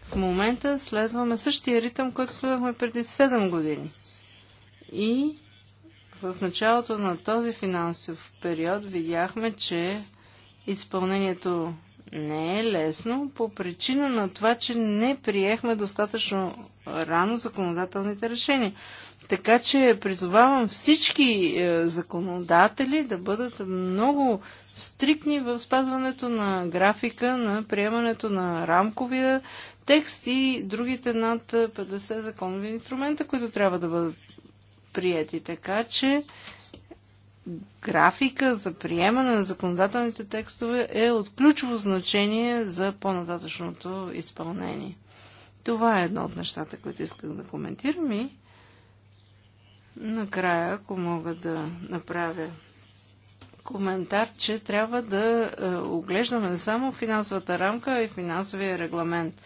В момента следваме същия ритъм, който следвахме преди 7 години. И в началото на този финансов период видяхме, че изпълнението не е лесно по причина на това, че не приехме достатъчно рано законодателните решения. Така че призовавам всички е, законодатели да бъдат много стрикни в спазването на графика, на приемането на рамковия текст и другите над 50 законови инструмента, които трябва да бъдат прияти. Така че графика за приемане на законодателните текстове е от ключово значение за по-нататъчното изпълнение. Това е едно от нещата, които исках да коментирам и накрая, ако мога да направя коментар, че трябва да е, оглеждаме не само финансовата рамка, а и финансовия регламент –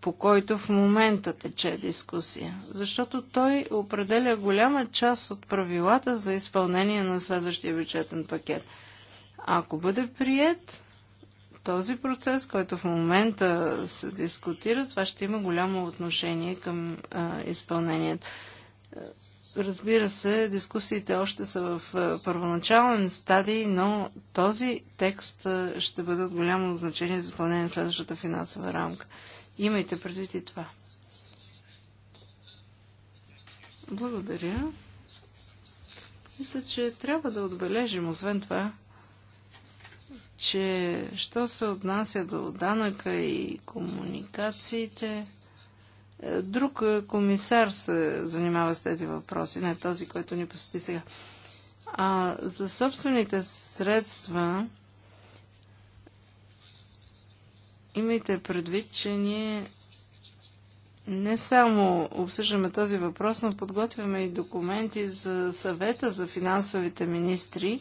по който в момента тече дискусия, защото той определя голяма част от правилата за изпълнение на следващия бюджетен пакет. Ако бъде прият този процес, който в момента се дискутира, това ще има голямо отношение към а, изпълнението. Разбира се, дискусиите още са в първоначален стадий, но този текст ще бъде от голямо значение за изпълнение на следващата финансова рамка. Имайте предвид и това. Благодаря. Мисля, че трябва да отбележим, освен това, че що се отнася до данъка и комуникациите, е, друг е, комисар се занимава с тези въпроси, не този, който ни посети сега. А за собствените средства Имайте предвид, че ние не само обсъждаме този въпрос, но подготвяме и документи за съвета за финансовите министри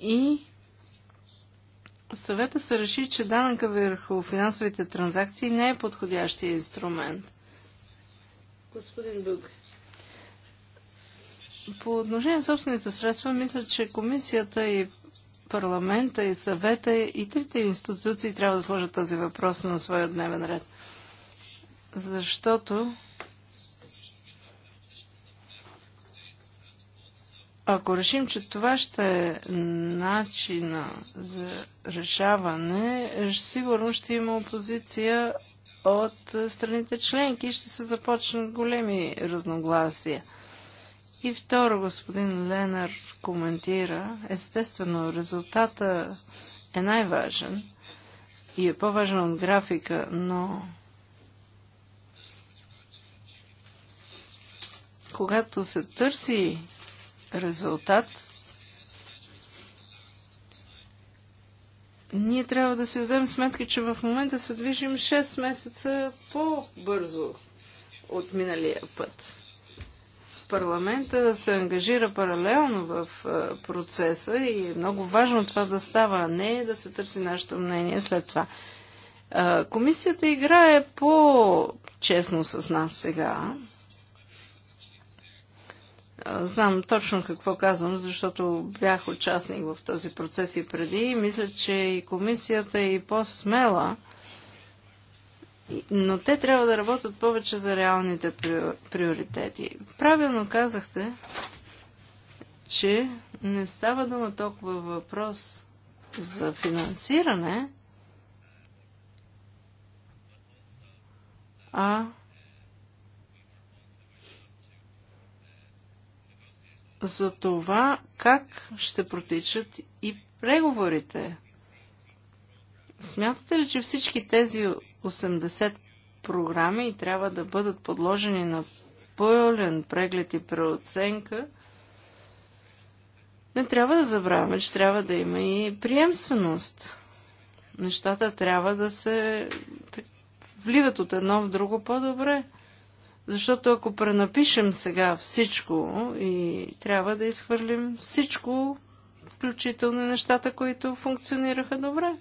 и съвета се реши, че данъка върху финансовите транзакции не е подходящия инструмент. Господин Бълг. По отношение на собствените средства, мисля, че комисията и парламента и съвета и трите институции трябва да сложат този въпрос на своя дневен ред. Защото ако решим, че това ще е начина за решаване, сигурно ще има опозиция от страните членки и ще се започнат големи разногласия. И второ, господин Ленар коментира, естествено, резултата е най-важен и е по-важен от графика, но когато се търси резултат, ние трябва да си дадем сметка, че в момента се движим 6 месеца по-бързо от миналия път парламента се ангажира паралелно в процеса и е много важно това да става, а не да се търси нашето мнение след това. Комисията играе по-честно с нас сега. Знам точно какво казвам, защото бях участник в този процес и преди. Мисля, че и комисията е и по-смела но те трябва да работят повече за реалните приоритети. Правилно казахте, че не става дума толкова въпрос за финансиране, а за това как ще протичат и преговорите. Смятате ли, че всички тези 80 програми и трябва да бъдат подложени на пълен преглед и преоценка, не трябва да забравяме, че трябва да има и приемственост. Нещата трябва да се вливат от едно в друго по-добре. Защото ако пренапишем сега всичко и трябва да изхвърлим всичко, включително нещата, които функционираха добре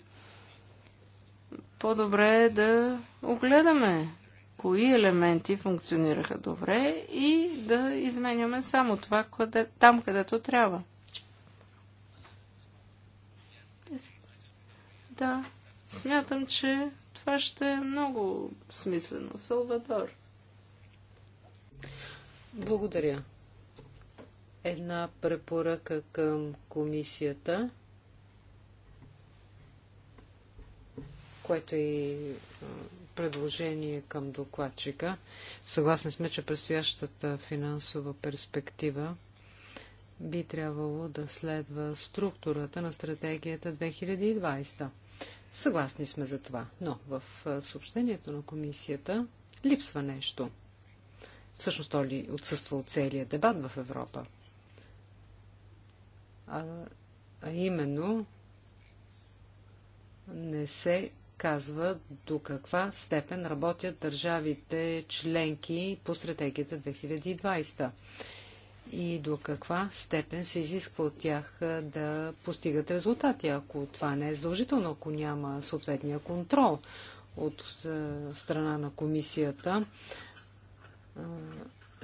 по-добре е да огледаме кои елементи функционираха добре и да изменяме само това къде, там, където трябва. Да, смятам, че това ще е много смислено. Салвадор. Благодаря. Една препоръка към комисията – което и е, предложение към докладчика. Съгласни сме, че предстоящата финансова перспектива би трябвало да следва структурата на стратегията 2020. Съгласни сме за това, но в съобщението на комисията липсва нещо. Всъщност то ли отсъства от целият дебат в Европа? А, а именно не се казва до каква степен работят държавите членки по стратегията 2020 и до каква степен се изисква от тях да постигат резултати, ако това не е задължително, ако няма съответния контрол от страна на комисията,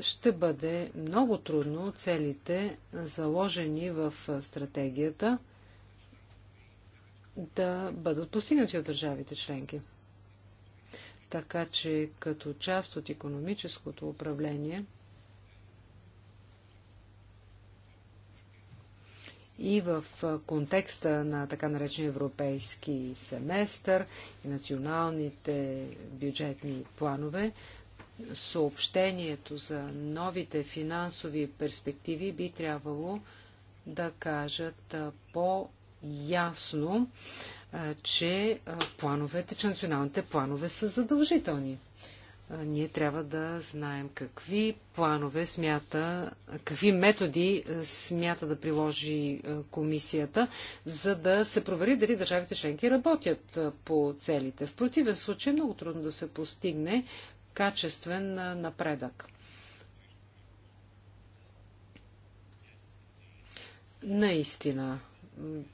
ще бъде много трудно целите заложени в стратегията да бъдат постигнати от държавите членки. Така че като част от економическото управление и в контекста на така наречен европейски семестър и националните бюджетни планове, съобщението за новите финансови перспективи би трябвало да кажат по ясно, че плановете, че националните планове са задължителни. Ние трябва да знаем какви планове смята, какви методи смята да приложи комисията, за да се провери дали държавите членки работят по целите. В противен случай е много трудно да се постигне качествен напредък. Наистина,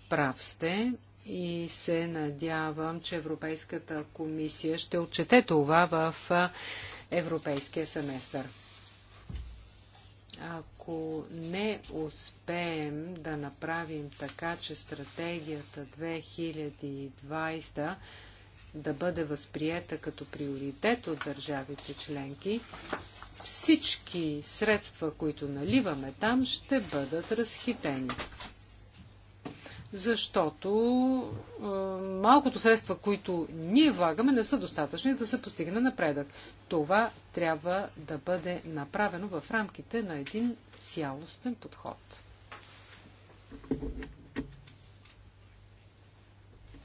прав сте и се надявам, че Европейската комисия ще отчете това в Европейския семестър. Ако не успеем да направим така, че стратегията 2020 да бъде възприета като приоритет от държавите членки, всички средства, които наливаме там, ще бъдат разхитени защото е, малкото средства, които ние влагаме, не са достатъчни да се постигне напредък. Това трябва да бъде направено в рамките на един цялостен подход.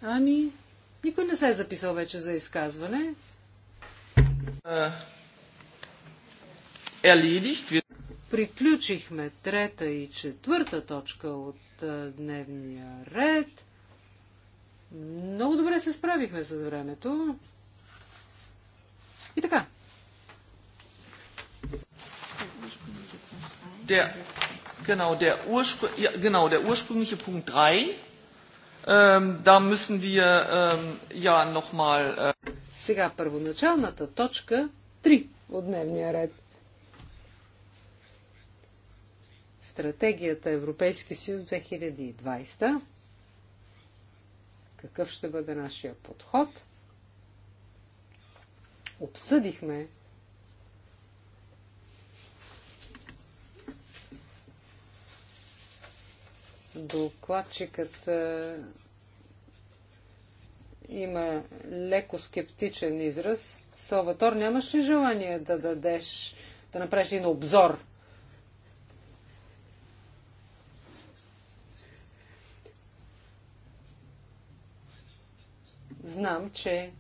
Ами, никой не се е записал вече за изказване. Erledigt. Приключихме трета и четвърта точка от дневния ред. Много добре се справихме с времето. И така. Der, genau, der, Urspr ja, genau, der ursprüngliche Punkt 3, ähm, da müssen wir ähm, ja nochmal. Äh... Сега първоначалната точка 3 от дневния ред. стратегията Европейски съюз 2020. Какъв ще бъде нашия подход? Обсъдихме докладчикът има леко скептичен израз. Салватор, нямаш ли желание да дадеш, да направиш един обзор Знам, че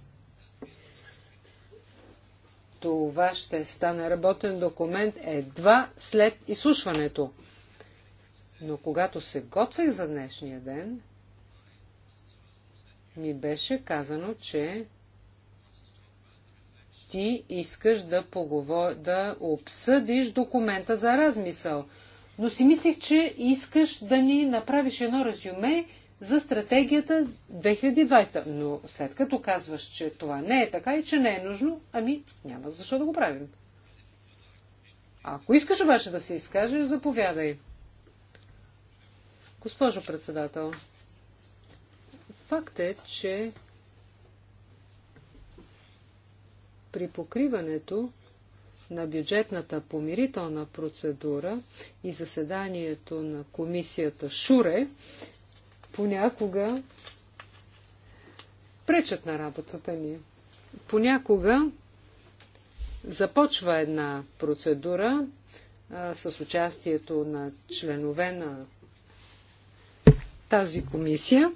това ще стане работен документ едва след изслушването. Но когато се готвих за днешния ден, ми беше казано, че ти искаш да, поговор... да обсъдиш документа за размисъл. Но си мислех, че искаш да ни направиш едно резюме за стратегията 2020. Но след като казваш, че това не е така и че не е нужно, ами няма защо да го правим. Ако искаш обаче да се изкажеш, заповядай. Госпожо председател, факт е, че при покриването на бюджетната помирителна процедура и заседанието на комисията Шуре понякога пречат на работата ни. Понякога започва една процедура а, с участието на членове на тази комисия.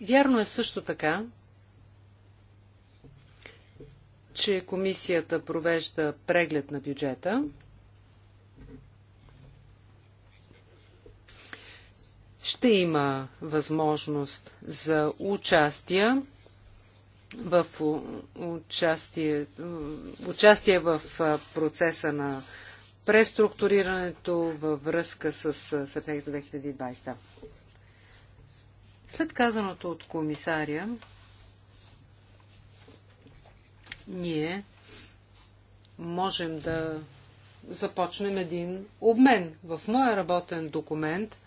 Вярно е също така, че комисията провежда преглед на бюджета ще има възможност за участие в участие, участие в процеса на преструктурирането във връзка с стратегията 2020. След казаното от комисаря, ние можем да започнем един обмен. В моя работен документ –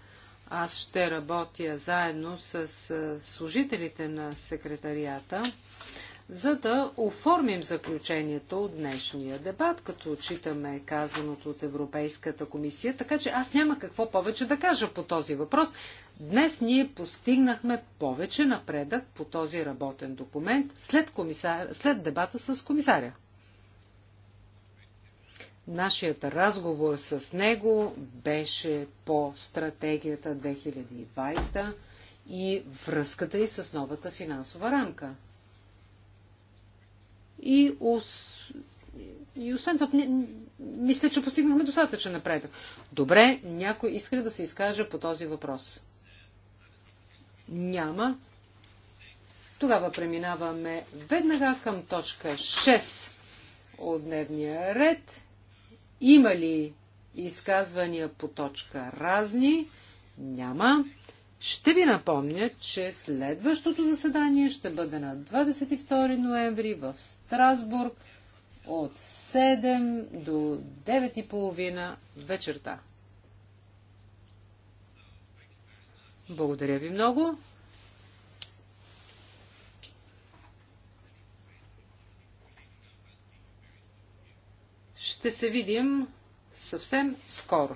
аз ще работя заедно с служителите на секретарията, за да оформим заключението от днешния дебат, като отчитаме казаното от Европейската комисия, така че аз няма какво повече да кажа по този въпрос. Днес ние постигнахме повече напредък по този работен документ след, комисар... след дебата с комисаря. Нашият разговор с него беше по стратегията 2020 и връзката и с новата финансова рамка. И, ос... и освен това, мисля, че постигнахме достатъчен напредък. Добре, някой иска да се изкаже по този въпрос? Няма. Тогава преминаваме веднага към точка 6 от дневния ред. Има ли изказвания по точка разни? Няма. Ще ви напомня, че следващото заседание ще бъде на 22 ноември в Страсбург от 7 до 9.30 вечерта. Благодаря ви много. Ще се видим съвсем скоро.